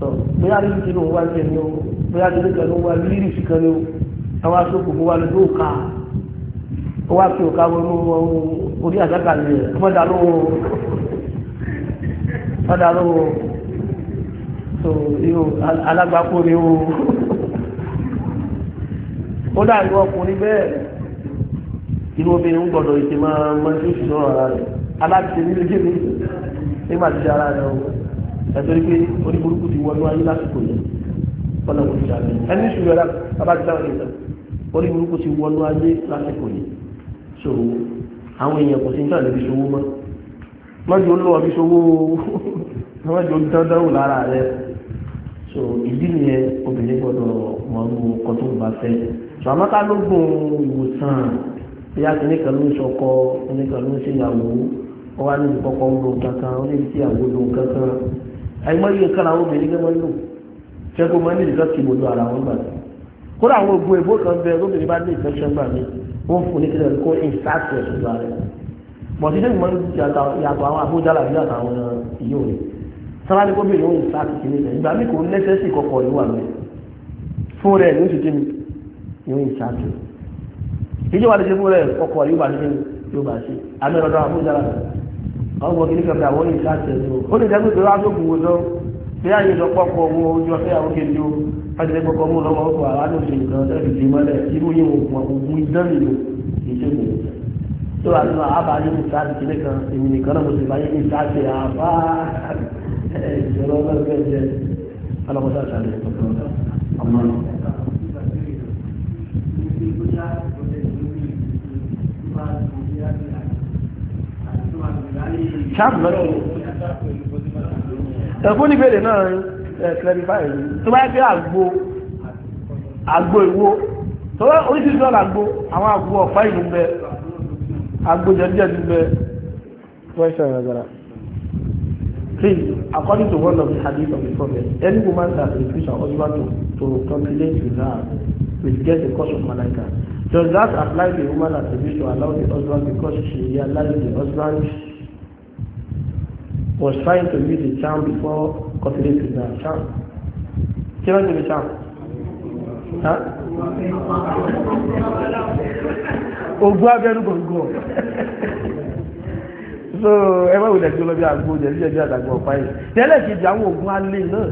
bóyá ní ti ló ń wá jẹ ní o bóyá ní kan ló ń wá lírì sí kan ní o àwọn aṣọ́kù fún wa ní ló ó wá fi òka wọnú orí àgbàgbà ní ẹ̀ ọmọdé alówó ọmọdé alówó so yóò alágbàpò ni o ó dàbí ọkùnrin bẹ́ẹ̀ irú obìnrin gbọ́dọ̀ ìṣe máa mọ ní ìṣúná ara rẹ̀ aláṣẹ nílé jẹ́ nígbà tí ara rẹ̀ o ẹ̀tọ́rí pé oníburúkú ti wọnú ayé lásìkò yẹn ọ̀nà kò sí àmì ẹni sùn yọ̀dá abájáwé nìkan oníburúkú ti wọnú ayé lásìkò yẹn so àwọn èèyàn kò sí nígbà lóbi sowó mọ́ mọ́jú ó lọ́wọ́ bí sowó mọ́jú ó dandan wò lára rẹ̀ so ìdí nìyẹn obìnrin gbọ́dọ̀ mọ̀ ọ́n kọ́ tó bá fẹ́ so àmọ́ ká ló gbọ́n ìwòsàn ìyá kìíní kan ló ń sọkọ kìíní kan ló ń ṣèyàwó ọwọ́ á ní ìkọ́kọ́ ń lo nǹkan kan ó ní ìṣèyàwó lo nǹkan kan àìmọye nǹkan àwọn obìnrin gẹ́gẹ́ mọ́nú ṣẹ́gun mọ́ ní ìdọ́tí ìbòjú ara wọn gbà sí kódà àwọn ogun èbó kan bẹ lóbìnrin bá ní infection gbà mí wọ́n fún ní kílẹ̀ kó ìsáàtì ẹ̀sùn gbà rẹ̀ bọ̀ sí sẹ́gun mọ́ ní yàtọ̀ àwọn abújá làbí àtàwọn ìyó rẹ̀ sábà ní kóbìnrin ó ìsáàtì kìíní rẹ̀ ìgbà mí kò lẹ́sẹ̀sì kọkọ̀ ìwà rẹ̀ fún rẹ̀ ní oṣù kíni ìwé ìsáàtì ìjọba lè ṣe fún rẹ̀ kọkọ̀ ìwà ní yóò bá ṣe àmì ọ̀dọ̀ àbújá ọwọ́ kí ní kẹfẹ́ àwọn yìí láti ẹ̀dùn ó lè jẹ́ pé wọ́n aṣọ́kù wo lọ bí ayé lọ pọ́pọ́ owó ojú ọ̀fẹ́ àwọn kejì ó fẹ́jẹ́ pọ́pọ́ mú lọ́wọ́ ọkọ̀ aládùnfẹ́ nǹkan tẹ́lifí ti mọ́lẹ̀ irú yìí wọ́n mọ̀ mú ìdánilò ìṣègùn tó wà nínú àbáyé ní sáà kìíní kan èmi nìkan náà mo sì báyé ní sáà ṣe àbá ìṣòro ọlọ́gbẹ́jẹ alákọ̀ọ́sà ṣàlẹ̀ ọ̀pọ̀lọpọ̀ ṣáàpù lọ́dọ̀ ẹ̀kún níbèrè náà clarify tó bá gbé àgbo àgbo ìwo tó bá oríṣiríṣi ọ̀la àgbo àwọn àgbo ọ̀fà ìlú ń bẹ àgbo jẹ̀díjẹ̀ ń bẹ question ragara please according to one of the hadith of the prophet any woman that is christian or you to to compliment with her will get the curse of malaika does that apply to a woman that refuse to allow the husband because she realizes the husband was trying to use the charm before cultivating the charm. Give us the charm. Huh? Ogbó abẹ́rú gbogbo. So ẹgbẹ́ wo lẹ́gbẹ́ lọ́bí àgbo jẹ̀bí jẹ̀bí àdàgbọ̀ ọ̀pá yìí. Tẹ́lẹ̀ kejì àwọn oògùn alẹ́ náà.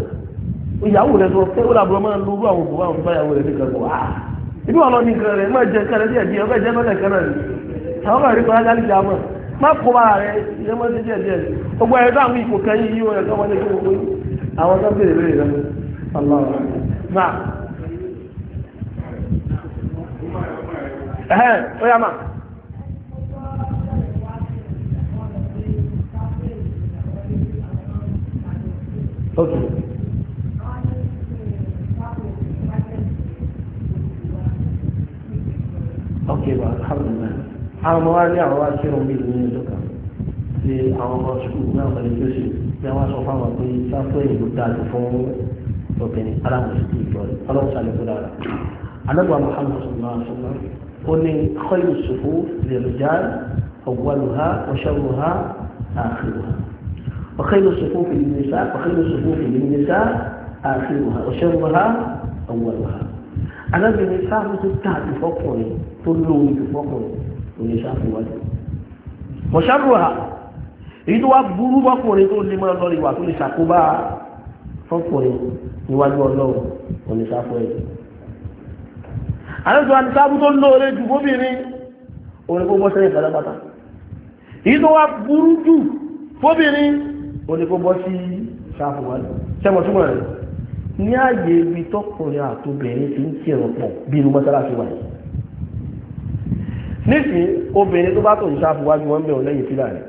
Ìyàwó rẹ̀ sọ pé ó làbúrò máa ń lo irú àwọn oògùn àwọn ìfáyàwó rẹ̀ nìkan kọ̀ wá. Ah! Ibi wọn lọ ní nǹkan rẹ̀ máa jẹ nǹkan rẹ̀ sí ẹ̀jẹ̀ ọ̀fẹ́ jẹ́ mọ́lẹ̀ kan náà ni. Àwọn kan rí dị á dálé má kó bá rẹ ilé díẹ̀ díẹ̀ gbogbo ẹ̀rọ àwọn ipò kan yìí yóò ẹ̀kọ́ wọlé kí gbogbo àwọn tó bèrè lórí rẹ aláwọ̀ náà. ẹ̀hẹ́n ó yá mà. Okay. Okay, well, alhamdulillah àwọn ọmọ wa ní àwọn wá sí omi ìlú ní ọjọ́ kan tí àwọn ọmọ sukùl ní àwọn ẹgbẹ́ sí tí wọ́n sọ fáwọn pé sáfẹ́ ìlú dájú fún obìnrin aláwọ̀sí ìjọ rẹ̀ ọlọ́sàlẹ̀ tó dára alábàá muhammad sallallahu alaihi wa sallam ó ní kọ́yìn sùfú lèròjà ọ̀gbọ́lùhá ọ̀ṣẹ́wùhá àkìlùhá وخير الصفوف للنساء وخير الصفوف للنساء آخرها وشرها أولها أنا بالنساء مثل تعب فوقني تلوي فوقني mọ̀ṣáàbùwà èyí tó wá burú bọ́kùnrin tó lè máa lọ ìwà tó lè ṣàkóbá fọ́kùnrin níwájú ọlọ́run oníṣàfọ́ ẹ̀ àlejò ànisáàbù tó lóore jù fóbìnrin oníkó bọ́ sẹ́yìn pátápátá èyí tó wá burú jù fóbìnrin oníkó bọ́ sí ṣàfùwà sẹ́mọ̀túmọ̀ rẹ̀ ní ààyè ibi tọkùnrin àtobìnrin ti ń kírun pọ̀ bí inú mọ́sálásí wáyé nísìnyí obìnrin tó bá tò ní sáfù wájú wọn bẹ̀rù lẹ́yìn fílà rẹ̀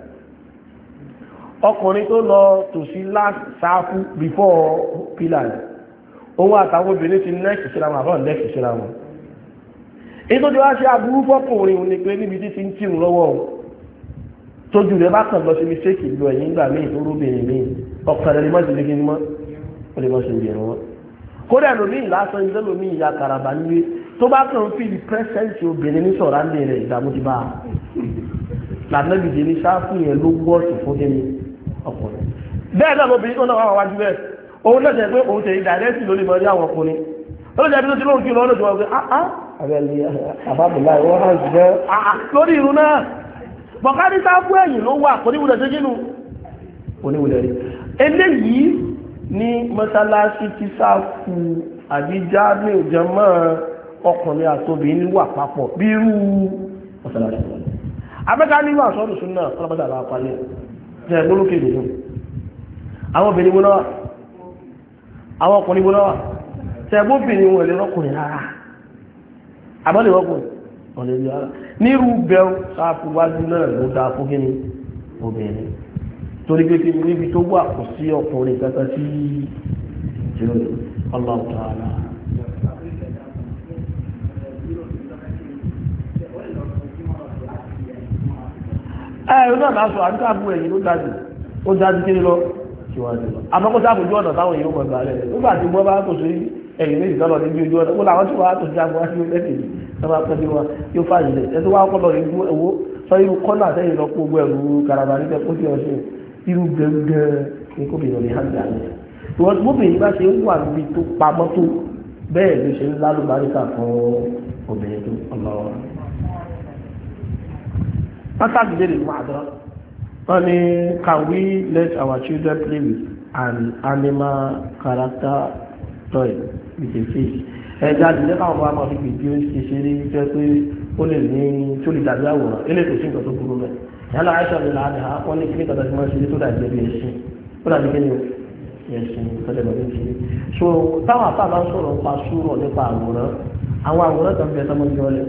ọkùnrin tó lọ tòsí last sáfù before fílà rẹ̀ òun àtàwọn obìnrin ti nẹ́ẹ̀kì síra wọn àbọ̀ nẹ́ẹ̀kì síra wọn èyí tó ti wá ṣe aburú fọkùnrin òun ni pé níbi tí ti ń tìrù lọ́wọ́ o tójú rẹ̀ bá kàn lọ sí mistake lọ ẹ̀yìn ìgbà míì tó róbìnrin míì ọ̀kan rẹ̀ lè má ti lé kí ni mọ́ ó lè má ṣe ìgbẹ̀rún wọn kódà lómi ìlàsán ilé lómi ìyá karaba nílé tó bá kàn fi di pẹ́sẹ́ǹtì obìnrin ní sọ̀rọ̀ àndé rẹ̀ ìdààmú ti bá a lànàbì dèmi sáfù yẹn ló wọ́ọ̀sì fún kẹ́mi ọkùnrin bẹ́ẹ̀ náà lóbìnrin tó náà wà wájú bẹ́ẹ̀ òun náà jẹ́ pé òun tẹ̀lé dàrẹ́sì lórí mọ́ ní àwọn ọkùnrin lórí ẹbí tó ti lóun kí lọ́nà tó wọ́n pé áá abẹ́lé àbábùlá ìwọ́n hàn jù bẹ́ẹ̀ ah, ah, lórí irun náà bọ̀kárí sáfù ẹ̀yìn ló wà kò níwùlẹ̀ ṣe kínú oníwùlẹ̀ rí eléyìí ní mọ́sálásí ti sáfù àbíjá ní ìjọmọ́ ọkùnrin àtòbìnrin wà papọ̀ bí irú mọ́sálásí abẹ́ká nínú àṣọ́rù súnà ọlọ́pàá àbá palẹ̀ jẹ́ gbólókè ìdòdó àwọn obìnrin gbóná wà àwọn ọkùnrin gbóná wà tẹ̀gbóbìnrin wọn lè rọ́kùnrin rárá àbọ́lè rọ́kùnrin ọ̀lẹ́ rí rárá nírú bẹ́ẹ̀ sáfúwájú náà ló dáa fún kíni obìnrin torí pé kí níbi tó wà kò sí ọkùnrin kankan sí ìjọ ọlọ́ọ̀tọ̀ àlàá ẹ náà bá sọ àdúgbò àbúrò ẹ̀yìn ló dájú ó dájú kí lọ síwájú lọ àmọ́ kó sáàbù ojú ọ̀nà táwọn èèyàn kọ̀ gbà rẹ̀ nígbà tí wọ́n bá kò sí ẹ̀yìn méjì tọ́lọ̀ níbi ojú ọ̀nà wọ́n làwọn tí wọ́n á tó sí àgbọ̀ wájú lẹ́sẹ̀ yìí wọ́n bá pẹ́ẹ́ wọn yóò fàyè lẹ̀ ẹ tó wá kọ́ lọ rí gbó sọ irú kọ́nà sẹ́yìn lọ kó gbọ́ ẹ̀rù karaba níbẹ̀ kó sì ọ̀sẹ̀ ni kó bìnrin ní hàn dàní. ìwọ̀n bóbìnrin bá ṣe ń wà níbi tó pamọ́ tó bẹ́ẹ̀ ló After the day is mother, only can we let our children play with an animal character toy with a fish? Ẹja ìdílé káwọn bá máa fi gbèdé ṣe ṣeré jẹ́ pé ó lè ní tó lè dàbí àwòrán, eléyìí kò sí nǹkan tó burú rẹ̀. Yálà Aisha bin Laden, wọ́n ní kí ní kàtà tí wọ́n ṣe tó dàbí ẹbí ẹ̀sìn. Ó dàbí kí ni o? ẹ̀sìn ìfẹ́lẹ́bọ̀ ní ti so táwọn àfáà bá ń sọ̀rọ̀ pa súrọ̀ nípa àwòrán àwọn àwòrán kan bẹ tọmọ ní ọlẹ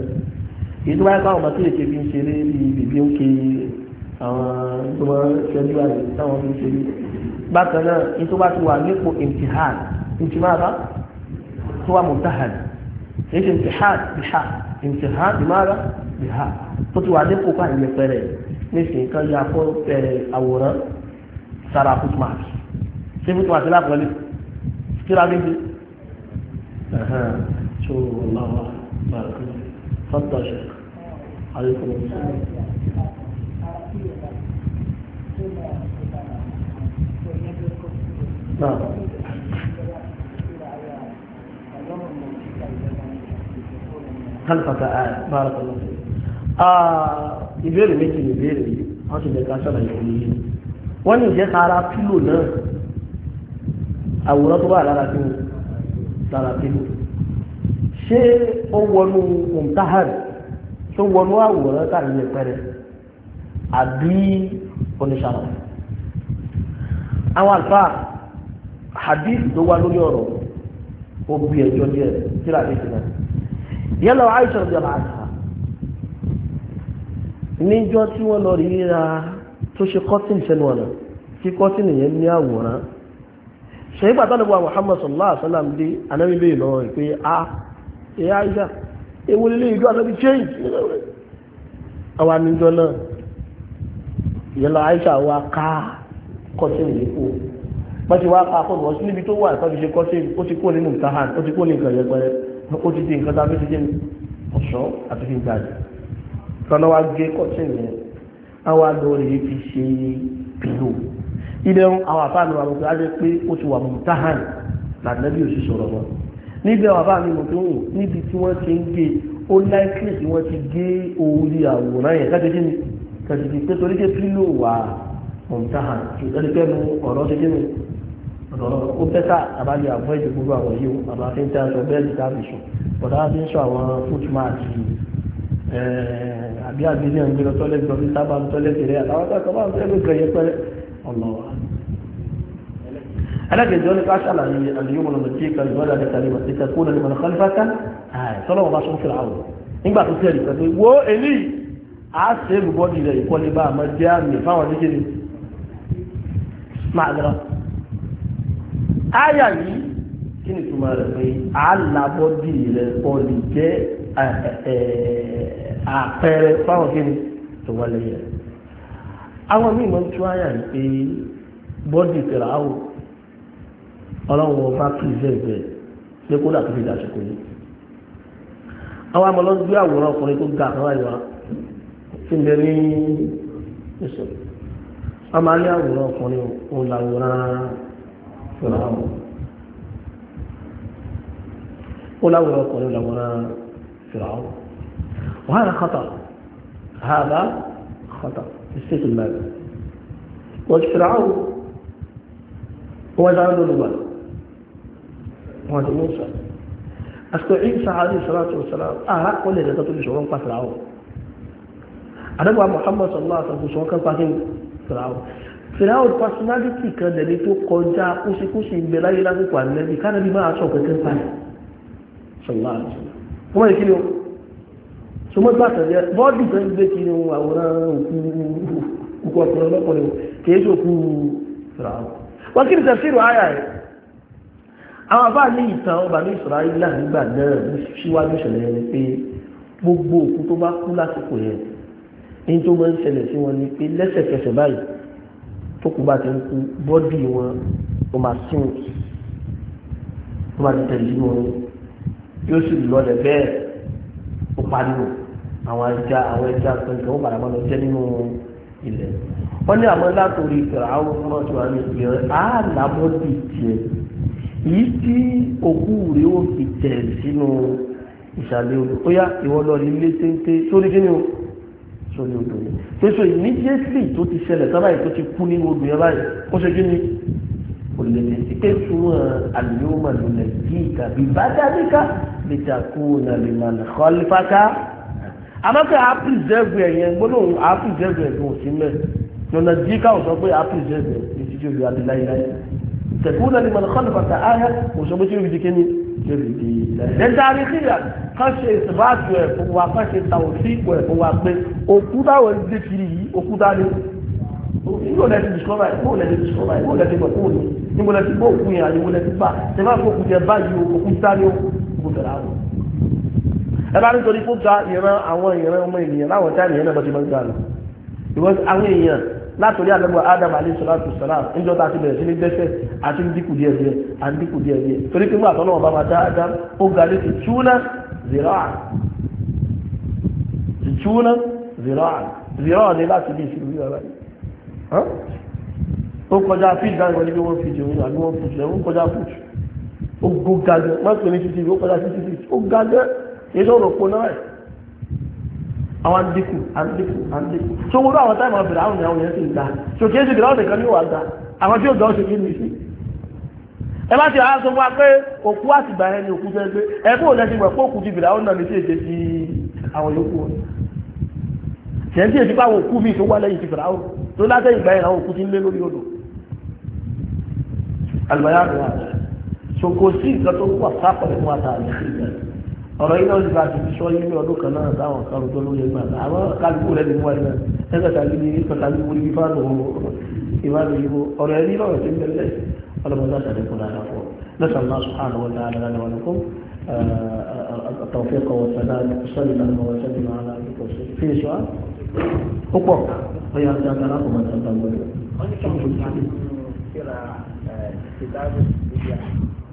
èyí tó bá yẹ káwọn bàtí èké fi ń ṣeré bí bèbí ó ké àwọn tó máa ń ṣẹ́jú àyè táwọn fi ń ṣeré bákan náà èyí tó bá ti wà nípò imtihan imtihan bá tó wà mọ̀tàhàn èyí ṣe imtihan bìhà imtihan bìmára bìhà tó ti wà nípò ká ìyẹn pẹrẹ nísìnyí kan yà fọ àwòrán sára footmark ṣé footmark lápẹ̀lẹ́ kí ló dé bí. شو والله بارك عليكم السلام نعم خلفك آية بارك الله فيك ìbéèrè méjì ní ìbéèrè yìí wọ́n ti lẹ́ka sọ̀rọ̀ ìwé yìí wọ́n ní ìjẹ́ kára pílò náà àwòrán tó wà lára pílò lára pílò ṣé ó wọnú òǹtahàrì tó wọnú àwòrán tàbí ìpẹrẹ àbí oníṣàlọ àwọn àlùfáà hadith tó wá lórí ọ̀rọ̀ ó bí ẹjọ́ díẹ̀ tíra àti ìtìlẹ̀ yálà Aisha ọjọ́ làásà níjọ́ tí wọ́n lọ rí ra tó ṣe kọ́tìn sẹ́nu ọ̀nà tí kọ́tìn yẹn ní àwòrán ṣe Muhammad sallallahu alaihi dé lọ a ah, ewu lílé ìjọ àtàbí change àwa níjọ náà ìyẹ́lá Aisha wa ká kọ́sìn ìyẹ́kù wọ́n ti wá ká kọ́sìn wọ́n sí níbi tó wà ìtọ́jú ṣe kọ́sìn ó ti kó nínú ìtahan ó ti kó ní nǹkan yẹpẹrẹ ó ti di nǹkan tá a fi ti jẹ́ ọ̀ṣọ́ àti fi gbàgbé lọ́nà wa gé kọ́sìn yẹn àwa lórí fi ṣe pìlò ilé àwọn àfáàní wa lọ́pẹ́ á jẹ́ pé ó ti wà mùtáhàn làdínẹ́bí ò sì sọ̀rọ̀ wọn níbẹ̀ bàbá mi mọ̀ tó ń wò níbi tí wọ́n ti ń gé ó láìpẹ́ tí wọ́n ti gé orí àwòrán yẹn kájọ́jẹ́ mi kàdìdì pé torí pé pílò wà mọ̀mtáhà ìtọ́lẹ́pẹ́nu ọ̀rọ̀ ṣe jẹ́nu ọ̀rọ̀ ó bẹ́tà àbálẹ̀ àbọ̀ èdè gbogbo àwọn yìí àbá fi ń tẹ́ aṣọ bẹ́ẹ̀lì tàbí sùn bọ̀dá fi ń sọ àwọn footmarks àbí àbí ẹlẹ́gbẹ̀ẹ́ jọ ní ká ṣàlàyé àdìyómọ̀ lọ́nà tí kan ìwádà ní kàlíwà tí kan kó lẹ́nu kọlifáta sọ́lọ́wọ́ bá sọ́kìlà àwọn nígbà tó tẹ̀lé pẹ̀lú wo èlì á ṣe é lùbọ́dì rẹ̀ ìkọ́lé bá àmọ́ jẹ́ àmì fáwọn oníkiri máa dara. áyà yìí kí ni túmọ̀ rẹ̀ pé á làbọ́dì rẹ̀ kọ́lé jẹ́ àpẹẹrẹ fáwọn kiri tó wọlé yẹn. àwọn míì máa ń tún áyà yìí ọlọ́run ọba pìrìsẹ́ǹtẹ̀ pé kó dà tó fi dàsìkò yìí àwọn amọ̀lọ́ gbé àwòrán ọkùnrin tó ga àkọ́wá ìwà tí ń bẹ ní ìsọ̀ wọ́n máa lé àwòrán ọkùnrin òun làwòrán fìràwọ̀ ó láwòrán ọkùnrin làwòrán fìràwọ̀ وهذا خطأ هذا خطأ استثمار والفرعون هو زعيم الوالد wọn ni wọ́n sọ àsìkò ìsà àrí ìsọ́láàtì òsàlá àhá ó lè dẹ́tọ́ tó lè sọ̀rọ̀ ń pa fìràwọ̀ àdẹ́gbà Muhammad sallallahu alaihi wasallam kan pa fìràwọ̀ fìràwọ̀ personality kan lẹ́ni tó kọjá kúsíkúsí ń bẹ láyé lásìkò ànẹ́bí kánẹ́bí máa sọ kẹ́kẹ́ pa ẹ̀ sallallahu alaihi wasallam wọ́n yẹ kí ni ó so mọ́ gbàtàn jẹ́ bọ́ọ̀dù kan gbé kí àwọn àbá ní ìtàn ọba ní Ísírẹ́lì nígbà náà síwájú ìṣẹ̀lẹ̀ yẹn ni pé gbogbo òkú tó bá kú lásìkò yẹn ní tó máa ń ṣẹlẹ̀ sí wọn ni pé lẹ́sẹ̀kẹsẹ̀ báyìí tó kú bá ti ń kú bọ́dì wọn ó máa sún ó máa ti tẹ̀lé wọn yóò sì lọlẹ̀ bẹ́ẹ̀ ó pariwo àwọn ẹja àwọn ẹja pẹ̀lú ó padà máa lọ jẹ́ nínú ilẹ̀ wọ́n ní àwọn látòrí ìtẹ̀rẹ̀ àwọn ọmọ tí wọ́n yìí tí òkú rí ó fi tẹ̀ sínú ìsàlẹ̀ odò ó yá ìwọ lọ rí ilé téńté sórí kí ni o sórí odò ni pèsè immediately tó ti ṣẹlẹ̀ sábàá tó ti kú nínú odò yẹn báyìí ó ṣe kí ni kò lè lè ti pé túmọ̀ àlùyọ́mà ló lè jí ìkàbí bá dáadéka lè takú nàlè màlè kọ́lífàkà àmọ́kẹ́ a preserve ẹ̀yẹn gbólóhùn a preserve ẹ̀yẹn kò sí mẹ́ lọ́nà jí káwọn pé a preserve ẹ̀ ní tẹ̀kún náà ni mọ̀lá kọ́nà bàtà áyá òṣèlú tí ó fi di kíní tí ó fi di ilẹ̀. ẹ̀dá rí sí ìyá kan ṣe ìsìnbáàtù ẹ̀ fún wa kan ṣe tàwọn ni níbo lẹ ti ṣe máa fọ òkúta báyìí òkúta ni ó kò tẹ̀lé àwọn. ẹ bá nítorí kó ga ìran àwọn ìran ọmọ ènìyàn láwọn táyà ìyẹn náà bọ́ ti máa ń gbà lọ. because àwọn èèyàn látòrí àlẹ́gbọ̀ Adam alayhisalatu salam níjọ́ tá a ti bẹ̀rẹ̀ sí ní dẹ́sẹ̀ àti ń dínkù díẹ̀ díẹ̀ à ń dínkù díẹ̀ díẹ̀ torí pé wà tọ́lọ́wọ́ bá ma dá Adam ó ga ní tìtúnà zira'a tìtúnà zira'a zira'a ni láti bí ìṣirò yíra báyìí ó kọjá fíìtì láti wọlé bí wọ́n fi jẹun àbí wọ́n fi jẹun ó kọjá fíìtì ó gó gàgẹ́ mọ́tò ní títí ó kọjá títí ó gàgẹ́ èyí tó rò pọ̀ náà àwọn àdínkù àdínkù àdínkù tó wọ́n àwọn táìmù àbẹ̀rẹ̀ àwọn ìyàwó yẹn sì ń ga tó kí é sì bìrọ̀ nìkan ní wà ga àwọn tí ó dán ṣe kí ni sí ẹ bá ti àwọn sọ fún wa pé òkú àtìgbà yẹn ni òkú fẹ́ gbé ẹ kó lẹ́sìn wẹ̀ pé òkú ti bìrọ̀ àwọn náà ní sí èdè ti àwọn yòókù wọn kẹ́ńtì èdè bá àwọn òkú mi tó wá lẹ́yìn ti bìrọ̀ àwọn tó látẹ̀yìn gbà yẹn àwọn òkú ti ń lé lórí odò àlùbáyà àdùn àdùn so kò sí nǹkan ọ̀rọ̀ yìí náà ti bá ti sọ yín ní ọdún kan náà táwọn kan tó lóye gbà àwọn kálukú rẹ̀ ti mú wáyé náà ẹgbẹ́ tàbí ní pàtàkì wọlé bí fáàlù ìwádìí yìí ọ̀rọ̀ yẹn ní lọ́rọ̀ tí ń bẹ̀rẹ̀ ọlọ́mọdé àtàlẹ́kùn náà fọ́ نسأل الله سبحانه وتعالى لنا ولكم التوفيق والسداد صلى الله وسلم على في سؤال أقوى هي أرجعك لكم أن تنتظر كتاب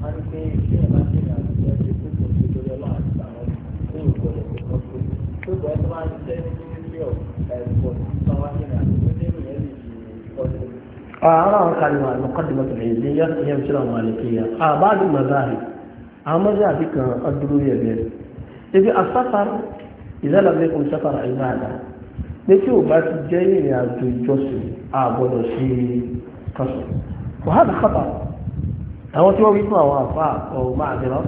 الدنيا أعرف كلمة المقدمة العلمية هي مثل المالكية بعض المذاهب أما ذلك الدروية بير إذا السفر إذا لم يكن سفر عبادة لكي بس جاي يا جوسي أبو شيء كسر وهذا خطأ هو توي ما وافق أو معذرة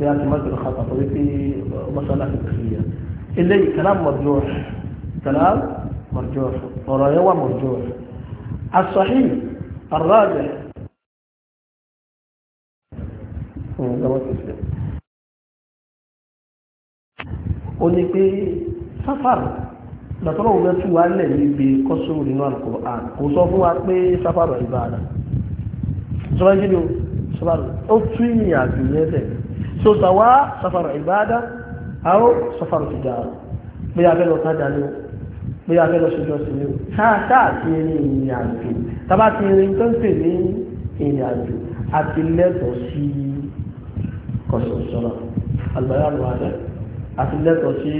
bí a ti má gbèrò xatà torí pé masala ti kiri yẹn eléyìí kalam marjuh kalam marjuh ọ̀rọ̀ yẹn wà marjuh as-sahih ar-rajih. Hmm, ó ní pé sáfàrù lọ́tọ́rọ̀ òun tún wá lẹ̀ níbi kọ́sùrù nínú Al-Qur'an kò sọ fún wa pé sáfàrù ìbára sọ́rọ́ jíjìn sáfàrù ó tún ìrìn àjò yẹn lẹ̀ so sawa safaru ibada awo safaru tijara bí a fẹ́ lọ sájà ni o bí a fẹ́ lọ ṣojú ọ̀sìn ni o ṣáàṣáà ti rin ìrìn àjò tábà ti rin tó ń pè ní ìrìn àjò àti lẹ́tọ̀ọ́ sí kọ̀sọ̀sọ̀rọ̀ àlùbáyà ló wà dẹ́ àti lẹ́tọ̀ọ́ sí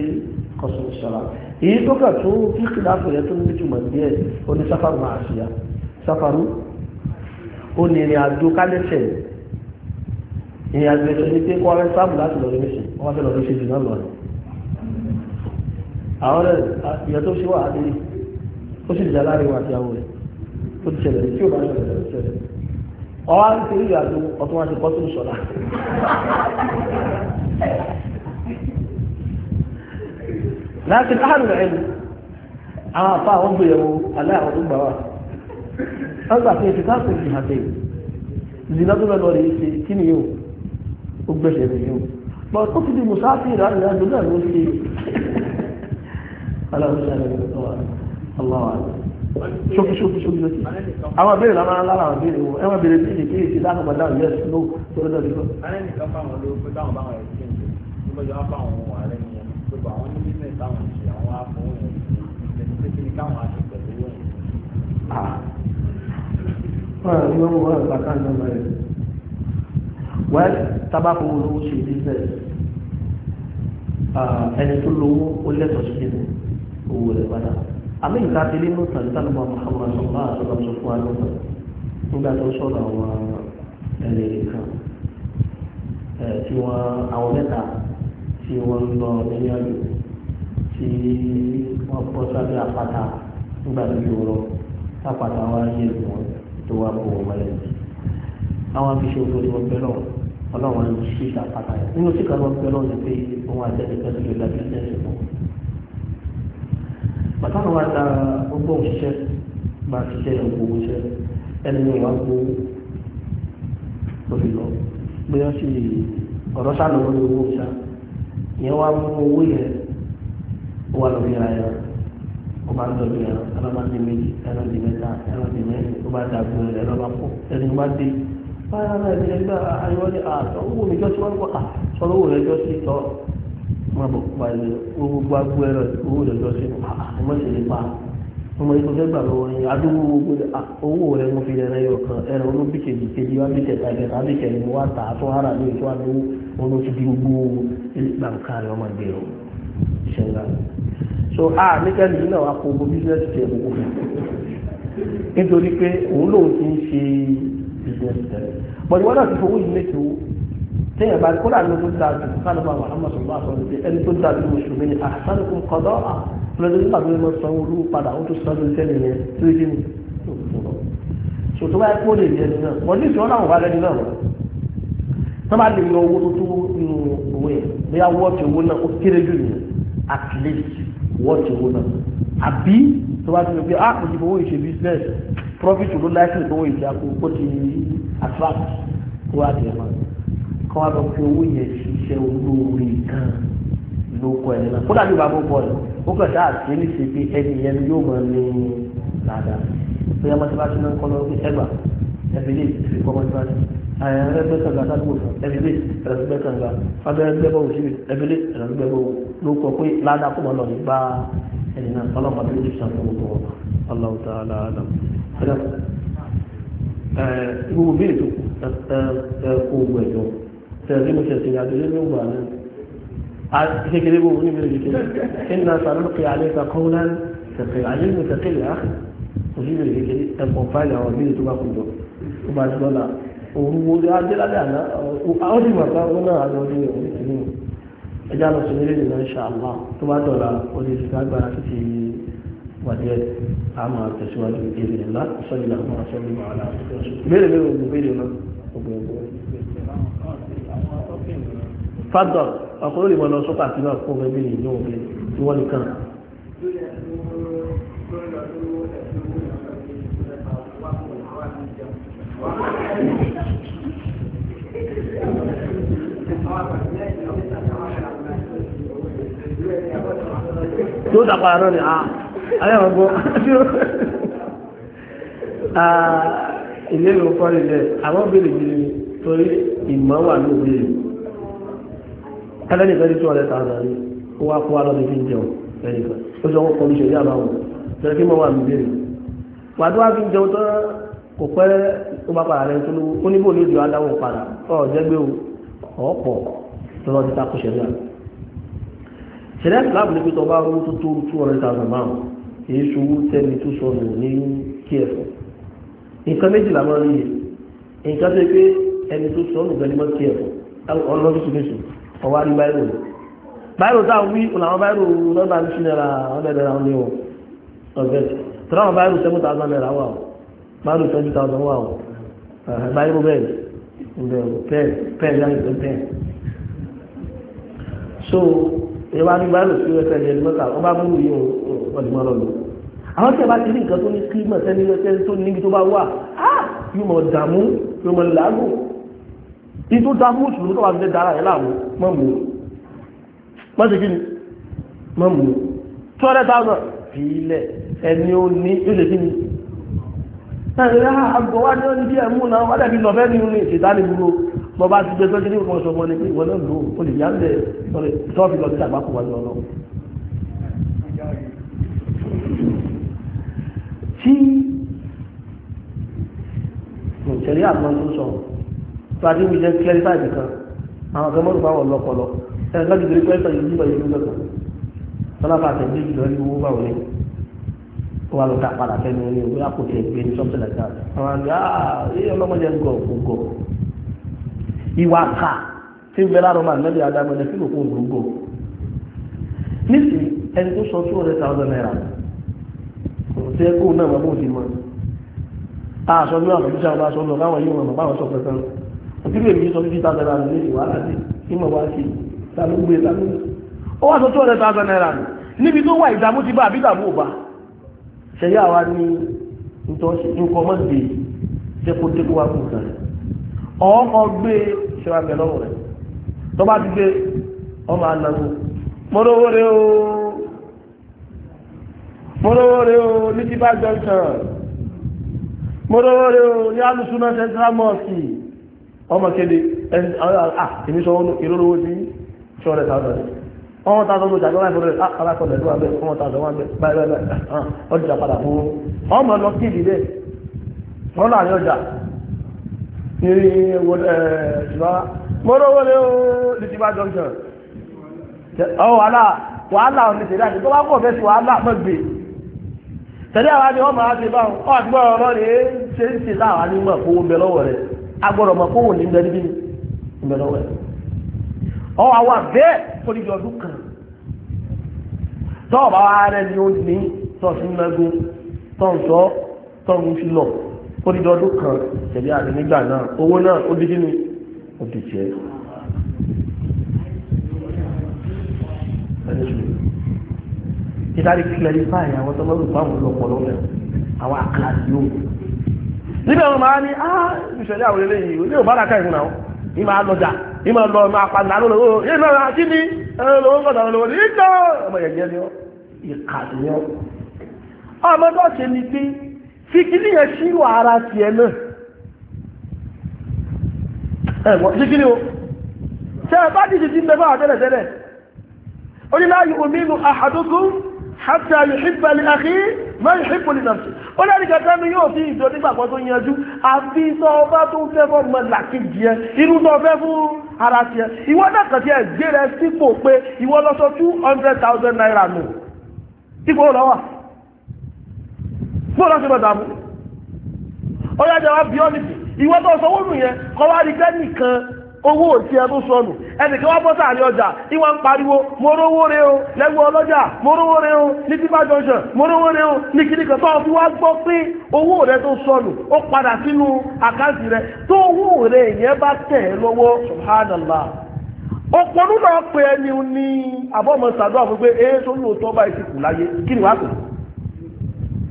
kọ̀sọ̀sọ̀rọ̀ èyí tó kà tó kí kìláàfù yẹn tó ń bí jùmọ̀ díẹ̀ ó ní sáfàrù máa ṣìyà sáfàrù ó ní ìrìn àjò kálẹ́sẹ̀ ìyẹn àgbẹ̀tọ̀ ní pé kọ́ sáàmù láti lọ lórí ṣe wọ́n fẹ́ lọ lórí ṣe jù náà lọ rẹ̀ àwọn rẹ̀ adịrị tó ṣe wà á lórí ó sì jà láàrin wa àti rẹ̀ ó ti ṣẹlẹ̀ tí ó bá ṣẹlẹ̀ ó ṣẹlẹ̀ ọwọ́ á ń ọtún wá láti rẹ̀ àwọn afá àwọn tó gbà wọ́n gbà pé ó gbẹ̀sẹ̀ rẹ̀ yóò bọ́ tó fi di musafir ìrìn àjò náà ló ṣe ṣókíṣókíṣókí lókè àwọn abẹ́rẹ́ lára lára àwọn abẹ́rẹ́ wọn well tabako wo lówó ṣe business ah, ẹni tó lówó ó lẹ́tọ̀ọ́ sí nínú owó rẹ̀ padà àmì ìta ti nínú tàǹtà ló máa mọ àwọn àṣọpá àṣọpá sọ fún alọ́pàá nígbà tó sọ̀rọ̀ àwọn ẹni kan tí wọ́n àwọn mẹ́ta tí wọ́n ń lọ nínú àjò tí wọ́n bọ́ sábẹ́ àpáta nígbà tó yòrò tápàtà wa yé wọn tó wá bò wọ́n mọ́lẹ̀ àwọn afiṣẹ́ òfin wọn bẹ́ẹ̀ náà ọlọ́run ló ṣe ìdàpadà yẹn nínú tí kan ọgbẹ́ ọlọ́run pé òun àtẹnudẹ́ ti lè lábẹ́ ìdẹ́sẹ̀ fún un. bàtà náà wá da gbogbo òṣìṣẹ́ máa ṣiṣẹ́ yẹn gbogbo iṣẹ́ ẹni ní ìwà gbogbo òfìlọ pé wọ́n sì ọ̀rọ̀ sá lọ́wọ́ ní owó ìṣá ìyẹn wá mú owó yẹn ó wà lórí ara yẹn ó bá ń dọ̀bí ẹran ẹran bá di méjì ẹran di mẹ́ta ẹran di mẹ́rin ó bá dàgbò ẹran bá pọ̀ ẹni bá dé báyọ̀ náà ìdílé gbà ayọ̀ ní àtọ̀ ah, owó mi jọ́sí ah, wọ́n pàtà sọ́rọ̀ owó rẹ̀ jọ́sí tọ́ ma bọ̀ pàdé owó gbogbo ẹ̀rọ owó rẹ̀ jọ́sí ọmọ sì lè pa ọmọ yìí tó fẹ́ gbà lọ́wọ́ yìí adúgbò gbogbo owó ah, rẹ̀ mo fi rẹ̀ yọ kan ẹ̀rọ ọdún bí kejì kejì wá so a nígbàdí yìí náà wà kó gbogbo bísíǹsì tẹ̀ gbogbo nítorí pé òun business tẹ̀lé pọ̀jù wọn náà ti fowó yìí méjì owó téèyàn bá kódà ló tó dáa jù sálọ bá Muhammad sọlá sọ ní ẹni tó dáa jù mùsùlùmí ni àṣàlù kún kọdọ à lọ́dọ̀ nígbà tó yẹn mọ san olú padà ó tó san lórí tẹ́lẹ̀ yẹn tó yẹ kí ni tó fún ọ. sòtò báyìí kó lè yẹ ẹni náà wọn ní ìṣòro náà wà lẹ́ni náà wọn. tó bá lè yan owó tó tó nínú owó yẹn wọ́ọ̀tì owó náà ó kéré jù yẹn at least wọ́ọ̀tì owó náà àbí tó bá ti lè pé ah mo ti fowó ìṣe business profit ló láìsí ìfowó ìṣe àpò ó ti attract kó wá tẹ̀ mọ́ kó wá lọ fi owó yẹn ṣiṣẹ́ olóore kan ló kọ ẹ̀ náà kódà bí bàbá bọ́ọ̀lù ó kàn sáà sí ní ṣe pé ẹni yẹn yóò máa ní làdá bóyá mọ́tíbáṣí náà ń kọ́ lọ́wọ́ pé ẹgbà ẹ̀fílẹ̀ ti kọ́ mọ́tíbáṣí ẹ̀rẹ́gbẹ́sọ̀gà sádùkù ẹ̀fílẹ̀ ẹ̀rẹ́gbẹ́sọ̀gà fábẹ́rẹ́gbẹ́bọ̀ òṣìṣẹ́ ẹ̀fílẹ̀ ẹ̀rẹ́gbẹ́bọ̀ òṣìṣẹ́ ló kọ pé ládàá kó lọ nípa ẹni náà ọlọ́pàá tó ti sàn fún wọn Allahu ta'ala alam. gbogbo bí ètò ogun ẹ̀jọ̀ tẹ̀lé mo ṣẹ̀ṣẹ̀ ìrìnàjò lé ní ògbà náà kékeré gbogbo níbi ìrìnàjò kékeré ń sàrọ̀ pé alẹ́ ka kọ́ náà tẹ̀kẹ̀ ayé mi tẹ̀kẹ̀ lẹ́yà kò sí ìrìnàjò ẹ̀kọ́ fáìlì àwọn bí ètò bá kù jọ ó bá ti lọ́la òru wo adé lálẹ́ àná ẹjá lọ sí orílẹ̀ ìlú inshallah tó bá dọ̀la orílẹ̀ ìlú agbára títí wàjẹ́ àmà tẹ̀síwájú ìbéèrè ńlá sọ́jú àwọn aṣọ́jú màálà ìbéèrè mi ò gbèrè náà gbogbo ẹgbẹ́. fadọ ọkùnrin ìmọ̀ lọ sọ́kà sí náà fún ẹgbẹ́ ìlú òkè tí wọ́n nìkan. Thank you. yóò dàpọ̀ àárọ̀ ni ah, ayẹ́wọ̀gbọ́ ah, ilé ìwọ̀n kọ́ ilẹ̀ àwọn obìnrin yìí torí ìmọ̀ wà ní obìnrin ẹlẹ́nìkan ní tí wọ́n lẹ́ta àná ó wá kó alọ́dún fi ń jẹun ẹnìkan ó sọ wọ́n kọ́míṣọ̀ ní wà ní obìnrin wà tó wá fi ń jẹun tán kò pẹ́ ó bá padà rẹ̀ tó ó ní ìdíwọ́ adáwọ̀ padà ọ̀ ṣẹlẹ̀ ṣẹlẹ̀ ìsìláàmù ní pẹ́tọ̀ bá rú tó tó two hundred thousand pounds èyí ṣòwò tẹ́ni ní kf nǹkan méjìlá máa ń rí nǹkan tó pé ẹni tó sọnù gan ni mọ́ kf ọlọ́dúnṣù méṣù ọwọ́ á rí báírò rẹ̀ báírò táwọn wí làwọn báírò lọ́dà ní sí náírà ọ̀dẹ̀ náírà ọ̀dẹ̀ tọ́lá wọn báírò seven thousand wà ó báírò twenty wà ó báírò bẹ́ẹ̀ bẹ́ẹ̀ bẹ́ẹ̀ èyí wá ní báyìí sí ẹsẹ̀ ní ẹni mẹ́ta wọ́n bá múlù yìí wọ́n lè máa lọ lò àwọn tí a bá ti rí nǹkan tó ní kírímọ̀ sẹ́ni ẹsẹ̀ tó níbi tó bá wà á yóò mọ̀ dààmú yóò mọ̀ làágùn ní tó dá mú ìṣòro tó wà nílé dára yẹn láàmú mọ̀ mú mọ̀ sí kí ni mọ̀ mú two hundred thousand fi ilẹ̀ ẹni ó ní yóò lè kí ni ẹ̀rẹ́ ah, àgbọ̀wá ni ó ní bí ẹ̀ náà wọ́n bọ́ bá ti gbé tó kíní kan sọmọ ni pé ìwọ náà lò ó lè yára lẹ̀ sọ̀rọ̀ ìtọ́fi lọ sí àgbákò wájú ọlọ́ tí ìṣẹ̀lẹ̀ àgbọn tó sọ pàdé mi jẹ́ kẹ́rìfáìdì kan àwọn kan mọ́rùn báwọn lọ́pọ̀lọ́ ẹ̀ lọ́dún ìgbèrè pẹ́ẹ́tọ̀ yìí nígbà yìí lọ́pọ̀ tọ́lápá àtẹ̀lé ìjọ ní owó báwọn ní wà lọ́ta padà fẹ́mi ní owó àpòtẹ̀ ìgbé ní sọ́ọ̀tì lẹ́tà àwọn àgbà ẹ̀ ah, ọlọ́mọdé ń gọ̀ ògùn gọ̀ ìwà kà tí ń bẹ láàrọ̀ máa nẹ́bí adágbẹ́lẹ́ sí òkú ògbógbò ẹni tó sọ naira tí ẹ kó náà mọ́ bó mọ́ a sọ ní àwọn ìṣẹ́ àwọn aṣọ lọ báwọn báwọn sọ òtí lè sọ naira ní ìwà láti ìmọ̀ wá sí ta ó wá sọ naira níbi tó wà ìdààmú ti bá àbí ìdààmú ò bá ọkọ̀ gbé ṣẹ́wàgbẹ̀ lọ́wọ́ rẹ̀ tó bá ti gbé ọmọ ànàmú mọ́lówó o mọ́lówó o ní tíbá junction mọ́lówó o ní alùsùnà central mosque ọmọ kéde ẹni sọ ìrólówó sí ọmọ tààtọ̀ ló jàgbọ́n láìpẹ́ rẹ̀ alákọ̀ọ́lẹ̀ ló ọmọ báyìí báyìí padà fún ọmọ lọ kí ìdílé ọjà ní ṣùgbọ́n mọ́rọ̀ wọlé ó lè ti junction ọ wàhálà wàhálà ọ̀nà ìṣẹ̀lẹ̀ àti tó pọ̀ fẹ́ sí wàhálà mọ́gbé tẹ̀lé àwọn ni wọ́n máa ṣe báwọn àti gbọ́dọ̀ ọ̀rọ̀ rẹ̀ ṣe ń ṣe láwọn ní mọ̀ kówó bẹ lọ́wọ́ rẹ̀ agbọ́dọ̀ mọ̀ ní bẹ lọ́wọ́ ọ àwọn àbẹ́ ọdún kan tọ́ọ̀ bá wà rẹ̀ ni ó ní tọ́ọ̀ sí mẹ́gun sọ fi lọ ó di ọdún kan tẹ̀lé àti nígbà náà owó náà ó di kíni ó di jẹ́ ìdárí clarify àwọn tó lọ́rùn fáwọn olùpọ̀lọ́ rẹ̀ àwọn àkàlù nígbà wọn máa ní ah ìṣẹ̀lẹ̀ àwọn eléyìí ó ní ò bá dàkà ìhun náà ní máa lọ́jà ní máa lọ máa pa nàánú lọ́wọ́ yé náà àti ní ẹ̀rọ lọ́wọ́ kọ̀ọ̀tà lọ́wọ́ ní ìjọ ọmọ yẹ̀yẹ́ ni ọ ìkàlù ni ọ ọmọ tó ṣe ni pé fi kí ní yẹn ṣírò ara ti ẹ náà ẹ̀wọ̀n sí kí ni o ṣe ẹ bá dìdì tí ń bẹ́fà àtẹ́lẹ̀tẹ́lẹ̀ ó ní láàyè omínú àhàdógún hàtà yìíbẹ̀lì àkí mẹ́rin hìpòlì náà sí ó lẹ́rìí kẹta mi yóò fi ìjọ nígbàgbọ́ tó yanjú àfi sọ ọba tó fẹ́ fọ́ mọ làkejì ẹ irú tó fẹ́ fún ara tiẹ̀ ìwọ náà kàn tiẹ̀ gbé rẹ sípò pé ìwọ lọ sọ two hundred thousand naira nù ipò bóòlá ṣe bọ̀dà mú ó yá jẹ́ wá bí ọ́nìtì ìwọ tó sọ wónú yẹn kọwa wá rí owó òtí ẹ tó sọnù ẹnìkan wá bọ́ ọjà ìwà ń pariwo mo rówó o ọlọ́jà mo rówó o ní junction mo rówó o ní tó fi wá gbọ́ pé owó rẹ tó sọnù ó padà sínú àkáǹtì rẹ tó owó rẹ yẹn bá tẹ̀ lọ́wọ́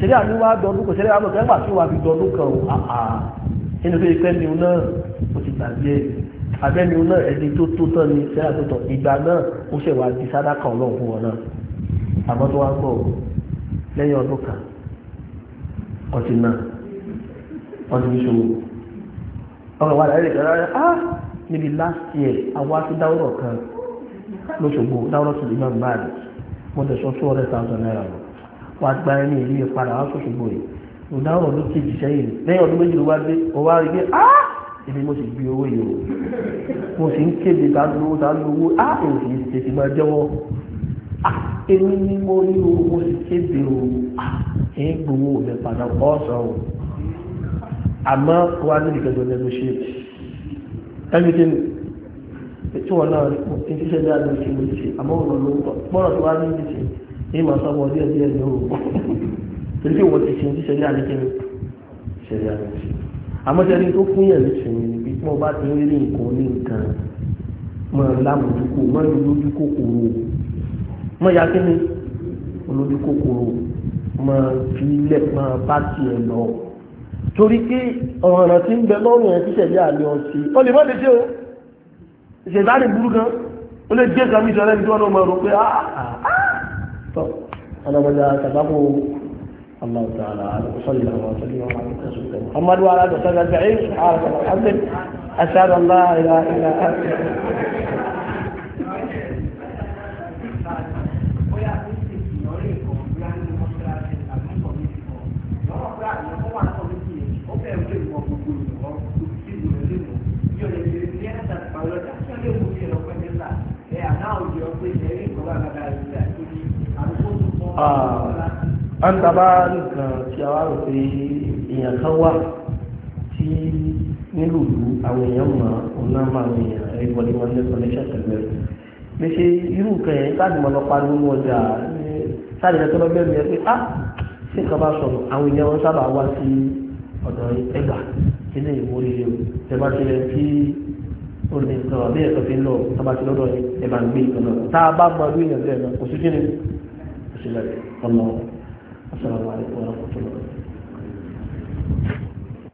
sẹ́rí àmì wá dọdún kan sẹ́rí àmì kan nígbà tí wà fi dọdún kan o àà nínú pé ìfẹ́ mi náà ó ti gbàgbé abẹ́ mi náà ẹni tó tó tán ni sẹ́rí àti tọ̀ ìgbà náà ó ṣẹ̀ wá di sádàkà ọlọ́run fún wọn náà àmọ́ tó wá ń bọ̀ lẹ́yìn ọdún kan ọtí náà ọtí ìṣòwò ọkọ̀ wa láyé kan rárá á níbi last year àwa ti dáwọ́rọ̀ kan lóṣogbo dáwọ́rọ̀ tó lè má báyìí mo tẹ̀sán two hundred thousand naira wàá gba ẹni ìlú yẹn padà wá sọ̀ṣogbo yìí ìdáhùn ọdún kejì sẹ́yìn lẹ́yìn ọdún méjì ló wá dé ó wá rí pé á ah! èmi mo sì gbé owó yìí o mo sì ń kéde tá ló owó tá ló owó á èmi sì tètè máa jẹ́wọ́ á ah! èmi ni mo ní owó mo sì kéde o á ah! èyí gbowó mi padà ọ̀sán o àmọ́ wá níbi kẹjọ negotiate everything tí wọn náà ń ṣiṣẹ́ dáadáa ṣe mo ti ṣe àmọ́ òun ló ń tọ́ gbọ́dọ̀ tó wá ní ìdíje ní ma sọ́wọ́ díẹ̀ díẹ̀ ní òun torí pé wọ́n ti ṣe ní ṣẹlẹ̀ àdékẹ́rẹ́ ṣẹlẹ̀ àdékẹ́rẹ́ àmọ́ ṣẹlẹ̀ tó fún yẹn ní ṣẹlẹ̀ níbi tí wọ́n bá ti rí nǹkan ní nǹkan mọ́ lámòjúkò mọ́ lójú kòkòrò mọ́ ya kíni olójú kòkòrò mọ́ filẹ̀ mọ́ bá tiẹ̀ lọ torí pé ọ̀ràn tí ń bẹ lọ́rùn yẹn ti ṣẹlẹ̀ àlẹ́ ọ̀sẹ̀ ó lè má lè ṣe o ìṣẹ̀dá طيب أنا ولا تبقوا الله تعالى وصلى الله وسلم على رسول محمد وعلى آله وصحبه أجمعين سبحانك اللهم وبحمدك أشهد أن لا إله إلا أنت Ah, an taba nǹkan tí a wá rò pé èèyàn kan wà tí nílùú àwọn èèyàn mọ̀ ọ́n náà máa ń yàn ní connection pẹ̀lú ṣe irú nǹkan yẹn káàdì mọ̀ lọ́pàá nínú ọjà káàdì rẹ̀ tó lọ bẹ́ẹ̀ bẹ́ẹ̀ pé sílẹ̀ ọlọ́wọ́ asalaamualeykum wa rahmatulah.